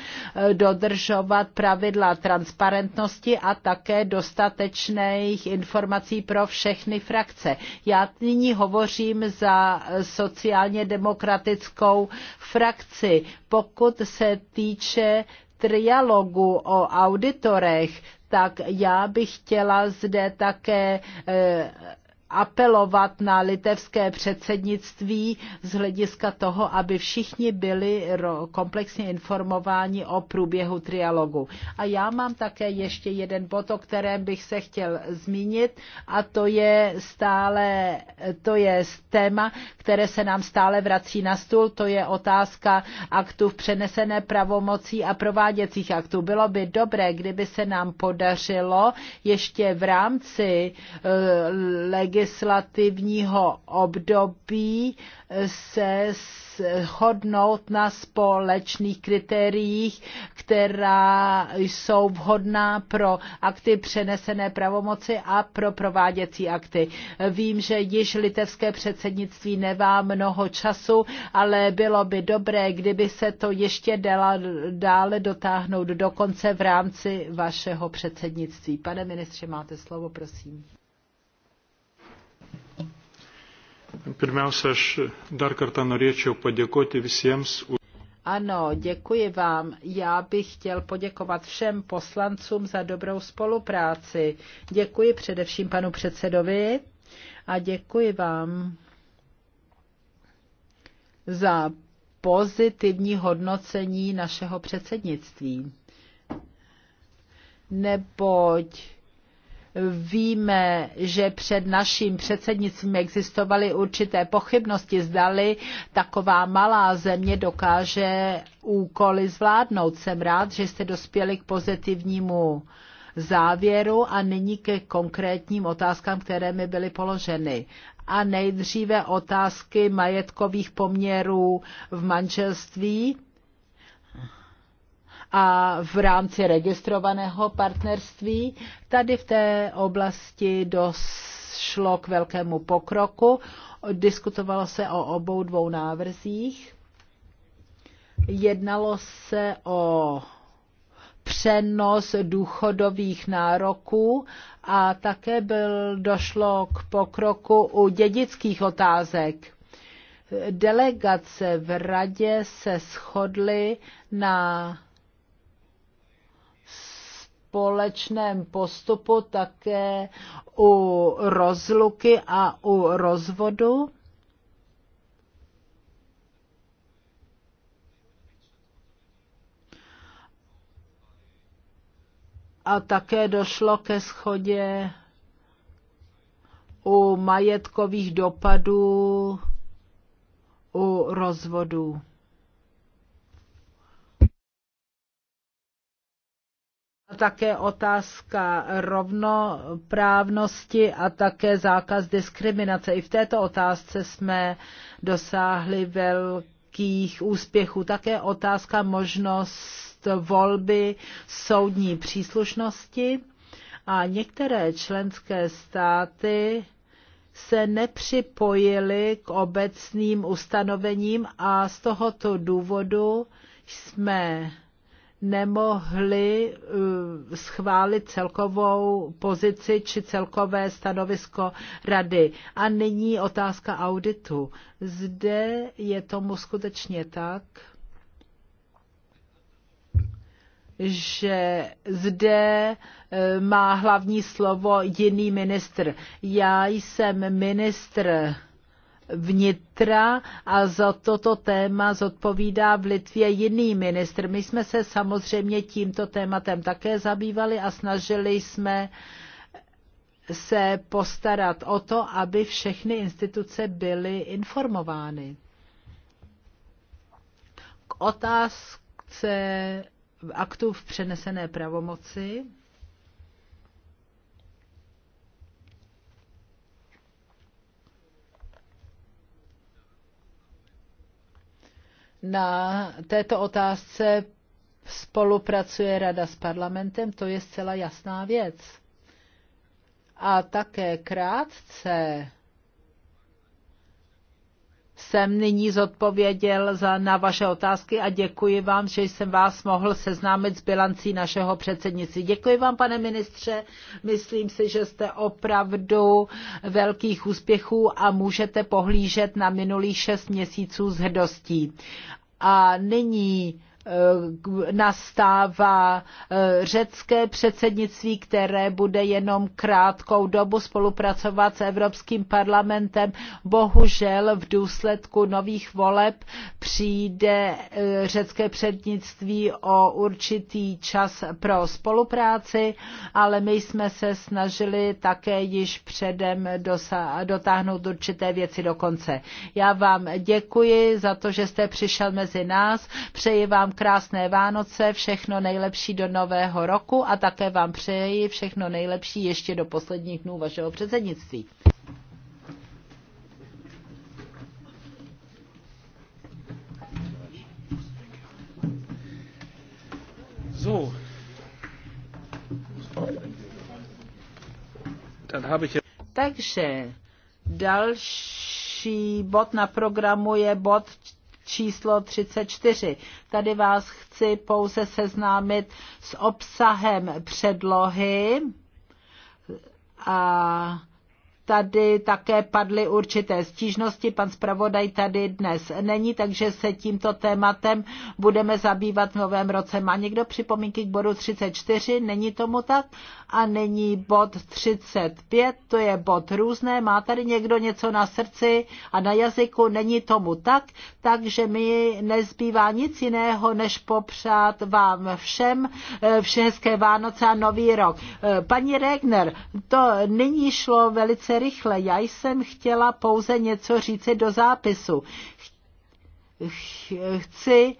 Speaker 2: eh, dodržovat pravidla transparentnosti a také dostatečných informací pro všechny frakce. Já nyní hovořím za sociálně demokratickou frakci. Pokud se týče trialogu o auditorech, tak já bych chtěla zde také eh, apelovat na litevské předsednictví z hlediska toho, aby všichni byli komplexně informováni o průběhu trialogu. A já mám také ještě jeden bod, o kterém bych se chtěl zmínit, a to je stále, to je téma, které se nám stále vrací na stůl, to je otázka aktů v přenesené pravomocí a prováděcích aktů. Bylo by dobré, kdyby se nám podařilo ještě v rámci uh, eh, legislativy legislativního období se shodnout na společných kritériích, která jsou vhodná pro akty přenesené pravomoci a pro prováděcí akty. Vím, že již litevské předsednictví nevá mnoho času, ale bylo by dobré, kdyby se to ještě dala, dále dotáhnout do konce v rámci vašeho předsednictví. Pane ministře, máte slovo, prosím.
Speaker 1: Pirmiausia, aš dar kartą norėčiau padėkoti visiems.
Speaker 2: Ano, děkuji vám. Já bych chtěl poděkovat všem poslancům za dobrou spolupráci. Děkuji především panu předsedovi a děkuji vám za pozitivní hodnocení našeho předsednictví. Neboť Víme, že před naším předsednictvím existovaly určité pochybnosti, zdali taková malá země dokáže úkoly zvládnout. Jsem rád, že jste dospěli k pozitivnímu závěru a nyní ke konkrétním otázkám, které mi byly položeny. A nejdříve otázky majetkových poměrů v manželství a v rámci registrovaného partnerství. Tady v té oblasti došlo k velkému pokroku. Diskutovalo se o obou dvou návrzích. Jednalo se o přenos důchodových nároků a také byl, došlo k pokroku u dědických otázek. Delegace v radě se shodly na společném postupu také u rozluky a u rozvodu. A také došlo ke schodě u majetkových dopadů u rozvodů. také otázka rovnoprávnosti a také zákaz diskriminace. I v této otázce jsme dosáhli velkých úspěchů. Také otázka možnost volby soudní příslušnosti a některé členské státy se nepřipojily k obecným ustanovením a z tohoto důvodu jsme nemohli eh, schválit celkovou pozici či celkové stanovisko rady. A nyní otázka auditu. Zde je tomu skutečně tak, že zde eh, má hlavní slovo jiný ministr. Já jsem ministr vnitra a za toto téma zodpovídá v Litvě jiný ministr. My jsme se samozřejmě tímto tématem také zabývali a snažili jsme se postarat o to, aby všechny instituce byly informovány. K otázce aktů v přenesené pravomoci. Na této otázce spolupracuje Rada s parlamentem, to je zcela jasná věc. A také krátce jsem nyní zodpověděl za, na vaše otázky a děkuji vám, že jsem vás mohl seznámit s bilancí našeho předsednictví. Děkuji vám, pane ministře. Myslím si, že jste opravdu velkých úspěchů a můžete pohlížet na minulých šest měsíců s hrdostí. A nyní Eh, nastává eh, řecké předsednictví, které bude jenom krátkou dobu spolupracovat s Evropským parlamentem. Bohužel v důsledku nových voleb přijde eh, řecké předsednictví o určitý čas pro spolupráci, ale my jsme se snažili také již předem dotáhnout určité věci do konce. Já vám děkuji za to, že jste přišel mezi nás. Přeji vám krásné Vánoce, všechno nejlepší do nového roku a také vám přeji všechno nejlepší ještě do posledních dnů vašeho předsednictví.
Speaker 1: So. Takže
Speaker 2: další bod na programu je bod číslo 34. Tady vás chci pouze seznámit s obsahem předlohy a tady také padly určité stížnosti. Pan zpravodaj tady dnes není, takže se tímto tématem budeme zabývat v novém roce. Má někdo připomínky k bodu 34? Není tomu tak? A není bod 35, to je bod různé. Má tady někdo něco na srdci a na jazyku? Není tomu tak? Takže mi nezbývá nic jiného, než popřát vám všem eh, vše hezké Vánoce a Nový rok. Eh, paní Regner, to nyní šlo velice velice rychle. Já jsem chtěla pouze něco říci do zápisu. Chci,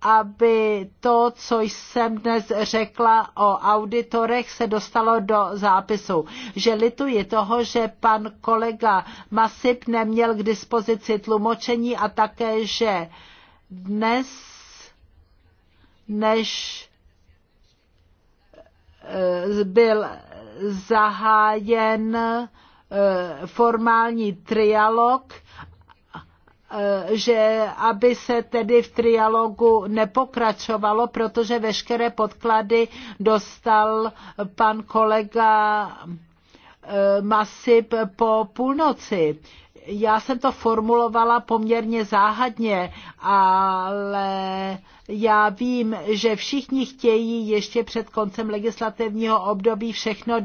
Speaker 2: aby to, co jsem dnes řekla o auditorech, se dostalo do zápisu. Že lituji toho, že pan kolega Masip neměl k dispozici tlumočení a také, že dnes, než eh, byl zahájen Eh, formální trialog, eh, že aby se tedy v trialogu nepokračovalo, protože veškeré podklady dostal pan kolega eh, Masip po půlnoci já jsem to formulovala poměrně záhadně, ale já vím, že všichni chtějí ještě před koncem legislativního období všechno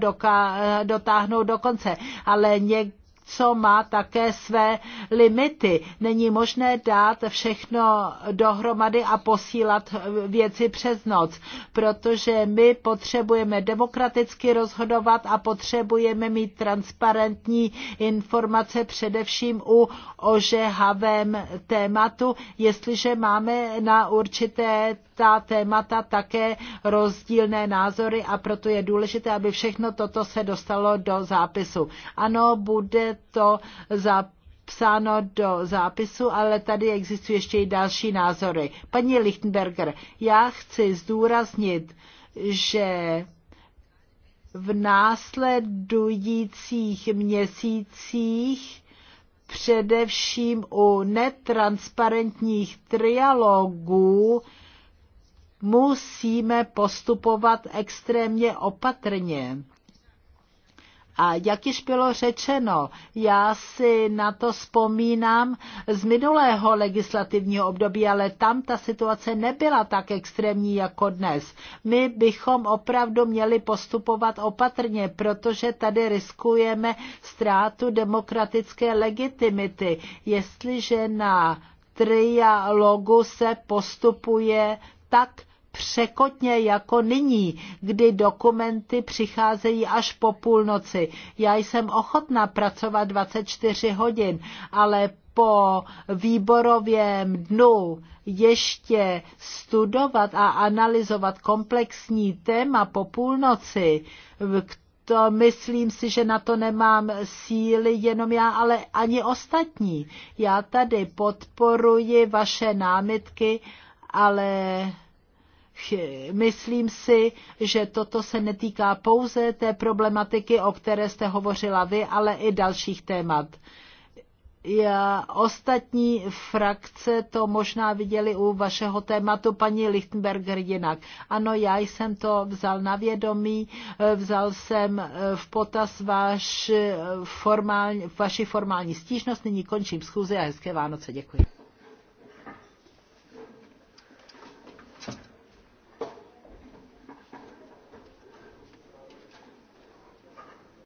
Speaker 2: dotáhnout do konce, ale něk- co má také své limity. Není možné dát všechno dohromady a posílat věci přes noc, protože my potřebujeme demokraticky rozhodovat a potřebujeme mít transparentní informace především u ožehavém tématu, jestliže máme na určité ta témata také rozdílné názory a proto je důležité, aby všechno toto se dostalo do zápisu. Ano, bude to za psáno do zápisu, ale tady existují ještě i další názory. Paní Lichtenberger, já chci zdůraznit, že v následujících měsících především u netransparentních trialogů musíme postupovat extrémně opatrně a jak již bylo řečeno, já si na to vzpomínám z minulého legislativního období, ale tam ta situace nebyla tak extrémní jako dnes. My bychom opravdu měli postupovat opatrně, protože tady riskujeme ztrátu demokratické legitimity, jestliže na trialogu se postupuje tak, překotně jako nyní, kdy dokumenty přicházejí až po půlnoci. Já jsem ochotná pracovat 24 hodin, ale po výborovém dnu ještě studovat a analyzovat komplexní téma po půlnoci, to myslím si, že na to nemám síly jenom já, ale ani ostatní. Já tady podporuji vaše námitky, ale myslím si, že toto se netýká pouze té problematiky, o které jste hovořila vy, ale i dalších témat. Já, ostatní frakce to možná viděli u vašeho tématu, paní Lichtenberger jinak. Ano, já jsem to vzal na vědomí, vzal jsem eh, v potaz váš eh, formální, vaši formální stížnost, nyní končím schůzi a hezké Vánoce, děkuji.